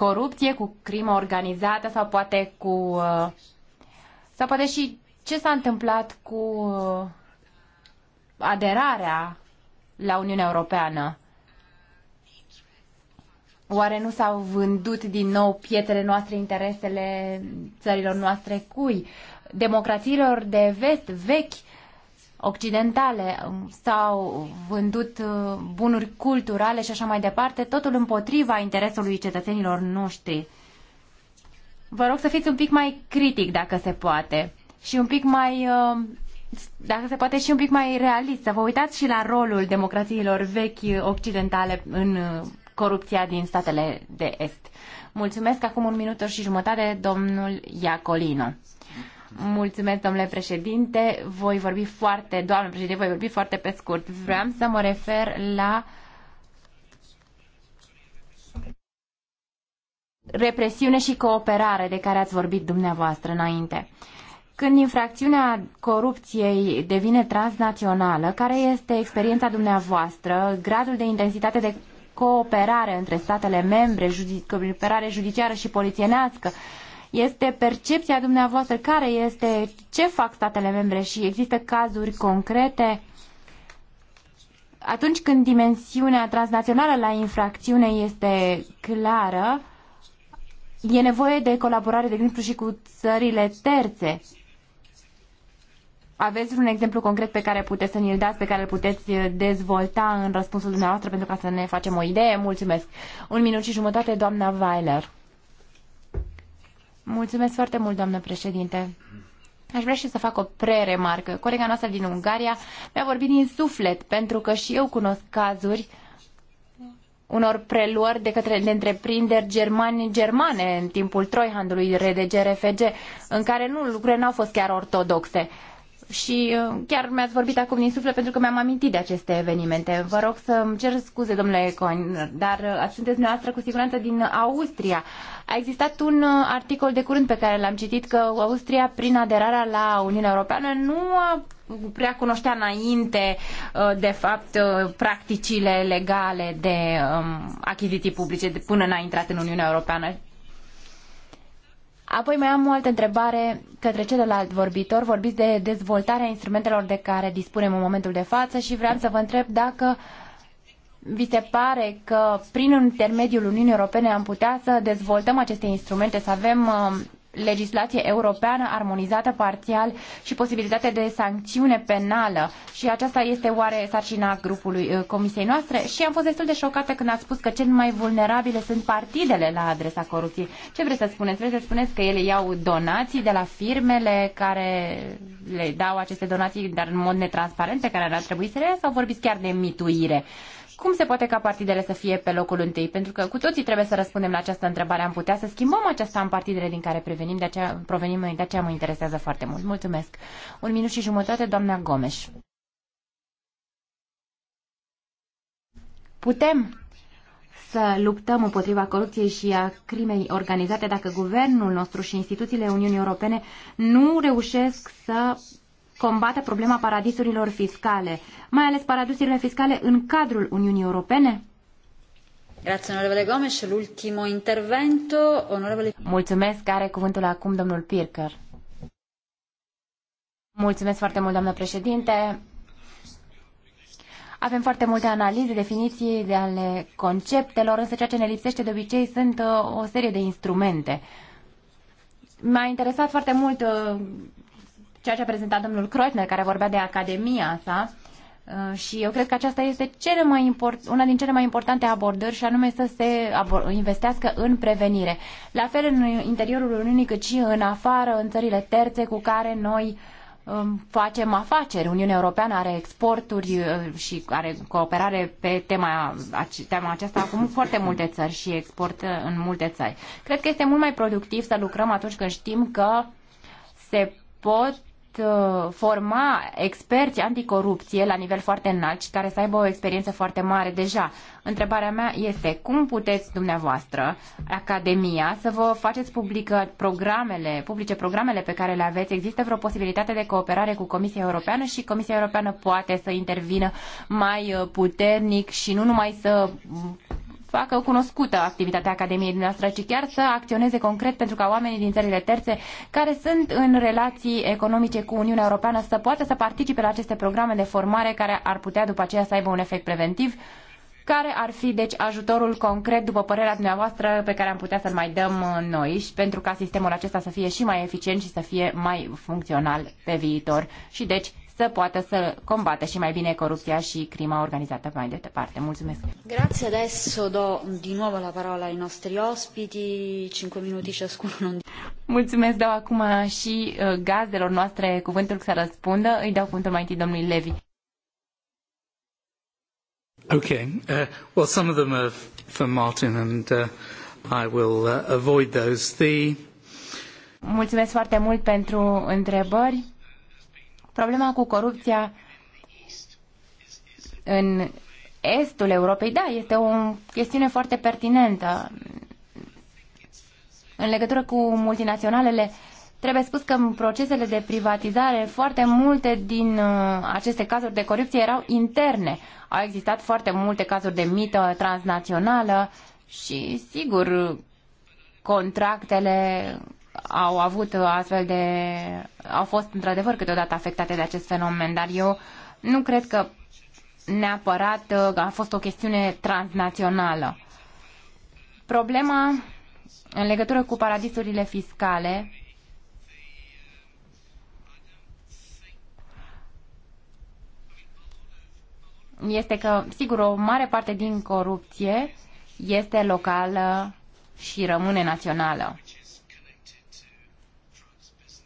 corupție, cu crimă organizată sau poate cu... Uh, sau poate și ce s-a întâmplat cu uh, aderarea la Uniunea Europeană. Oare nu s-au vândut din nou pietrele noastre, interesele țărilor noastre cui? Democrațiilor de vest vechi occidentale, um, s-au vândut uh, bunuri culturale și așa mai departe, totul împotriva interesului cetățenilor noștri. Vă rog să fiți un pic mai critic dacă se poate și un pic mai uh, dacă se poate și un pic mai realist, să vă uitați și la rolul democrațiilor vechi occidentale în uh, corupția din statele de est. Mulțumesc acum un minut și jumătate, domnul Iacolino. Mulțumesc, domnule președinte. Voi vorbi foarte, doamnă președinte, voi vorbi foarte pe scurt. Vreau să mă refer la represiune și cooperare de care ați vorbit dumneavoastră înainte. Când infracțiunea corupției devine transnațională, care este experiența dumneavoastră, gradul de intensitate de cooperare între statele membre, judi- cooperare judiciară și polițienească, uh, este percepția dumneavoastră, care este, ce fac statele membre și există cazuri concrete atunci când dimensiunea transnațională la infracțiune este clară, e nevoie de colaborare, de exemplu, și cu țările terțe. Aveți un exemplu concret pe care puteți să ne l dați, pe care îl puteți dezvolta în răspunsul dumneavoastră pentru ca să ne facem o idee? Mulțumesc! Un minut și jumătate, doamna Weiler. Mulțumesc foarte mult, doamnă președinte. Aș vrea și să fac o pre-remarcă. Colega noastră din Ungaria mi-a vorbit din suflet, pentru că și eu cunosc cazuri unor preluări de către de întreprinderi germane, germane în timpul Troihandului RDG-RFG, în care nu lucrurile n-au fost chiar ortodoxe și uh, chiar mi-ați vorbit acum din suflet pentru că mi-am amintit de aceste evenimente. Vă rog să îmi cer scuze, domnule Econ, dar uh, sunteți dumneavoastră cu siguranță din Austria. A existat un uh, articol de curând pe care l-am citit că Austria, prin aderarea la Uniunea Europeană, nu a prea cunoștea înainte, de fapt, practicile legale de um, achiziții publice până n-a intrat în Uniunea Europeană Apoi mai am o altă întrebare către celălalt vorbitor. Vorbiți de dezvoltarea instrumentelor de care dispunem în momentul de față și vreau să vă întreb dacă vi se pare că prin intermediul Uniunii Europene am putea să dezvoltăm aceste instrumente, să avem uh, legislație europeană armonizată parțial și posibilitate de sancțiune penală și aceasta este oare sarcina grupului uh, comisiei noastre și am fost destul de șocată când a spus că cel mai vulnerabile sunt partidele la adresa corupției. Ce vreți să spuneți? Vreți să spuneți că ele iau donații de la firmele care le dau aceste donații, dar în mod netransparent pe care ar trebui să le ia sau vorbiți chiar de mituire? Cum se poate ca partidele să fie pe locul întâi? Pentru că cu toții trebuie să răspundem la această întrebare. Am putea să schimbăm aceasta în partidele din care prevenim, de aceea, provenim, de aceea mă interesează foarte mult. Mulțumesc. Un minut și jumătate, doamna Gomes. Putem să luptăm împotriva corupției și a crimei organizate dacă guvernul nostru și instituțiile Uniunii Europene nu reușesc să combată problema paradisurilor fiscale, mai ales paradisurile fiscale în cadrul Uniunii Europene? Grazie, onorevole Gomes. L'ultimo intervento, onorevole... Mulțumesc. Are cuvântul acum domnul Pirker. Mulțumesc foarte mult, doamnă președinte. Avem foarte multe analize, definiții de ale conceptelor, însă ceea ce ne lipsește de obicei sunt uh, o serie de instrumente. M-a interesat foarte mult uh, ceea ce a prezentat domnul Kreutner, care vorbea de academia sa, uh, și eu cred că aceasta este cele mai import, una din cele mai importante abordări și anume să se investească în prevenire. La fel în interiorul Uniunii cât și în afară, în țările terțe cu care noi um, facem afaceri. Uniunea Europeană are exporturi uh, și are cooperare pe tema, tema aceasta acum foarte multe țări și exportă în multe țări. Cred că este mult mai productiv să lucrăm atunci când știm că se pot Uh, forma experți anticorupție la nivel foarte înalt și care să aibă o experiență foarte mare deja. Întrebarea mea este cum puteți dumneavoastră, Academia, să vă faceți publică programele, publice programele pe care le aveți? Există vreo posibilitate de cooperare cu Comisia Europeană și Comisia Europeană poate să intervină mai uh, puternic și nu numai să facă cunoscută activitatea Academiei noastre, ci chiar să acționeze concret pentru ca oamenii din țările terțe care sunt în relații economice cu Uniunea Europeană să poată să participe la aceste programe de formare care ar putea după aceea să aibă un efect preventiv care ar fi, deci, ajutorul concret, după părerea dumneavoastră, pe care am putea să-l mai dăm uh, noi și pentru ca sistemul acesta să fie și mai eficient și să fie mai funcțional pe viitor și, deci, să poată să combată și mai bine corupția și crima organizată mai departe. Mulțumesc! Grazie, adesso do din nou la parola ai nostri ospiti, 5 minuti ciascuno. Mulțumesc, dau acum și uh, gazdelor noastre cuvântul să răspundă. Îi dau cuvântul mai întâi domnului Levi. Okay. Uh, well, some of them are for Martin and uh, I will uh, avoid those. The... Mulțumesc foarte mult pentru întrebări. Problema cu corupția în estul Europei, da, este o chestiune foarte pertinentă. În legătură cu multinaționalele, trebuie spus că în procesele de privatizare, foarte multe din uh, aceste cazuri de corupție erau interne. Au existat foarte multe cazuri de mită transnațională și, sigur, contractele au avut astfel de... au fost într-adevăr câteodată afectate de acest fenomen, dar eu nu cred că neapărat că uh, a fost o chestiune transnațională. Problema în legătură cu paradisurile fiscale este că, sigur, o mare parte din corupție este locală și rămâne națională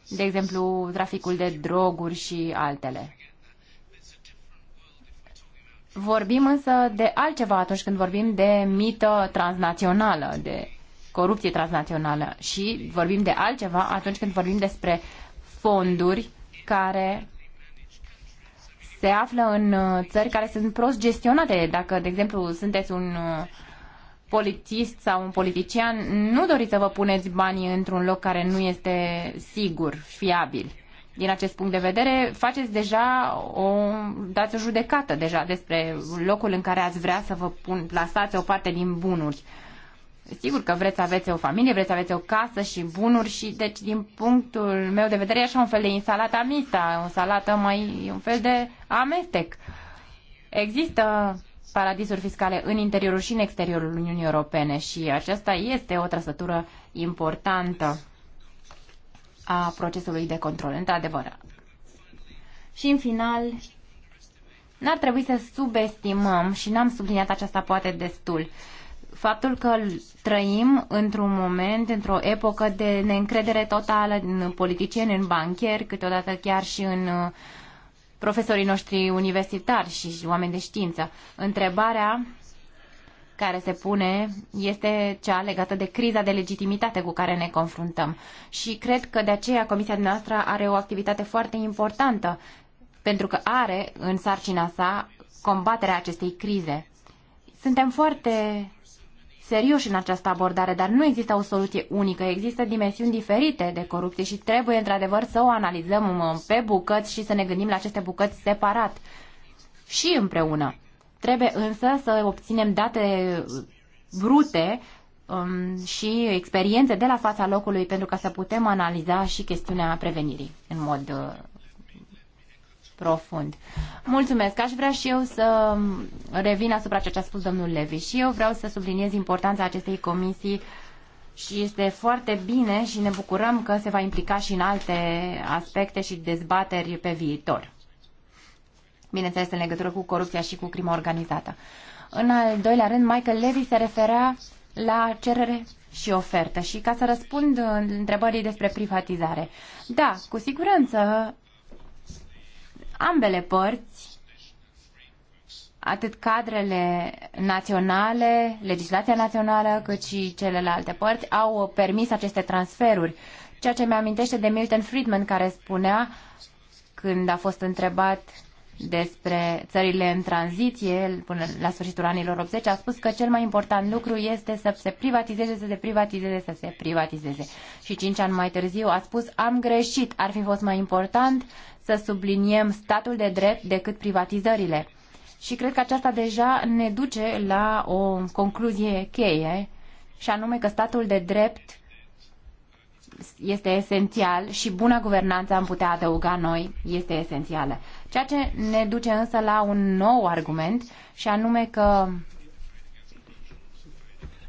de exemplu, traficul de droguri și altele. Vorbim însă de altceva atunci când vorbim de mită transnațională, de corupție transnațională și vorbim de altceva atunci când vorbim despre fonduri care se află în uh, țări care sunt prost gestionate. Dacă, de exemplu, sunteți un uh, polițist sau un politician, nu doriți să vă puneți banii într-un loc care nu este sigur, fiabil. Din acest punct de vedere, faceți deja o, dați o judecată deja despre locul în care ați vrea să vă pun, plasați o parte din bunuri. Sigur că vreți să aveți o familie, vreți să aveți o casă și bunuri și deci din punctul meu de vedere e așa un fel de insalată mista, o salată mai, un fel de amestec. Există paradisuri fiscale în interiorul și în exteriorul Uniunii Europene și aceasta este o trăsătură importantă a procesului de control, într-adevăr. Și în final, n-ar trebui să subestimăm, și n-am subliniat aceasta poate destul, faptul că trăim într-un moment, într-o epocă de neîncredere totală în politicieni, în bancheri, câteodată chiar și în uh, profesorii noștri universitari și oameni de știință. Întrebarea care se pune este cea legată de criza de legitimitate cu care ne confruntăm. Și cred că de aceea comisia noastră are o activitate foarte importantă, pentru că are în sarcina sa combaterea acestei crize. Suntem foarte serioși în această abordare, dar nu există o soluție unică, există dimensiuni diferite de corupție și trebuie într-adevăr să o analizăm pe bucăți și să ne gândim la aceste bucăți separat și împreună. Trebuie însă să obținem date brute um, și experiențe de la fața locului pentru ca să putem analiza și chestiunea prevenirii în mod uh, profund. Mulțumesc. Aș vrea și eu să revin asupra ceea ce a spus domnul Levi și eu vreau să subliniez importanța acestei comisii și este foarte bine și ne bucurăm că se va implica și în alte aspecte și dezbateri pe viitor. Bineînțeles, în legătură cu corupția și cu crima organizată. În al doilea rând, Michael Levy se referea la cerere și ofertă. Și ca să răspund întrebării despre privatizare. Da, cu siguranță ambele părți, atât cadrele naționale, legislația națională, cât și celelalte părți, au permis aceste transferuri. Ceea ce mi-amintește de Milton Friedman, care spunea, când a fost întrebat despre țările în tranziție până la sfârșitul anilor 80, a spus că cel mai important lucru este să se privatizeze, să se privatizeze, să se privatizeze. Și cinci ani mai târziu a spus, am greșit, ar fi fost mai important să subliniem statul de drept decât privatizările. Și cred că aceasta deja ne duce la o concluzie cheie, și anume că statul de drept este esențial și buna guvernanță, am putea adăuga noi, este esențială. Ceea ce ne duce însă la un nou argument și anume că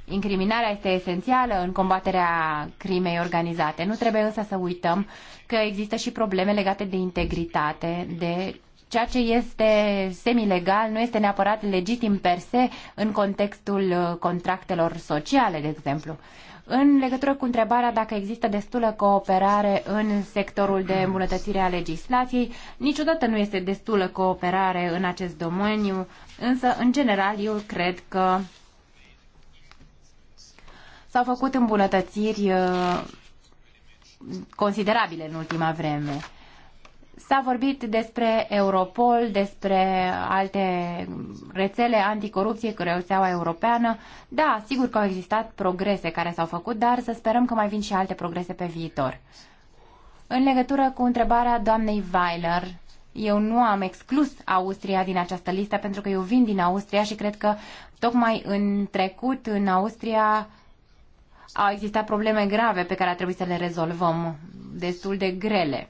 Incriminarea este esențială în combaterea crimei organizate. Nu trebuie însă să uităm că există și probleme legate de integritate, de ceea ce este semilegal, nu este neapărat legitim per se în contextul uh, contractelor sociale, de exemplu. În legătură cu întrebarea dacă există destulă cooperare în sectorul de îmbunătățire a legislației, niciodată nu este destulă cooperare în acest domeniu, însă, în general, eu cred că S-au făcut îmbunătățiri uh, considerabile în ultima vreme. S-a vorbit despre Europol, despre alte rețele anticorupție, rețeaua europeană. Da, sigur că au existat progrese care s-au făcut, dar să sperăm că mai vin și alte progrese pe viitor. În legătură cu întrebarea doamnei Weiler, eu nu am exclus Austria din această listă pentru că eu vin din Austria și cred că tocmai în trecut în Austria au existat probleme grave pe care a trebuit să le rezolvăm, destul de grele.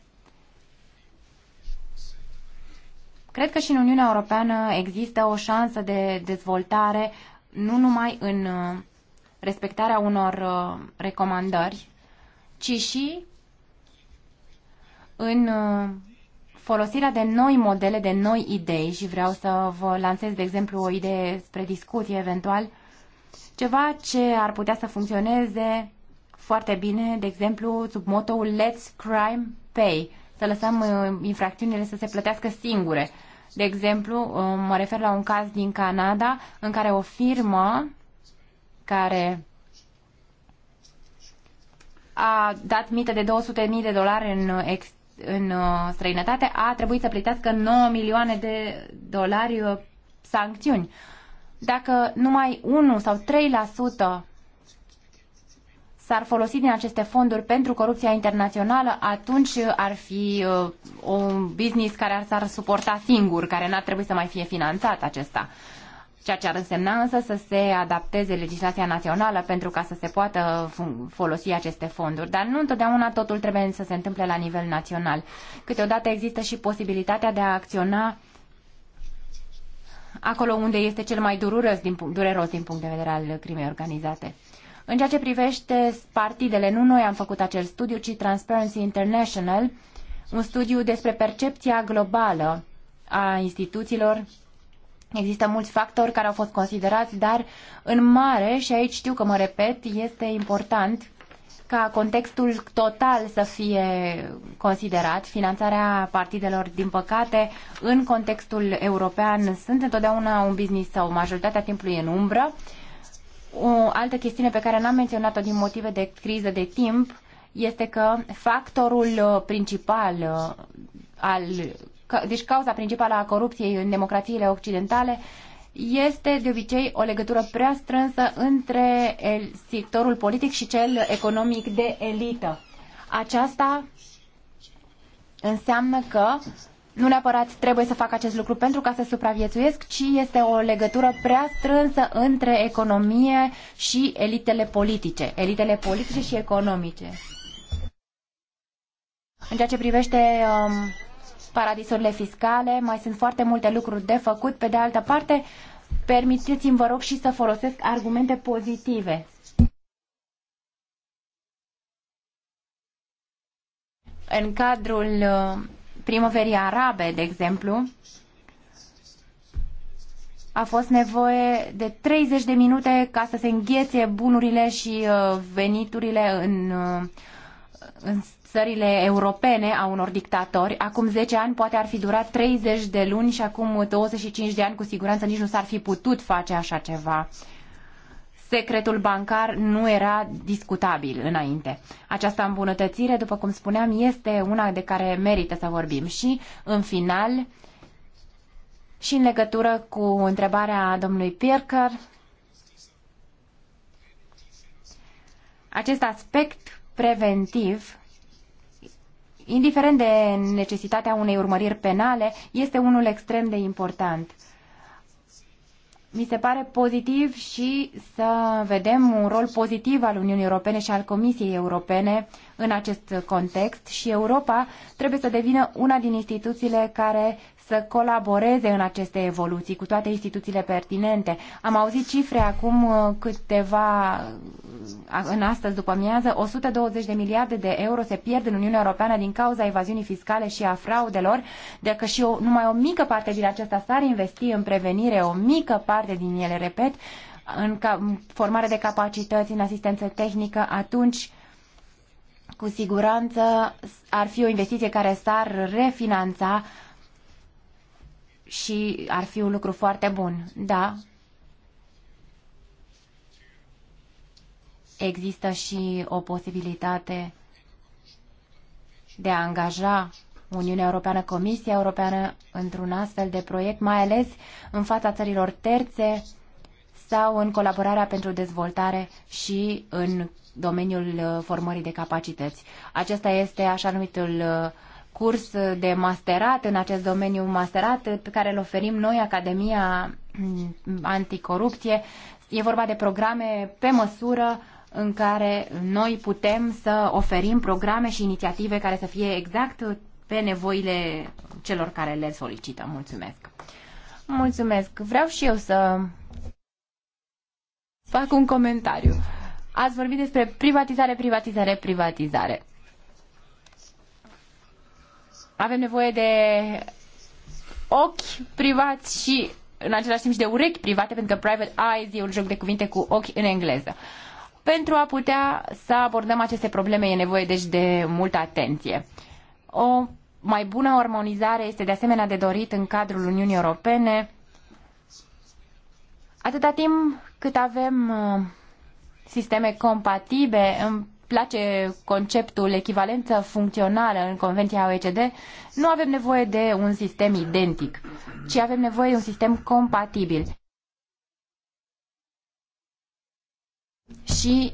Cred că și în Uniunea Europeană există o șansă de dezvoltare nu numai în uh, respectarea unor uh, recomandări, ci și în uh, folosirea de noi modele, de noi idei și vreau să vă lansez, de exemplu, o idee spre discuție eventual ceva ce ar putea să funcționeze foarte bine, de exemplu, sub motoul Let's Crime Pay, să lăsăm uh, infracțiunile să se plătească singure. De exemplu, uh, mă refer la un caz din Canada în care o firmă care a dat mită de 200.000 de dolari în, uh, ex, în străinătate a trebuit să plătească 9 milioane de dolari sancțiuni. Dacă numai 1 sau 3% s-ar folosi din aceste fonduri pentru corupția internațională, atunci ar fi uh, un business care s-ar suporta singur, care n-ar trebui să mai fie finanțat acesta. Ceea ce ar însemna însă să se adapteze legislația națională pentru ca să se poată folosi aceste fonduri. Dar nu întotdeauna totul trebuie să se întâmple la nivel național. Câteodată există și posibilitatea de a acționa acolo unde este cel mai dureros din, punct, dureros din punct de vedere al crimei organizate. În ceea ce privește partidele, nu noi am făcut acel studiu, ci Transparency International, un studiu despre percepția globală a instituțiilor. Există mulți factori care au fost considerați, dar în mare, și aici știu că mă repet, este important ca contextul total să fie considerat. Finanțarea partidelor, din păcate, în contextul european sunt întotdeauna un business sau majoritatea timpului în umbră. O altă chestiune pe care n-am menționat-o din motive de criză de timp este că factorul uh, principal uh, al deci cauza principală a corupției în democrațiile occidentale este de obicei o legătură prea strânsă între sectorul politic și cel economic de elită. Aceasta înseamnă că nu neapărat trebuie să fac acest lucru pentru ca să supraviețuiesc, ci este o legătură prea strânsă între economie și elitele politice, elitele politice și economice. În ceea ce privește um, paradisurile fiscale, mai sunt foarte multe lucruri de făcut. Pe de altă parte, permiteți-mi, vă rog, și să folosesc argumente pozitive. În cadrul uh, primăverii arabe, de exemplu, a fost nevoie de 30 de minute ca să se înghețe bunurile și uh, veniturile în uh, în țările europene a unor dictatori. Acum 10 ani poate ar fi durat 30 de luni și acum 25 de ani cu siguranță nici nu s-ar fi putut face așa ceva. Secretul bancar nu era discutabil înainte. Această îmbunătățire, după cum spuneam, este una de care merită să vorbim. Și, în final, și în legătură cu întrebarea domnului Pirker, acest aspect preventiv, indiferent de necesitatea unei urmăriri penale, este unul extrem de important. Mi se pare pozitiv și să vedem un rol pozitiv al Uniunii Europene și al Comisiei Europene uh, în acest context și Europa trebuie să devină una din instituțiile care să colaboreze în aceste evoluții cu toate instituțiile pertinente. Am auzit cifre acum uh, câteva, uh, în astăzi după amiază, 120 de miliarde de euro se pierd în Uniunea Europeană din cauza evaziunii fiscale și a fraudelor, dacă și o, numai o mică parte din aceasta s-ar investi în prevenire, o mică parte din ele, repet, în formare de capacități, în asistență tehnică, atunci cu siguranță ar fi o investiție care s-ar refinanța și ar fi un lucru foarte bun. Da. Există și o posibilitate de a angaja Uniunea Europeană, Comisia Europeană într-un astfel de proiect, mai ales în fața țărilor terțe sau în colaborarea pentru dezvoltare și în domeniul uh, formării de capacități. Acesta este așa numitul uh, curs de masterat în acest domeniu masterat pe care îl oferim noi, Academia mm, Anticorupție. E vorba de programe pe măsură în care noi putem să oferim programe și inițiative care să fie exact pe nevoile celor care le solicită. Mulțumesc! Mulțumesc! Vreau și eu să fac un comentariu. Ați vorbit despre privatizare, privatizare, privatizare. Avem nevoie de ochi privați și în același timp și de urechi private, pentru că private eyes e un joc de cuvinte cu ochi în engleză. Pentru a putea să abordăm aceste probleme e nevoie deci de multă atenție. O mai bună armonizare este de asemenea de dorit în cadrul Uniunii Europene, atâta timp cât avem uh, sisteme compatibile. Îmi place conceptul echivalență funcțională în Convenția OECD. Nu avem nevoie de un sistem identic, ci avem nevoie de un sistem compatibil. Și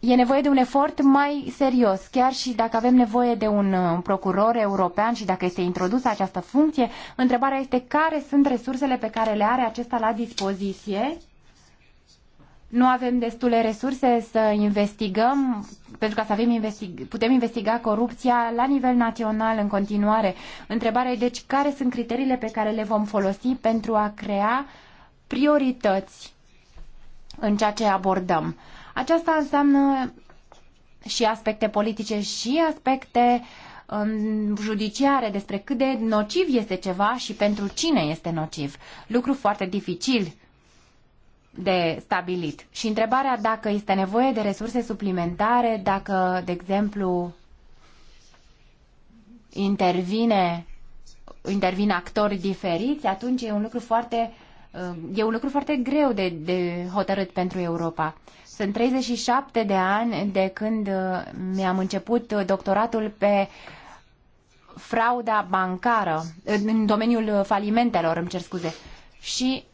e nevoie de un efort mai serios, chiar și dacă avem nevoie de un uh, procuror european și dacă este introdusă această funcție, întrebarea este care sunt resursele pe care le are acesta la dispoziție nu avem destule resurse să investigăm, pentru ca să avem investig- putem investiga corupția la nivel național în continuare. Întrebarea e deci care sunt criteriile pe care le vom folosi pentru a crea priorități în ceea ce abordăm. Aceasta înseamnă și aspecte politice și aspecte um, judiciare despre cât de nociv este ceva și pentru cine este nociv. Lucru foarte dificil de stabilit. Și întrebarea dacă este nevoie de resurse suplimentare, dacă, de exemplu, intervine, intervin actori diferiți, atunci e un lucru foarte, uh, e un lucru foarte greu de, de hotărât pentru Europa. Sunt 37 de ani de când uh, mi-am început doctoratul pe frauda bancară, în domeniul falimentelor, îmi cer scuze. Și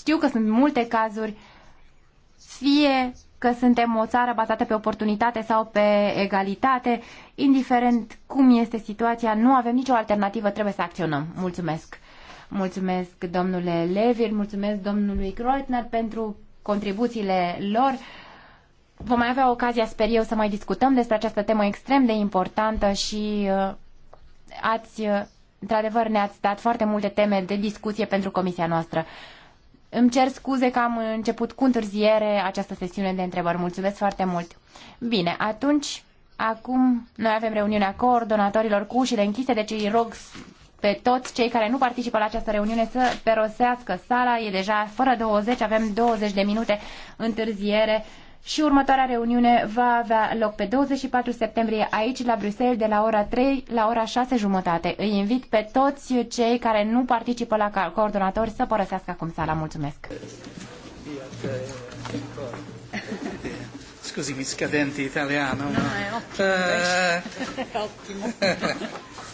știu că sunt multe cazuri, fie că suntem o țară bazată pe oportunitate sau pe egalitate, indiferent cum este situația, nu avem nicio alternativă, trebuie să acționăm. Mulțumesc! Mulțumesc domnule Levir, mulțumesc domnului Kreutner pentru contribuțiile lor. Vom mai avea ocazia, sper eu, să mai discutăm despre această temă extrem de importantă și uh, ați, uh, într-adevăr, ne-ați dat foarte multe teme de discuție pentru comisia noastră. Îmi cer scuze că am început cu întârziere această sesiune de întrebări. Mulțumesc foarte mult. Bine, atunci, acum noi avem reuniunea coordonatorilor cu ușile închise, deci îi rog pe toți cei care nu participă la această reuniune să perosească sala. E deja fără 20, avem 20 de minute întârziere și următoarea reuniune va avea loc pe 24 septembrie aici la Bruxelles de la ora 3 la ora 6 jumătate. Îi invit pe toți cei care nu participă la coordonatori să părăsească acum sala. Mulțumesc! Scuzi, mi scadente italiano. No, è ottimo. Uh... ottimo.